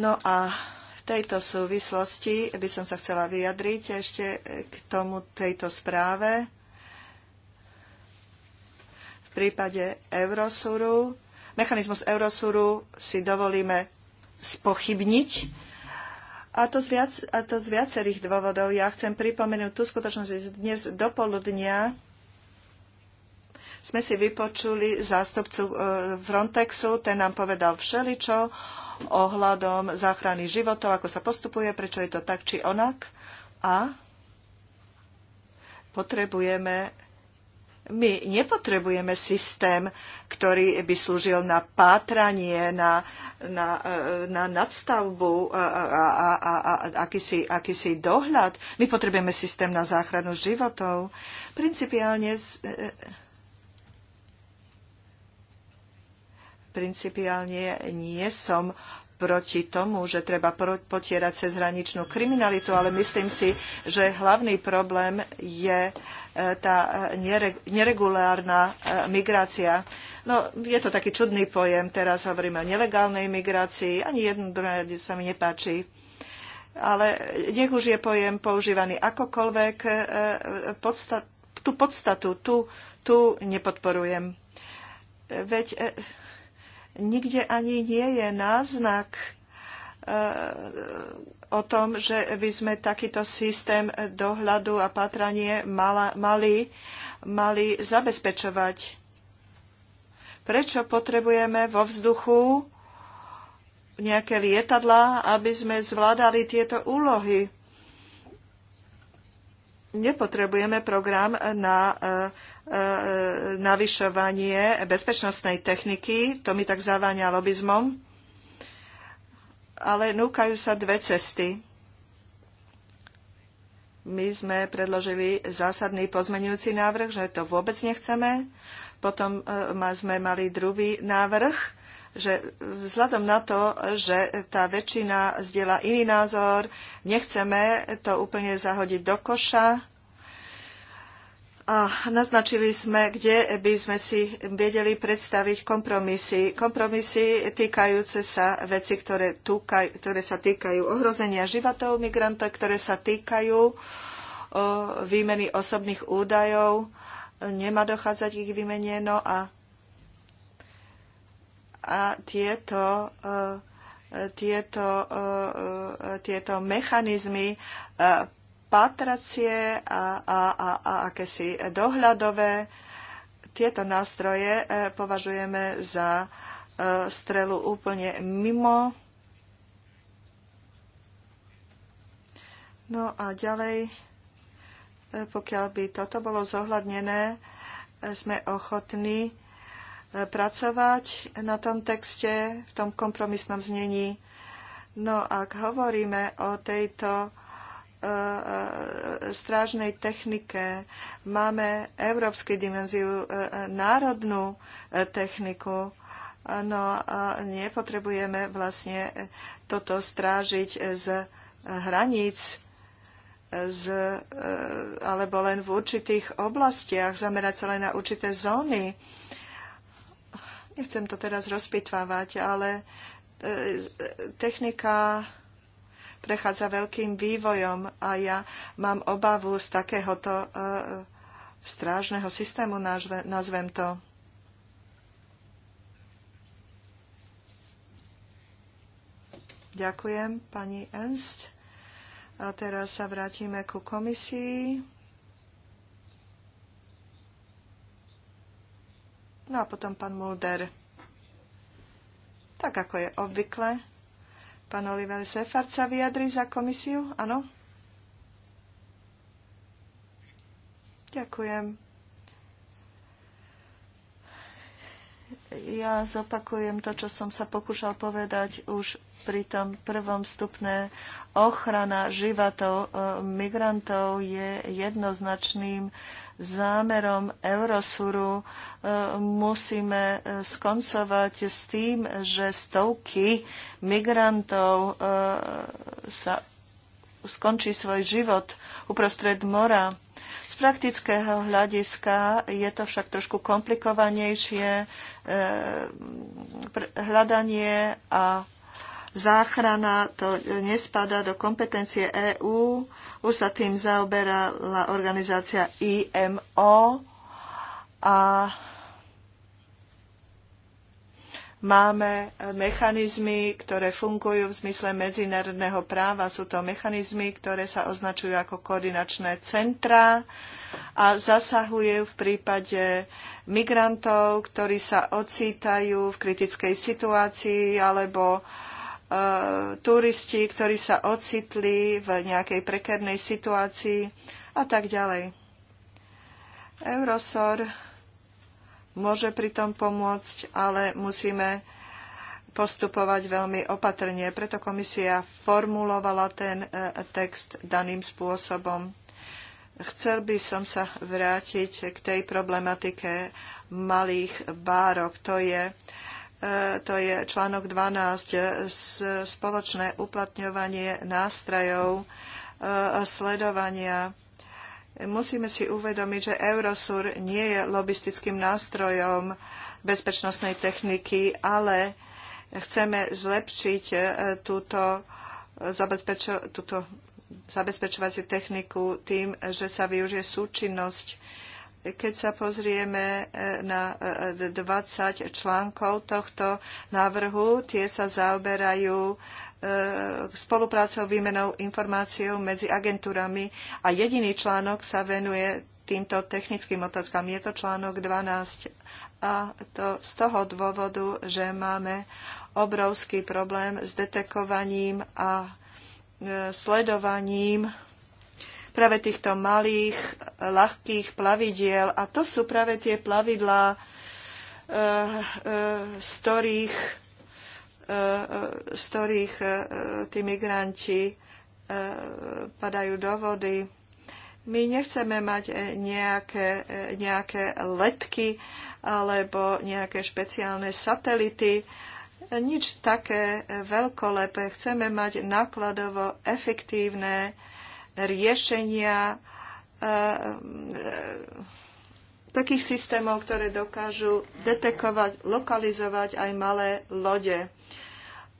No a v tejto súvislosti by som sa chcela vyjadriť ešte e, k tomu tejto správe. V prípade Eurosuru, mechanizmus Eurosuru si dovolíme spochybniť a to, z viac, a to z viacerých dôvodov. Ja chcem pripomenúť tú skutočnosť, že dnes do poludnia sme si vypočuli zástupcu e, Frontexu, ten nám povedal všeličo ohľadom záchrany životov, ako sa postupuje, prečo je to tak či onak. A potrebujeme my nepotrebujeme systém, ktorý by slúžil na pátranie, na, na, e, na nadstavbu e, e, a, a, a, a akýsi, akýsi dohľad. My potrebujeme systém na záchranu životov. Principiálne, principiálne nie som proti tomu, že treba potierať cezhraničnú kriminalitu, ale myslím si, že hlavný problém je uh, tá e, neregulárna e, migrácia. No, je to taký čudný pojem, teraz hovoríme o nelegálnej migrácii, ani jedno druhé sa mi nepáči. Ale nech už je pojem používaný akokoľvek, e, podsta- tú podstatu, tu, tu nepodporujem. Veď nikde ani nie je náznak o tom, že by sme takýto systém dohľadu a patranie mala, mali, mali zabezpečovať. Prečo potrebujeme vo vzduchu nejaké lietadlá, aby sme zvládali tieto úlohy? Nepotrebujeme program na e, e, navyšovanie bezpečnostnej techniky, to mi tak zaváňa lobizmom ale núkajú sa dve cesty. My sme predložili zásadný pozmenujúci návrh, že to vôbec nechceme. Potom e, sme mali druhý návrh, že vzhľadom na to, že tá väčšina zdieľa iný názor, nechceme to úplne zahodiť do koša a naznačili sme, kde by sme si vedeli predstaviť kompromisy. Kompromisy týkajúce sa veci, ktoré, túkaj, ktoré sa týkajú ohrozenia životov migranta, ktoré sa týkajú výmeny osobných údajov. Nemá dochádzať ich výmene, no a, a tieto tieto, tieto mechanizmy pátracie a, a, a, a akési dohľadové. Tieto nástroje e, považujeme za e, strelu úplne mimo. No a ďalej, e, pokiaľ by toto bolo zohľadnené, sme ochotní pracovať na tom texte, v tom kompromisnom znení. No ak hovoríme o tejto E, e, strážnej technike, máme európsky dimenziu, e, národnú techniku, no a nepotrebujeme vlastne toto strážiť z hraníc z, alebo len v určitých oblastiach, zamerať sa len na určité zóny. Nechcem to teraz rozpitvávať, ale technika prechádza veľkým vývojom a ja mám obavu z takéhoto e, strážneho systému, nazvem to. Ďakujem, pani Ernst. A teraz sa vrátime ku komisii. No a potom pán Mulder. Tak ako je obvykle, Pán Oliver Sefard sa vyjadri za komisiu? Áno? Ďakujem. Ja zopakujem to, čo som sa pokúšal povedať už pri tom prvom stupne. Ochrana životov eh, migrantov je jednoznačným uh, zámerom Eurosuru e, musíme e, skoncovať s tým, že stovky migrantov e, sa skončí svoj život uprostred mora. Z praktického hľadiska je to však trošku komplikovanejšie hľadanie a záchrana to nespada do kompetencie EÚ už sa tým zaoberala organizácia IMO a máme mechanizmy, ktoré fungujú v zmysle medzinárodného práva. Sú to mechanizmy, ktoré sa označujú ako koordinačné centra a zasahuje v prípade migrantov, ktorí sa ocítajú v kritickej situácii alebo turisti, ktorí sa ocitli v nejakej prekernej situácii a tak ďalej. Eurosor môže tom pomôcť, ale musíme postupovať veľmi opatrne. Preto komisia formulovala ten e, text daným spôsobom. Chcel by som sa vrátiť k tej problematike malých bárok. To je uh, to je článok 12, e, spoločné uplatňovanie nástrojov e, sledovania. Musíme si uvedomiť, že Eurosur nie je lobistickým nástrojom bezpečnostnej techniky, ale chceme zlepšiť e, túto, zabezpečo, túto zabezpečovaciu techniku tým, že sa využije súčinnosť keď sa pozrieme e, na 20 e, e, článkov tohto návrhu, tie sa zaoberajú spoluprácou, výmenou informáciou medzi agentúrami a jediný článok sa venuje týmto technickým otázkam. Je to článok 12 a to z toho dôvodu, že máme obrovský problém s detekovaním a sledovaním práve týchto malých, ľahkých plavidiel. A to sú práve tie plavidlá, eh, eh, z ktorých, eh, z ktorých tí migranti padajú do vody. My nechceme mať nejaké, nejaké letky alebo nejaké špeciálne satelity, nič také veľkolepé. Chceme mať nákladovo efektívne riešenia eh, takých systémov, ktoré dokážu detekovať, lokalizovať aj malé lode.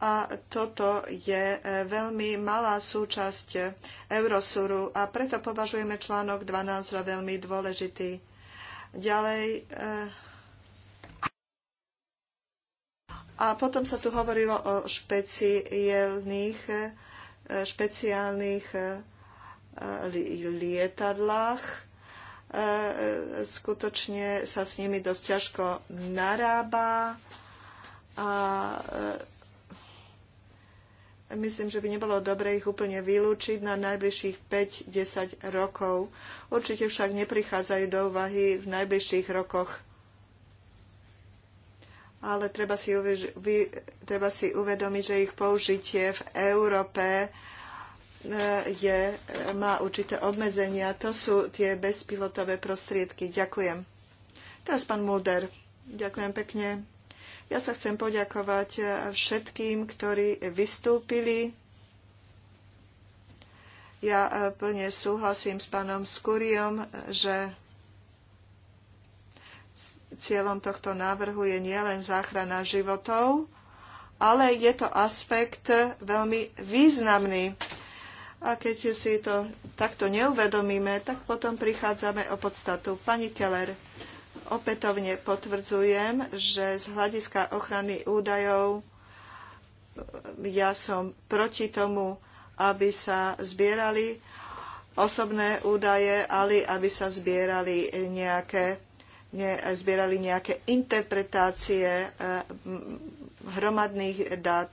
A toto je eh, veľmi malá súčasť Eurosuru a preto považujeme článok 12 za veľmi dôležitý. Ďalej. Eh, a potom sa tu hovorilo o špeciálnych, špeciálnych Eh, lietadlách. Eh, skutočne sa s nimi dosť ťažko narába a eh, myslím, že by nebolo dobre ich úplne vylúčiť na najbližších 5-10 rokov. Určite však neprichádzajú do úvahy v najbližších rokoch. Ale treba si, vy- treba si uvedomiť, že ich použitie v Európe je, má určité obmedzenia. To sú tie bezpilotové prostriedky. Ďakujem. Teraz pán Mulder. Ďakujem pekne. Ja sa chcem poďakovať všetkým, ktorí vystúpili. Ja plne súhlasím s pánom Skuriom, že cieľom tohto návrhu je nielen záchrana životov, ale je to aspekt veľmi významný a keď si to takto neuvedomíme, tak potom prichádzame o podstatu. Pani Keller, opätovne potvrdzujem, že z hľadiska ochrany údajov e, ja som proti tomu, aby sa zbierali osobné údaje, ale aby sa zbierali nejaké, ne, zbierali nejaké interpretácie e, hromadných dát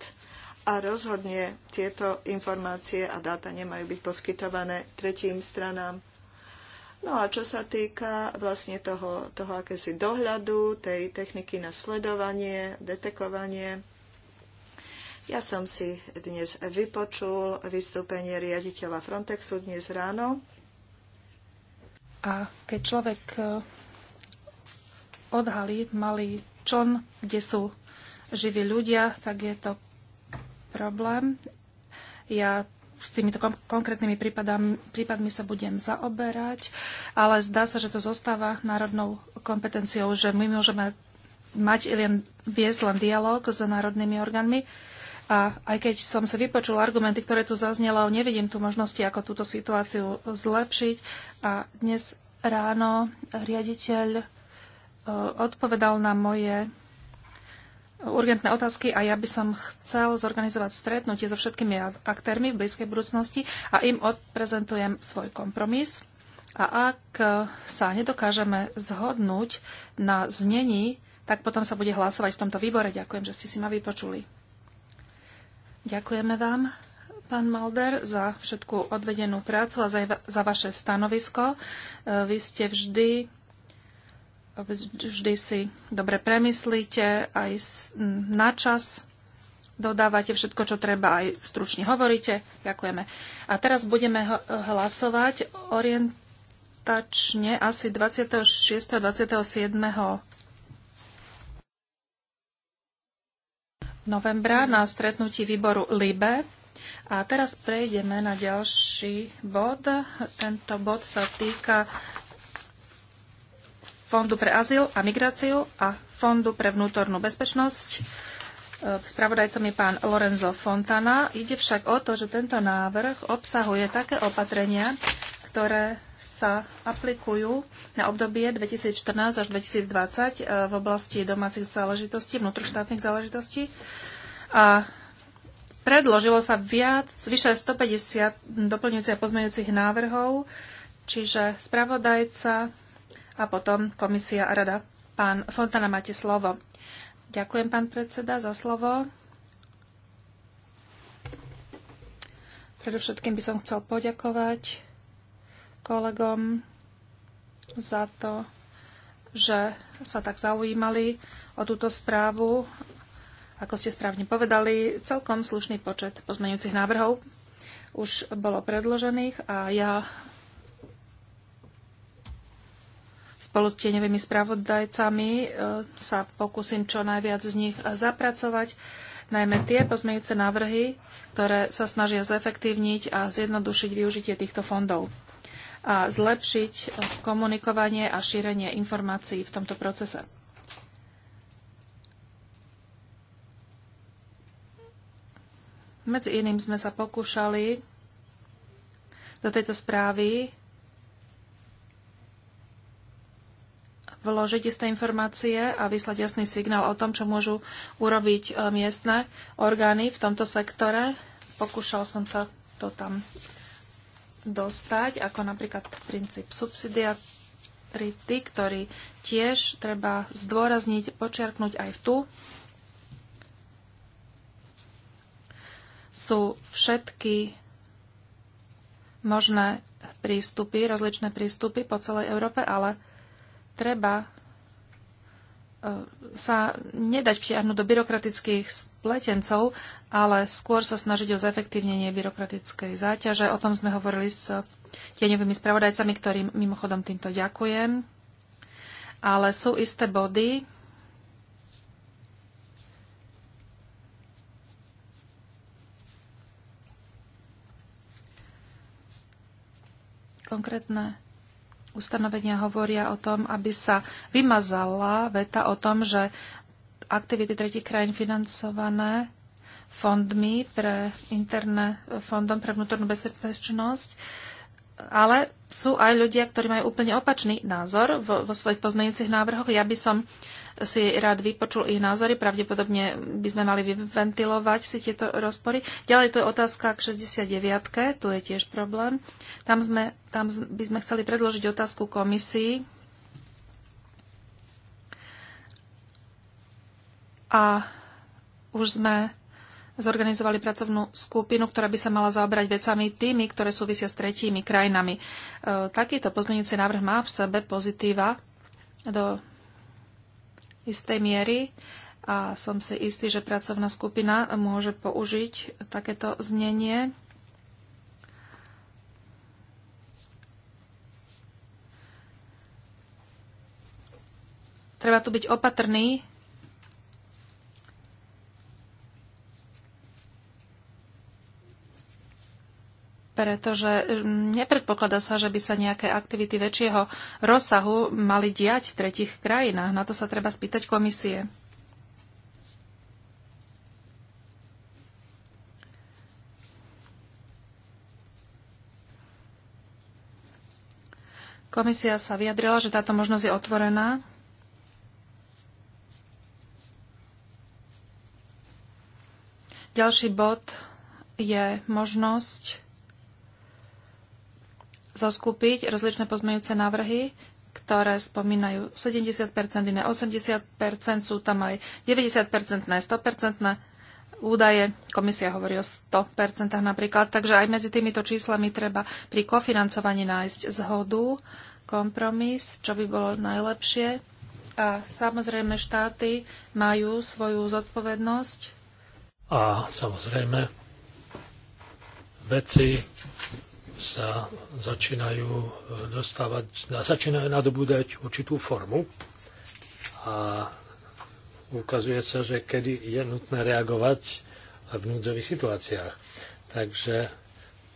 a rozhodne tieto informácie a dáta nemajú byť poskytované tretím stranám. No a čo sa týka vlastne toho, toho akési dohľadu, tej techniky na sledovanie, detekovanie, ja som si dnes vypočul vystúpenie riaditeľa Frontexu dnes ráno. A keď človek e, odhalí malý čon, kde sú živí ľudia, tak je to problém. Ja s týmito konkrétnymi prípadami, prípadmi sa budem zaoberať, ale zdá sa, že to zostáva národnou kompetenciou, že my môžeme mať len, viesť len dialog s národnými orgánmi. A aj keď som sa vypočul argumenty, ktoré tu zaznelo, nevidím tu možnosti, ako túto situáciu zlepšiť. A dnes ráno riaditeľ eh, odpovedal na moje urgentné otázky a ja by som chcel zorganizovať stretnutie so všetkými aktérmi v blízkej budúcnosti a im odprezentujem svoj kompromis. A ak e, sa nedokážeme zhodnúť na znení, tak potom sa bude hlasovať v tomto výbore. Ďakujem, že ste si ma vypočuli. Ďakujeme vám, pán Malder, za všetku odvedenú prácu a za, za vaše stanovisko. E, vy ste vždy vždy si dobre premyslíte, aj na čas dodávate všetko, čo treba, aj stručne hovoríte. Ďakujeme. A teraz budeme hlasovať orientačne asi 26. a 27. novembra na stretnutí výboru LIBE. A teraz prejdeme na ďalší bod. Tento bod sa týka Fondu pre azyl a migráciu a Fondu pre vnútornú bezpečnosť. E, spravodajcom je pán Lorenzo Fontana. Ide však o to, že tento návrh obsahuje také opatrenia, ktoré sa aplikujú na obdobie 2014 až 2020 e, v oblasti domácich záležitostí, vnútroštátnych záležitostí. A predložilo sa viac, vyše 150 doplňujúcich a pozmeňujúcich návrhov, čiže spravodajca a potom komisia a rada. Pán Fontana, máte slovo. Ďakujem, pán predseda, za slovo. Predovšetkým by som chcel poďakovať kolegom za to, že sa tak zaujímali o túto správu. Ako ste správne povedali, celkom slušný počet pozmeňujúcich návrhov už bolo predložených a ja Spolu s tieňovými spravodajcami e, sa pokúsim čo najviac z nich zapracovať, najmä tie pozmejúce návrhy, ktoré sa snažia zefektívniť a zjednodušiť využitie týchto fondov a zlepšiť komunikovanie a šírenie informácií v tomto procese. Medzi iným sme sa pokúšali do tejto správy vložiť isté informácie a vyslať jasný signál o tom, čo môžu urobiť e, miestne orgány v tomto sektore. Pokúšal som sa to tam dostať, ako napríklad princíp subsidiarity, ktorý tiež treba zdôrazniť, počiarknúť aj tu. Sú všetky možné prístupy, rozličné prístupy po celej Európe, ale treba e, sa nedať vtiahnuť do byrokratických spletencov, ale skôr sa snažiť o zefektívnenie byrokratickej záťaže. O tom sme hovorili s tieňovými spravodajcami, ktorým mimochodom týmto ďakujem. Ale sú isté body, konkrétne ustanovenia hovoria o tom, aby sa vymazala veta o tom, že aktivity tretich krajín financované fondmi pre interne, fondom pre vnútornú bezpečnosť ale sú aj ľudia, ktorí majú úplne opačný názor vo, vo svojich pozmeňujúcich návrhoch. Ja by som si rád vypočul ich názory, pravdepodobne by sme mali vyventilovať si tieto rozpory. Ďalej to je otázka k 69. -ke. Tu je tiež problém. Tam, sme, tam by sme chceli predložiť otázku komisii. A už sme zorganizovali pracovnú skupinu, ktorá by sa mala zaoberať vecami tými, ktoré súvisia s tretími krajinami. E, takýto pozmeňujúci návrh má v sebe pozitíva do istej miery a som si istý, že pracovná skupina môže použiť takéto znenie. Treba tu byť opatrný pretože mm, nepredpokladá sa, že by sa nejaké aktivity väčšieho rozsahu mali diať v tretich krajinách. Na to sa treba spýtať komisie. Komisia sa vyjadrila, že táto možnosť je otvorená. Ďalší bod je možnosť zoskupiť rozličné pozmeňujúce návrhy, ktoré spomínajú 70%, iné 80%, sú tam aj 90%, 100% údaje. Komisia hovorí o 100% napríklad. Takže aj medzi týmito číslami treba pri kofinancovaní nájsť zhodu, kompromis, čo by bolo najlepšie. A samozrejme štáty majú svoju zodpovednosť. A samozrejme veci sa začínajú e, dostávať, začínajú nadobúdať určitú formu a ukazuje sa, že kedy je nutné reagovať v núdzových situáciách. Takže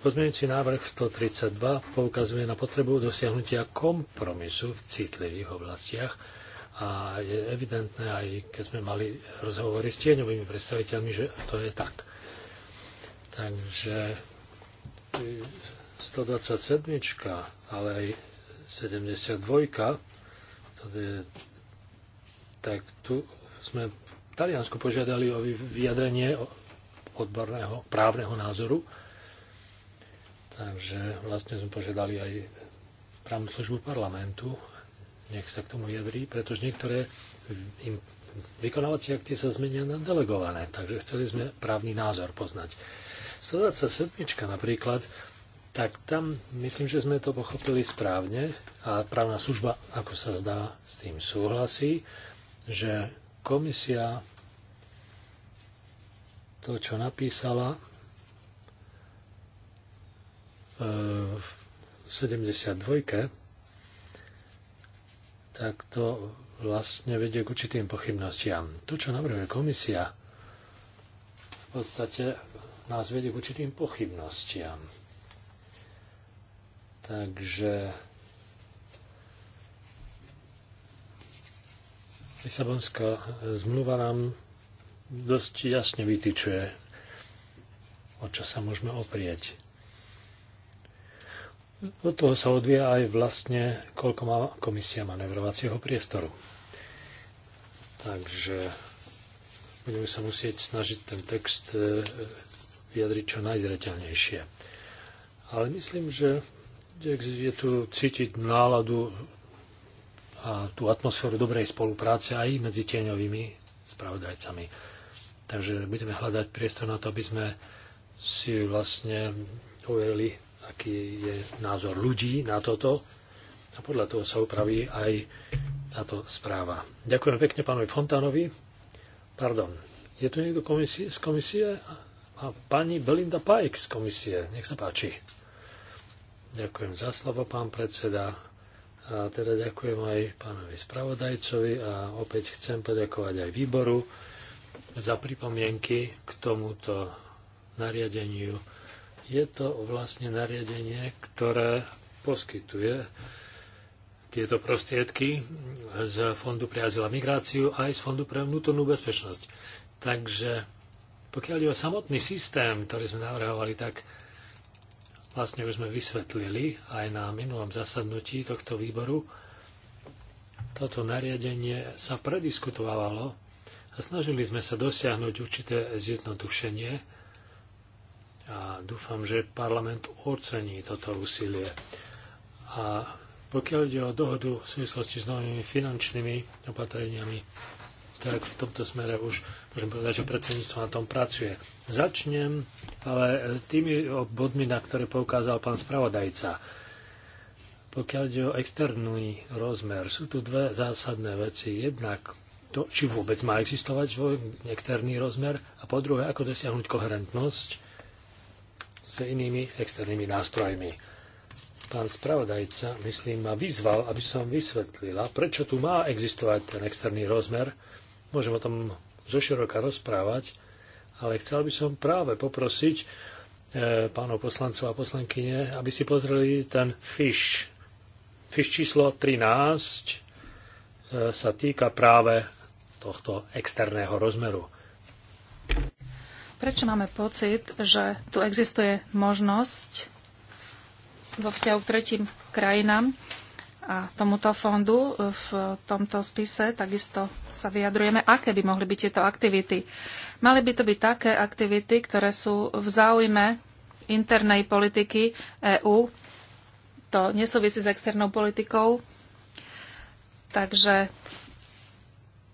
pozmeňujúci návrh 132 poukazuje na potrebu dosiahnutia kompromisu v citlivých oblastiach a je evidentné, aj keď sme mali rozhovory s tieňovými predstaviteľmi, že to je tak. Takže e, 127, ale aj 72, to je, tak tu sme v Taliansku požiadali o vyjadrenie odborného právneho názoru. Takže vlastne sme požiadali aj právnu službu parlamentu, nech sa k tomu vyjadrí, pretože niektoré im vykonávacie akty sa zmenia na delegované, takže chceli sme právny názor poznať. 127 napríklad tak tam myslím, že sme to pochopili správne a právna služba, ako sa zdá, s tým súhlasí, že komisia to, čo napísala e, v 72, tak to vlastne vedie k určitým pochybnostiam. To, čo navrhuje komisia, v podstate nás vedie k určitým pochybnostiam Takže Lisabonská zmluva nám dosť jasne vytýčuje, o čo sa môžeme oprieť. Od toho sa odvie aj vlastne, koľko má komisia manevrovacieho priestoru. Takže budeme sa musieť snažiť ten text eh, vyjadriť čo najzreteľnejšie. Ale myslím, že je tu cítiť náladu a tú atmosféru dobrej spolupráce aj medzi tieňovými spravodajcami. Takže budeme hľadať priestor na to, aby sme si vlastne overili, aký je názor ľudí na toto a podľa toho sa upraví aj táto správa. Ďakujem pekne pánovi Fontánovi. Pardon, je tu niekto komisie, z komisie? A pani Belinda Pajk z komisie, nech sa páči. Ďakujem za slovo, pán predseda. A teda ďakujem aj pánovi spravodajcovi a opäť chcem poďakovať aj výboru za pripomienky k tomuto nariadeniu. Je to vlastne nariadenie, ktoré poskytuje tieto prostriedky z Fondu pre azyl a migráciu aj z Fondu pre vnútornú bezpečnosť. Takže pokiaľ je o samotný systém, ktorý sme navrhovali, tak vlastne už sme vysvetlili aj na minulom zasadnutí tohto výboru. Toto nariadenie sa prediskutovalo a snažili sme sa dosiahnuť určité zjednodušenie a dúfam, že parlament ocení toto úsilie. A pokiaľ ide o dohodu v súvislosti s novými finančnými opatreniami, tak v tomto smere už môžem povedať, že predsedníctvo na tom pracuje. Začnem ale tými bodmi, na ktoré poukázal pán spravodajca. Pokiaľ ide o externý rozmer, sú tu dve zásadné veci. Jednak to, či vôbec má existovať svoj externý rozmer a po druhé, ako dosiahnuť koherentnosť s inými externými nástrojmi. Pán spravodajca, myslím, ma vyzval, aby som vysvetlila, prečo tu má existovať ten externý rozmer, môžem o tom zoširoka rozprávať, ale chcel by som práve poprosiť e, pánov poslancov a poslankyne, aby si pozreli ten fiš. Fiš číslo 13 e, sa týka práve tohto externého rozmeru. Prečo máme pocit, že tu existuje možnosť vo vzťahu k tretím krajinám a tomuto fondu e, v tomto spise takisto sa vyjadrujeme, aké by mohli byť tieto aktivity. Mali by to byť také aktivity, ktoré sú v záujme internej politiky EÚ. To nesúvisí s externou politikou, takže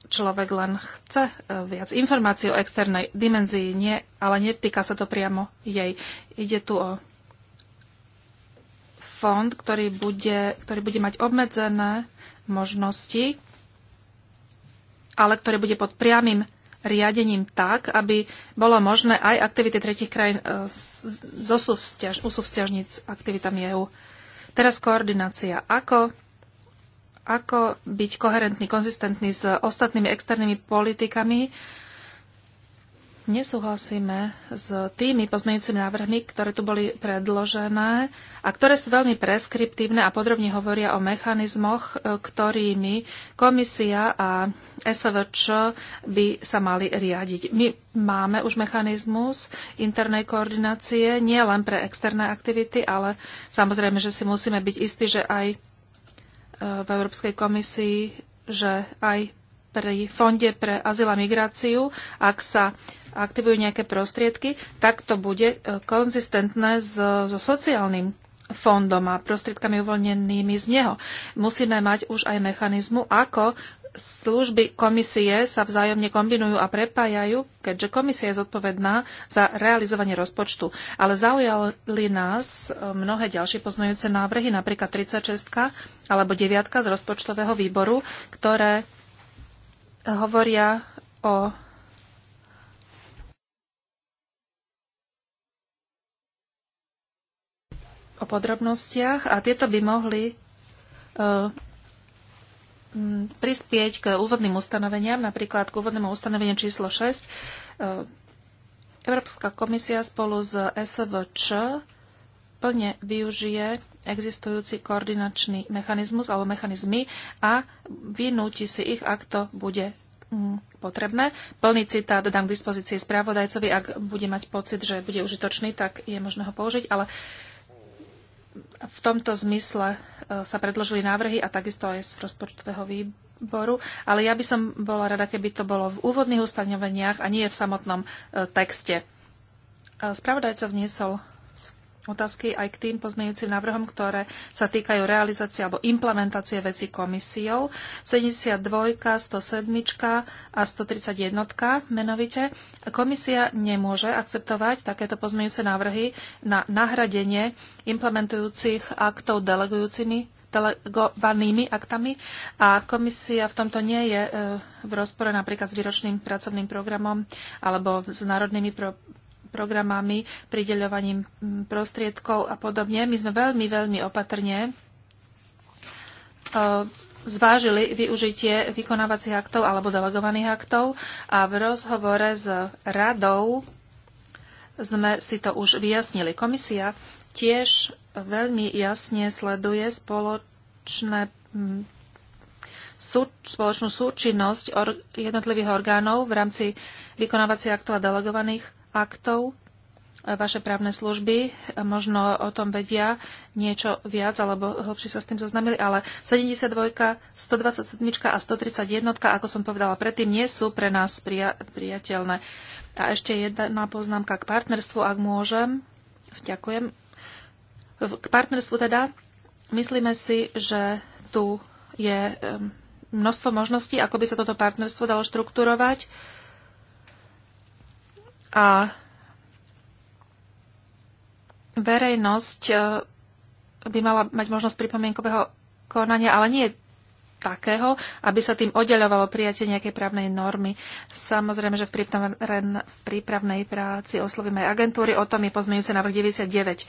človek len chce e, viac informácií o externej dimenzii, nie, ale netýka sa to priamo jej. Ide tu o fond, ktorý bude, ktorý bude mať obmedzené možnosti, ale ktorý bude pod priamým riadením tak, aby bolo možné aj aktivity tretich krajín usúvzťažniť e, s aktivitami EU. Teraz koordinácia. Ako, ako byť koherentný, konzistentný s ostatnými externými politikami, nesúhlasíme s tými pozmeňujúcimi návrhmi, ktoré tu boli predložené a ktoré sú veľmi preskriptívne a podrobne hovoria o mechanizmoch, e, ktorými komisia a SVČ by sa mali riadiť. My máme už mechanizmus internej koordinácie, nie len pre externé aktivity, ale samozrejme, že si musíme byť istí, že aj e, v Európskej komisii, že aj pri Fonde pre azyl a migráciu, ak sa aktivujú nejaké prostriedky, tak to bude e, konzistentné so, so sociálnym fondom a prostriedkami uvoľnenými z neho. Musíme mať už aj mechanizmu, ako služby komisie sa vzájomne kombinujú a prepájajú, keďže komisia je zodpovedná za realizovanie rozpočtu. Ale zaujali nás e, mnohé ďalšie pozmejúce návrhy, napríklad 36 alebo 9 z rozpočtového výboru, ktoré hovoria o o podrobnostiach a tieto by mohli uh, m, prispieť k úvodným ustanoveniam, napríklad k úvodnému ustanoveniu číslo 6. Uh, e, Európska komisia spolu s SVČ plne využije existujúci koordinačný mechanizmus alebo mechanizmy a vynúti si ich, ak to bude potrebné. Plný citát dám k dispozícii správodajcovi, ak bude mať pocit, že bude užitočný, tak je možné ho použiť, ale uh, v tomto zmysle e, sa predložili návrhy a takisto aj z rozpočtového výboru, ale ja by som bola rada, keby to bolo v úvodných ustanoveniach a nie v samotnom e, texte. E, spravodajca vzniesol otázky aj k tým pozmeňujúcim návrhom, ktoré sa týkajú realizácie alebo implementácie veci komisiou. 72, 107 a 131 menovite. Komisia nemôže akceptovať takéto pozmeňujúce návrhy na nahradenie implementujúcich aktov delegujúcimi delegovanými aktami a komisia v tomto nie je e, v rozpore napríklad s výročným pracovným programom alebo s národnými pro- programami, prideľovaním mm, prostriedkov a podobne. My sme veľmi, veľmi opatrne e, zvážili využitie vykonávacích aktov alebo delegovaných aktov a v rozhovore s radou sme si to už vyjasnili. Komisia tiež veľmi jasne sleduje spoločné mm, spoločnú súčinnosť jednotlivých orgánov v rámci vykonávacích aktov a delegovaných aktov vaše právne služby možno o tom vedia niečo viac, alebo hlbšie sa s tým zoznamili, ale 72, 127 a 131, ako som povedala predtým, nie sú pre nás prija- priateľné. A ešte jedna poznámka k partnerstvu, ak môžem. Ďakujem. K partnerstvu teda myslíme si, že tu je množstvo možností, ako by sa toto partnerstvo dalo štrukturovať a verejnosť e, by mala mať možnosť pripomienkového konania, ale nie takého, aby sa tým oddeľovalo prijatie nejakej právnej normy. Samozrejme, že v, v prípravnej práci oslovíme aj agentúry, o tom je pozmeňujúci návrh 99.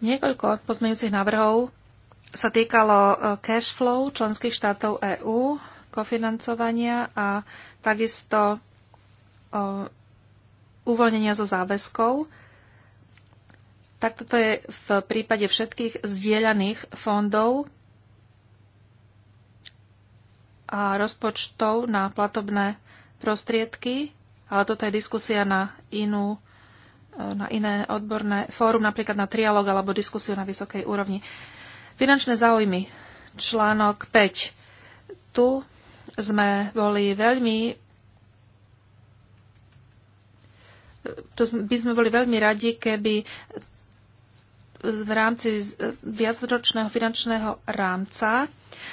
Niekoľko pozmeňujúcich návrhov sa týkalo e, cash flow členských štátov EÚ, kofinancovania a takisto e, uvoľnenia zo záväzkov. Takto to je v prípade všetkých zdieľaných fondov a rozpočtov na platobné prostriedky, ale toto je diskusia na inú na iné odborné fórum, napríklad na trialog alebo diskusiu na vysokej úrovni. Finančné záujmy. Článok 5. Tu sme boli veľmi tu by sme boli veľmi radi, keby v rámci viacročného finančného rámca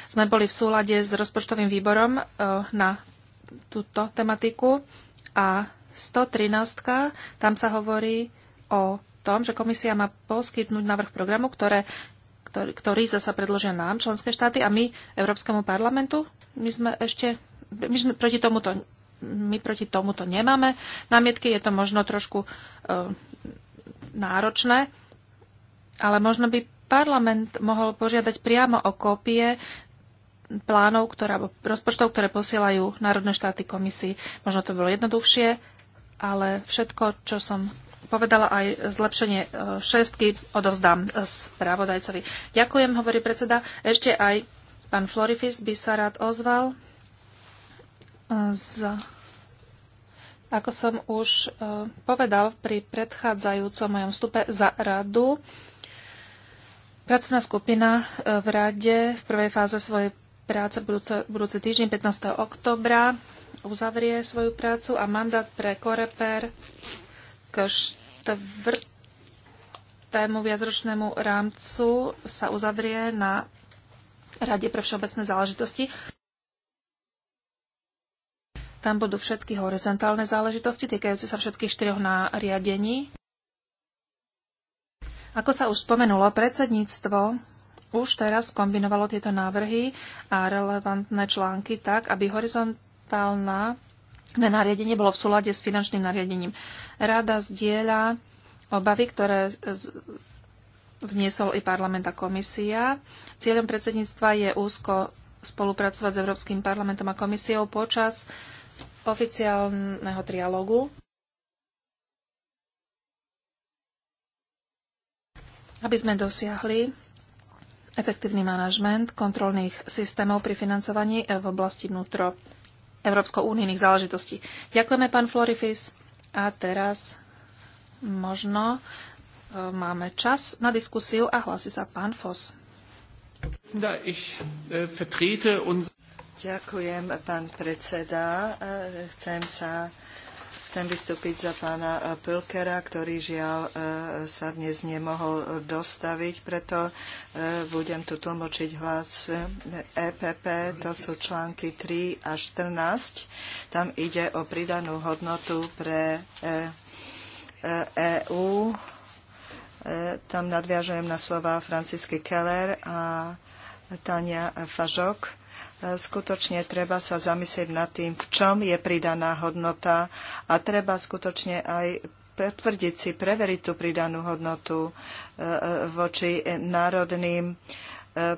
sme boli v súlade s rozpočtovým výborom e, na túto tematiku a 113. tam sa hovorí o tom, že komisia má poskytnúť návrh programu, ktoré, ktorý, ktorý zasa predložia nám členské štáty a my Európskemu parlamentu. My sme ešte my sme proti tomuto my proti tomuto nemáme námietky, je to možno trošku e, náročné, ale možno by parlament mohol požiadať priamo o kópie plánov, ktorá, rozpočtov, ktoré posielajú národné štáty komisii. Možno to bolo jednoduchšie, ale všetko, čo som povedala aj zlepšenie e, šestky, odovzdám e, spravodajcovi. Ďakujem, hovorí predseda. Ešte aj pán Florifis by sa rád ozval z ako som už e, povedal pri predchádzajúcom mojom vstupe za radu, pracovná skupina e, v rade v prvej fáze svojej práce budúce, budúci týždeň 15. oktobra uzavrie svoju prácu a mandát pre Koreper k štvrtému viacročnému rámcu sa uzavrie na Rade pre všeobecné záležitosti. Tam budú všetky horizontálne záležitosti týkajúce sa všetkých štyroch nariadení. Ako sa už spomenulo, predsedníctvo už teraz kombinovalo tieto návrhy a relevantné články tak, aby horizontálna nariadenie bolo v súlade s finančným nariadením. Rada zdieľa obavy, ktoré vzniesol i parlament a komisia. Cieľom predsedníctva je úzko spolupracovať s Európskym parlamentom a komisiou počas oficiálneho trialógu, aby sme dosiahli efektívny manažment kontrolných systémov pri financovaní v oblasti vnútro Európsko-únijných záležitostí. Ďakujeme, pán Florifis. A teraz možno e, máme čas na diskusiu a hlási sa pán Fos. Ďakujem, pán predseda. E, chcem sa chcem vystúpiť za pána e, Pilkera, ktorý žiaľ e, sa dnes nemohol dostaviť, preto budem tu tlmočiť hlas EPP, to sú články 3 a 14. Tam ide o pridanú hodnotu pre EÚ. Tam nadviažujem na slova Francisky Keller a Tania Fažok skutočne treba sa zamyslieť nad tým, v čom je pridaná hodnota a treba skutočne aj potvrdiť si, preveriť tú pridanú hodnotu e, e, voči národným e,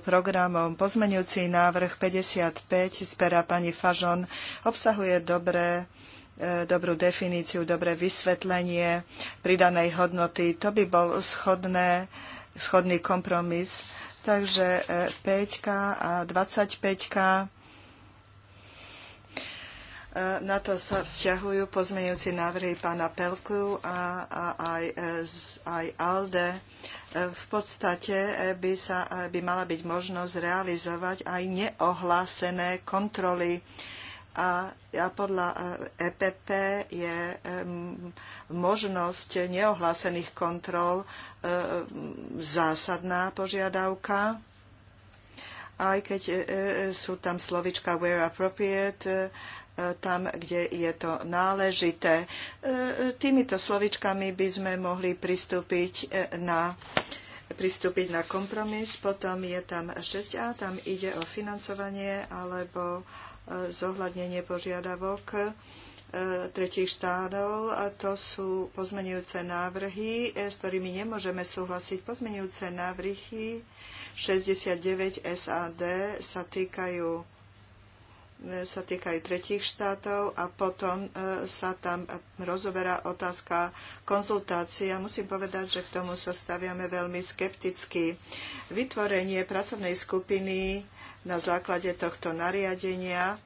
programom. Pozmenujúci návrh 55 z pera pani Fažon obsahuje dobré dobrú definíciu, dobré vysvetlenie pridanej hodnoty. To by bol schodné, schodný kompromis Takže 5 e, a 25 e, na to sa vzťahujú pozmeňujúci návrhy pána Pelku a, a aj, e, aj ALDE. V podstate by, sa, by mala byť možnosť realizovať aj neohlásené kontroly a, podľa EPP eh, e je možnosť neohlásených kontrol eh, zásadná požiadavka aj keď eh, sú tam slovička where appropriate, tam, kde je to náležité. Týmito slovičkami by sme mohli pristúpiť na pristúpiť na kompromis. Potom je tam 6a, tam ide o financovanie alebo zohľadnenie požiadavok e, tretich štátov. A to sú pozmenujúce návrhy, e, s ktorými nemôžeme súhlasiť. Pozmenujúce návrhy 69 SAD sa týkajú e, sa týkajú tretích štátov a potom sa tam rozoberá otázka konzultácia. Musím povedať, že k tomu sa staviame veľmi skepticky. Vytvorenie pracovnej skupiny na základe tohto nariadenia e,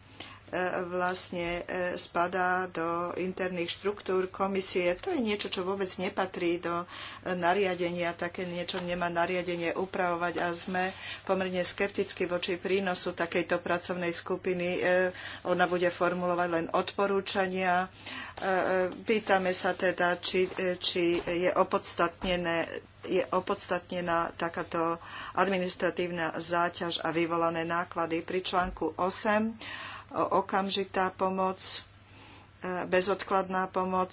vlastne e, spadá do interných štruktúr komisie. To je niečo, čo vôbec nepatrí do e, nariadenia. Také niečo nemá nariadenie upravovať a sme pomerne skepticky voči prínosu takejto pracovnej skupiny. Ona bude formulovať len odporúčania. Pýtame sa teda, či, či je opodstatnené je opodstatnená takáto administratívna záťaž a vyvolané náklady. Pri článku 8 okamžitá pomoc, e, bezodkladná pomoc,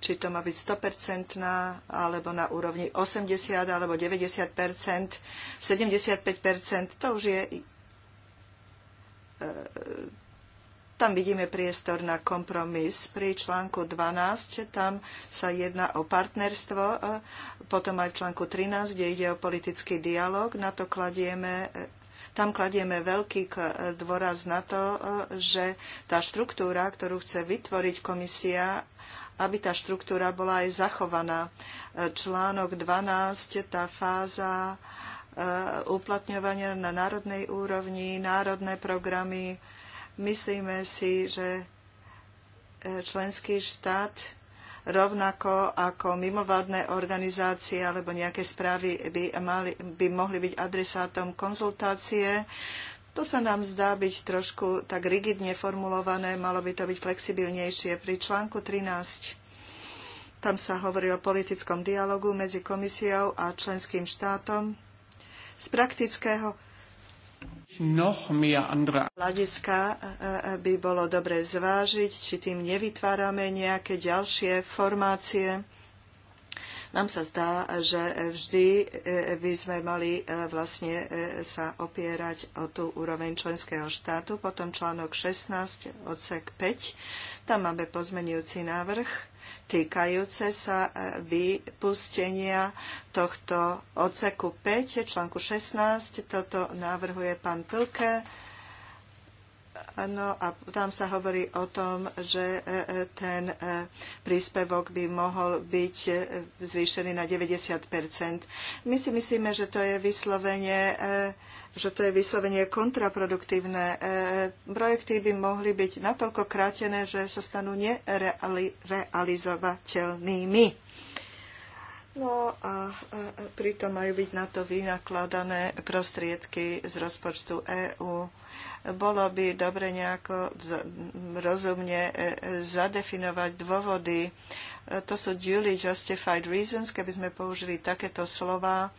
či to má byť 100% alebo na úrovni 80 alebo 90%, 75%, to už je e, tam vidíme priestor na kompromis. Pri článku 12 tam sa jedná o partnerstvo, e, potom aj v článku 13, kde ide o politický dialog. Na to kladieme e, tam kladieme veľký e, dôraz na to, že tá štruktúra, ktorú chce vytvoriť komisia, aby tá štruktúra bola aj zachovaná. Článok 12, tá fáza uplatňovania na národnej úrovni, národné programy, Myslíme si, že e, členský štát rovnako ako mimovládne organizácie alebo nejaké správy by, mali, by mohli byť adresátom konzultácie. To sa nám zdá byť trošku tak rigidne formulované, malo by to byť flexibilnejšie. Pri článku 13 tam sa hovorí o politickom dialogu medzi komisiou a členským štátom. Z praktického Hľadiska e, e, by bolo dobre zvážiť, či tým nevytvárame nejaké ďalšie formácie. Nám sa zdá, že vždy e, by sme mali vlastne sa opierať o tú úroveň členského štátu, potom článok 16, odsek 5. Tam máme pozmenujúci návrh týkajúce sa e, vypustenia tohto odseku 5 článku 16. Toto navrhuje pán Pilke No a tam sa hovorí o tom, že e, e, ten e, príspevok by mohol byť zvýšený na 90 My si myslíme, že to je vyslovene že to je vyslovene kontraproduktívne. Projekty by mohli byť natoľko krátené, že sa stanú nerealizovateľnými. No a pritom majú byť na to vynakladané prostriedky z rozpočtu EÚ bolo by dobre nejako rozumne e, e, zadefinovať dôvody. E, to sú duly justified reasons, keby sme použili takéto slova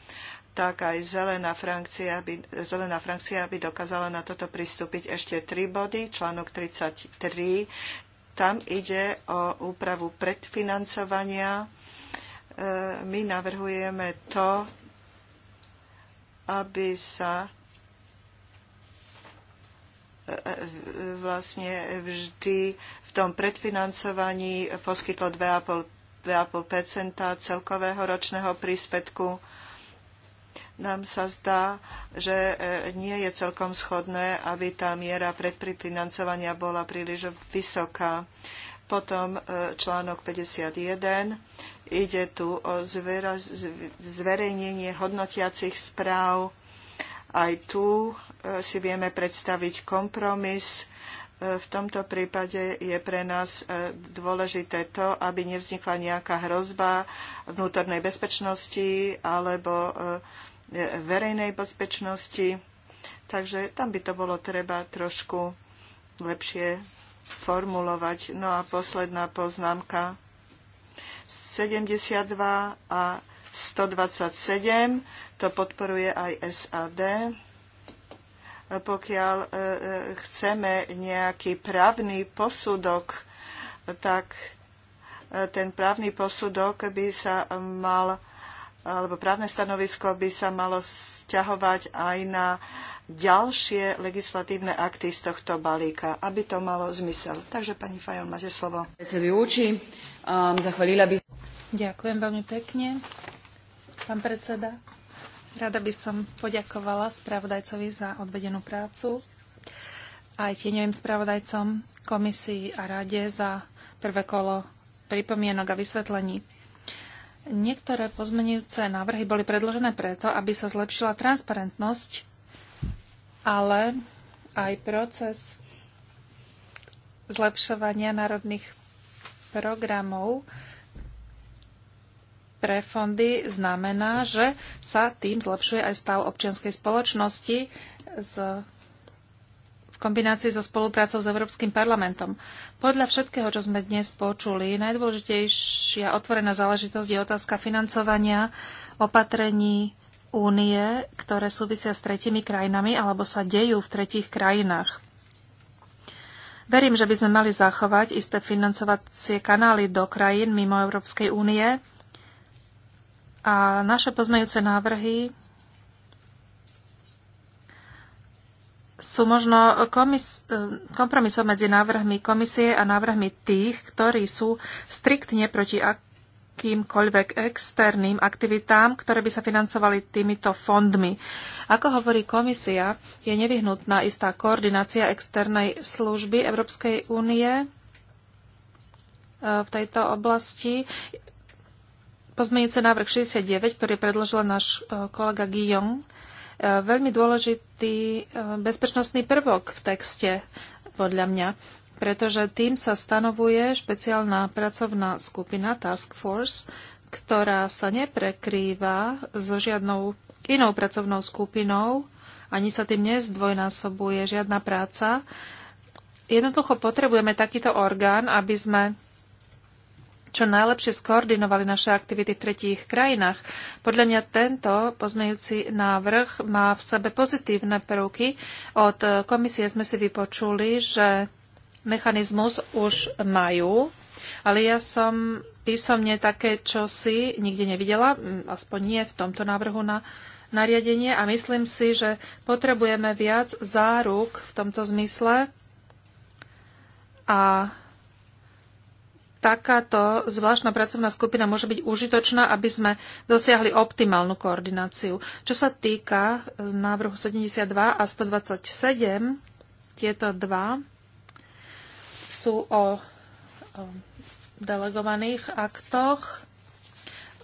tak aj Zelená Francia, by, Zelená frankcia by dokázala na toto pristúpiť ešte tri body, článok 33. Tam ide o úpravu predfinancovania. My navrhujeme to, aby sa vlastne vždy v tom predfinancovaní poskytlo 2,5 celkového ročného príspetku nám sa zdá, že e, nie je celkom schodné, aby tá miera predfinancovania bola príliš vysoká. Potom e, článok 51. Ide tu o zverejnenie hodnotiacich správ. Aj tu si vieme predstaviť kompromis. E, v tomto prípade je pre nás e, dôležité to, aby nevznikla nejaká hrozba vnútornej bezpečnosti alebo e, verejnej bezpečnosti. Takže tam by to bolo treba trošku lepšie formulovať. No a posledná poznámka. 72 a 127, to podporuje aj SAD pokiaľ e, e, chceme nejaký právny posudok, tak e, ten právny posudok by sa mal, alebo právne stanovisko by sa malo sťahovať aj na ďalšie legislatívne akty z tohto balíka, aby to malo zmysel. Takže pani Fajon, máte slovo. Um, Ďakujem veľmi pekne, pán predseda. Rada by som poďakovala spravodajcovi za odvedenú prácu, aj tieňovým spravodajcom, komisii a rade za prvé kolo pripomienok a vysvetlení. Niektoré pozmenujúce návrhy boli predložené preto, aby sa zlepšila transparentnosť, ale aj proces zlepšovania národných programov pre fondy znamená, že sa tým zlepšuje aj stav občianskej spoločnosti z, v kombinácii so spoluprácou s Európskym parlamentom. Podľa všetkého, čo sme dnes počuli, najdôležitejšia otvorená záležitosť je otázka financovania opatrení únie, ktoré súvisia s tretimi krajinami alebo sa dejú v tretich krajinách. Verím, že by sme mali zachovať isté financovacie kanály do krajín mimo Európskej únie, a naše pozmejúce návrhy sú možno komis- kompromisom medzi návrhmi komisie a návrhmi tých, ktorí sú striktne proti akýmkoľvek externým aktivitám, ktoré by sa financovali týmito fondmi. Ako hovorí komisia, je nevyhnutná istá koordinácia externej služby Európskej únie e, v tejto oblasti. Pozmeňujúce návrh 69, ktorý predložil náš e, kolega Guillaume, veľmi dôležitý e, bezpečnostný prvok v texte, podľa mňa, pretože tým sa stanovuje špeciálna pracovná skupina Task Force, ktorá sa neprekrýva so žiadnou inou pracovnou skupinou, ani sa tým nezdvojnásobuje žiadna práca. Jednoducho potrebujeme takýto orgán, aby sme čo najlepšie skoordinovali naše aktivity v tretích krajinách. Podľa mňa tento pozmejúci návrh má v sebe pozitívne prvky. Od komisie sme si vypočuli, že mechanizmus už majú, ale ja som písomne také čo si nikde nevidela, aspoň nie v tomto návrhu na nariadenie a myslím si, že potrebujeme viac záruk v tomto zmysle a takáto zvláštna pracovná skupina môže byť užitočná, aby sme dosiahli optimálnu koordináciu. Čo sa týka eh, návrhu 72 a 127, tieto dva sú o eh, delegovaných aktoch,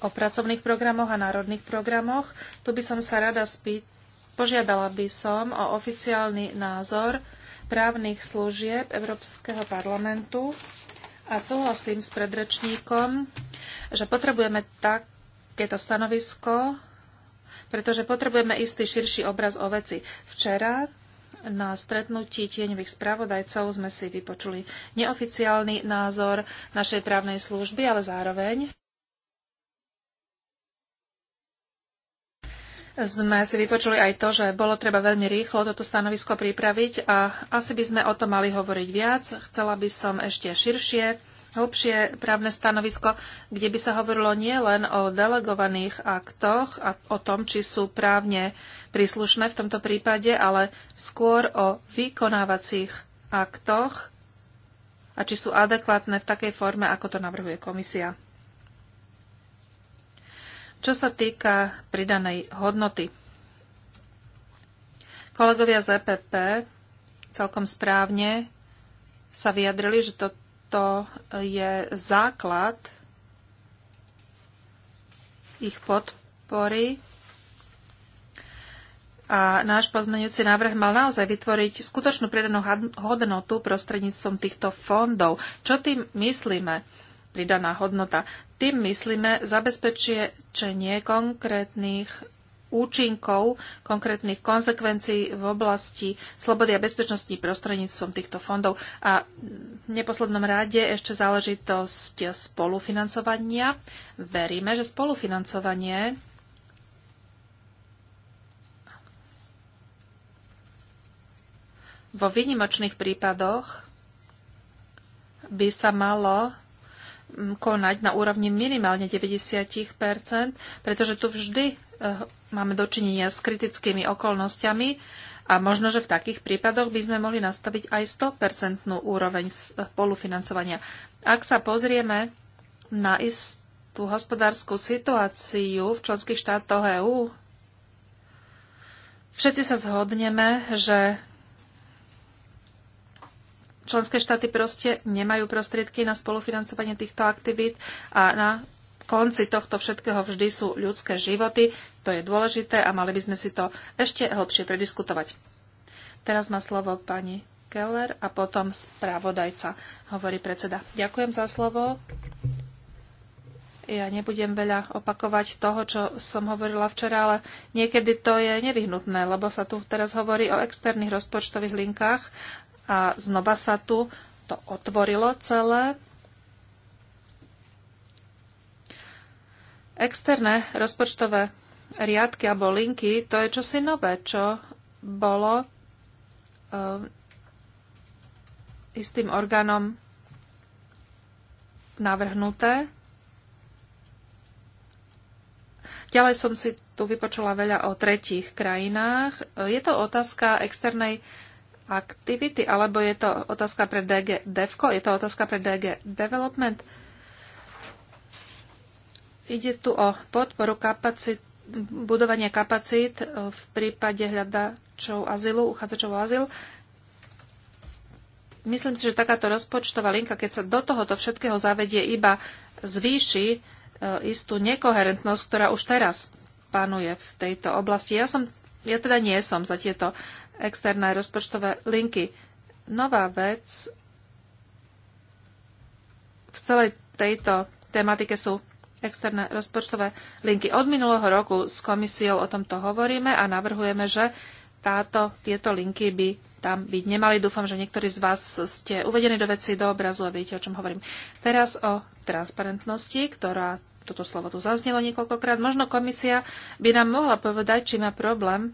o pracovných programoch a národných programoch. Tu by som sa rada spýt, požiadala by som o oficiálny názor právnych služieb Európskeho parlamentu a súhlasím s predrečníkom, že potrebujeme takéto stanovisko, pretože potrebujeme istý širší obraz o veci. Včera na stretnutí tieňových spravodajcov sme si vypočuli neoficiálny názor našej právnej služby, ale zároveň sme si vypočuli aj to, že bolo treba veľmi rýchlo toto stanovisko pripraviť a asi by sme o tom mali hovoriť viac. Chcela by som ešte širšie, hlbšie právne stanovisko, kde by sa hovorilo nielen o delegovaných aktoch a o tom, či sú právne príslušné v tomto prípade, ale skôr o vykonávacích aktoch a či sú adekvátne v takej forme, ako to navrhuje komisia. Čo sa týka pridanej hodnoty, kolegovia z EPP celkom správne sa vyjadrili, že toto je základ ich podpory a náš pozmeňujúci návrh mal naozaj vytvoriť skutočnú pridanú hodnotu prostredníctvom týchto fondov. Čo tým myslíme? Pridaná hodnota. Tým myslíme zabezpečenie konkrétnych účinkov, konkrétnych konsekvencií v oblasti slobody a bezpečnosti prostredníctvom týchto fondov. A v neposlednom rade ešte záležitosť spolufinancovania. Veríme, že spolufinancovanie vo výnimočných prípadoch by sa malo konať na úrovni minimálne 90 pretože tu vždy eh, máme dočinenia s kritickými okolnostiami a možno, že v takých prípadoch by sme mohli nastaviť aj 100 úroveň eh, spolufinancovania. Ak sa pozrieme na istú hospodárskú situáciu v členských štátoch EÚ, všetci sa zhodneme, že Členské štáty proste nemajú prostriedky na spolufinancovanie týchto aktivít a na konci tohto všetkého vždy sú ľudské životy. To je dôležité a mali by sme si to ešte hlbšie prediskutovať. Teraz má slovo pani Keller a potom správodajca, hovorí predseda. Ďakujem za slovo. Ja nebudem veľa opakovať toho, čo som hovorila včera, ale niekedy to je nevyhnutné, lebo sa tu teraz hovorí o externých rozpočtových linkách a znova sa tu to otvorilo celé. Externé rozpočtové riadky alebo linky, to je čosi nové, čo bolo uh, istým orgánom navrhnuté. Ďalej som si tu vypočula veľa o tretích krajinách. Je to otázka externej Activity, alebo je to otázka pre DG Devco, je to otázka pre DG Development. Ide tu o podporu kapacit, budovania kapacít e, v prípade hľadačov azylu, uchádzačov o azyl. Myslím si, že takáto rozpočtová linka, keď sa do tohoto všetkého zavedie, iba zvýši e, istú nekoherentnosť, ktorá už teraz panuje v tejto oblasti. Ja som ja teda nie som za tieto externé rozpočtové linky. Nová vec v celej tejto tematike sú externé rozpočtové linky. Od minulého roku s komisiou o tomto hovoríme a navrhujeme, že táto, tieto linky by tam byť nemali. Dúfam, že niektorí z vás ste uvedení do veci, do obrazu a viete, o čom hovorím. Teraz o transparentnosti, ktorá toto slovo tu zaznelo niekoľkokrát. Možno komisia by nám mohla povedať, či má problém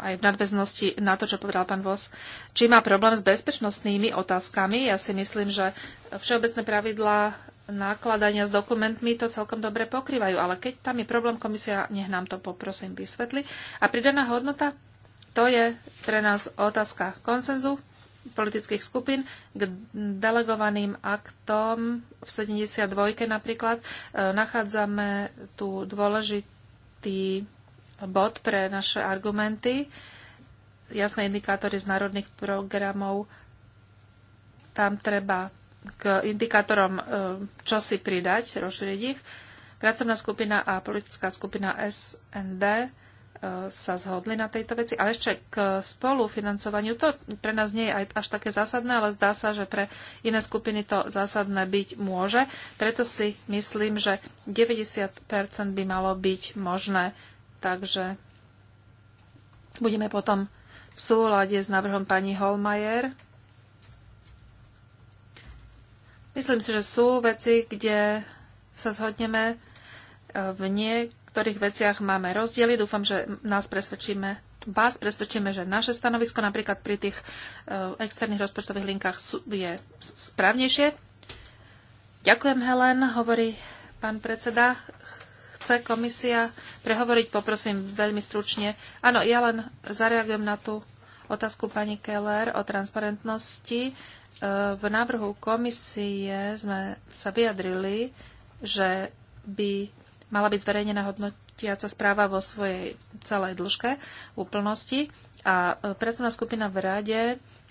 aj v nadväznosti na to, čo povedal pán Vos, či má problém s bezpečnostnými otázkami. Ja si myslím, že všeobecné pravidlá nákladania s dokumentmi to celkom dobre pokrývajú, ale keď tam je problém, komisia nech nám to poprosím vysvetli. A pridaná hodnota, to je pre nás otázka konsenzu politických skupín k delegovaným aktom v 72. napríklad. E, nachádzame tu dôležitý bod pre naše argumenty. Jasné indikátory z národných programov. Tam treba k indikátorom e, čo si pridať, rozšíriť ich. Pracovná skupina a politická skupina SND e, sa zhodli na tejto veci. Ale ešte k spolufinancovaniu, to pre nás nie je až také zásadné, ale zdá sa, že pre iné skupiny to zásadné byť môže. Preto si myslím, že 90% by malo byť možné Takže budeme potom v súlade s návrhom pani Holmajer. Myslím si, že sú veci, kde sa zhodneme. V niektorých veciach máme rozdiely. Dúfam, že nás presvedčíme, vás presvedčíme, že naše stanovisko napríklad pri tých eh, externých rozpočtových linkách je správnejšie. Ďakujem, Helen, hovorí pán predseda. Chce komisia prehovoriť? Poprosím veľmi stručne. Áno, ja len zareagujem na tú otázku pani Keller o transparentnosti. E, v návrhu komisie sme sa vyjadrili, že by mala byť zverejnená hodnotiaca správa vo svojej celej dĺžke úplnosti a e, pracovná skupina v rade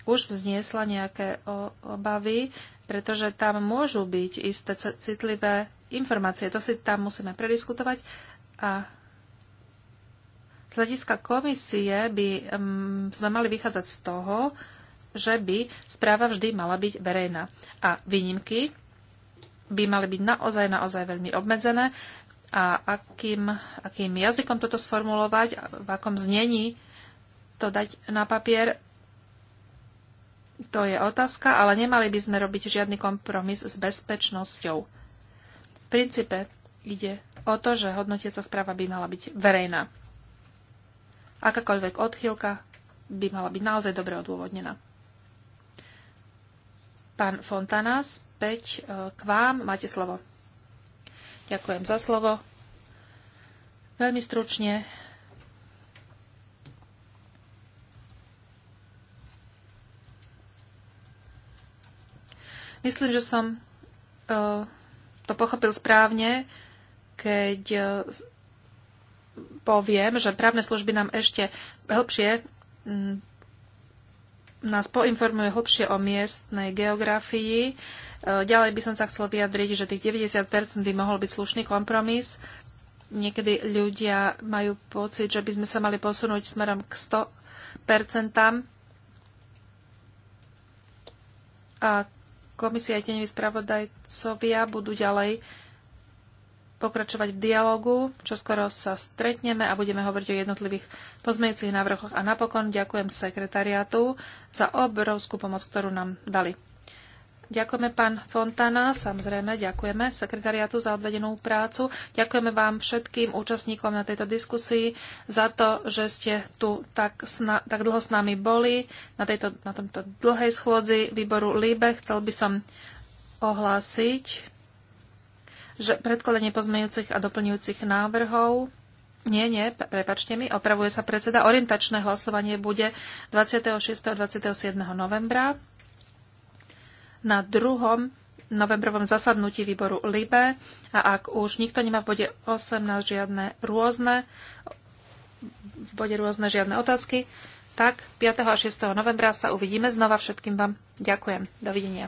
už vzniesla nejaké obavy, pretože tam môžu byť isté citlivé informácie. To si tam musíme prediskutovať a z hľadiska komisie by mm, sme mali vychádzať z toho, že by správa vždy mala byť verejná. A výnimky by mali byť naozaj, naozaj veľmi obmedzené. A akým, akým jazykom toto sformulovať, v akom znení to dať na papier, to je otázka, ale nemali by sme robiť žiadny kompromis s bezpečnosťou princípe ide o to, že hodnotiaca správa by mala byť verejná. Akákoľvek odchýlka by mala byť naozaj dobre odôvodnená. Pán Fontana, späť e, k vám. Máte slovo. Ďakujem za slovo. Veľmi stručne. Myslím, že som e, to pochopil správne, keď e, poviem, že právne služby nám ešte hĺbšie nás poinformuje hlbšie o miestnej geografii. E, ďalej by som sa chcel vyjadriť, že tých 90% by mohol byť slušný kompromis. Niekedy ľudia majú pocit, že by sme sa mali posunúť smerom k 100%. A komisia aj teneví spravodajcovia budú ďalej pokračovať v dialogu. Čo skoro sa stretneme a budeme hovoriť o jednotlivých pozmejúcich návrhoch. A napokon ďakujem sekretariátu za obrovskú pomoc, ktorú nám dali. Ďakujeme pán Fontana, samozrejme ďakujeme sekretariatu za odvedenú prácu. Ďakujeme vám všetkým účastníkom na tejto diskusii za to, že ste tu tak, sna- tak dlho s nami boli na, tejto, na tomto dlhej schôdzi výboru LIBE. Chcel by som ohlásiť, že predkladanie pozmeňujúcich a doplňujúcich návrhov nie, nie, prepačte mi, opravuje sa predseda. Orientačné hlasovanie bude 26. a 27. novembra na druhom novembrovom zasadnutí výboru LIBE a ak už nikto nemá v bode 18 žiadne rôzne, v bode rôzne žiadne otázky, tak 5. a 6. novembra sa uvidíme znova. Všetkým vám ďakujem. Dovidenia.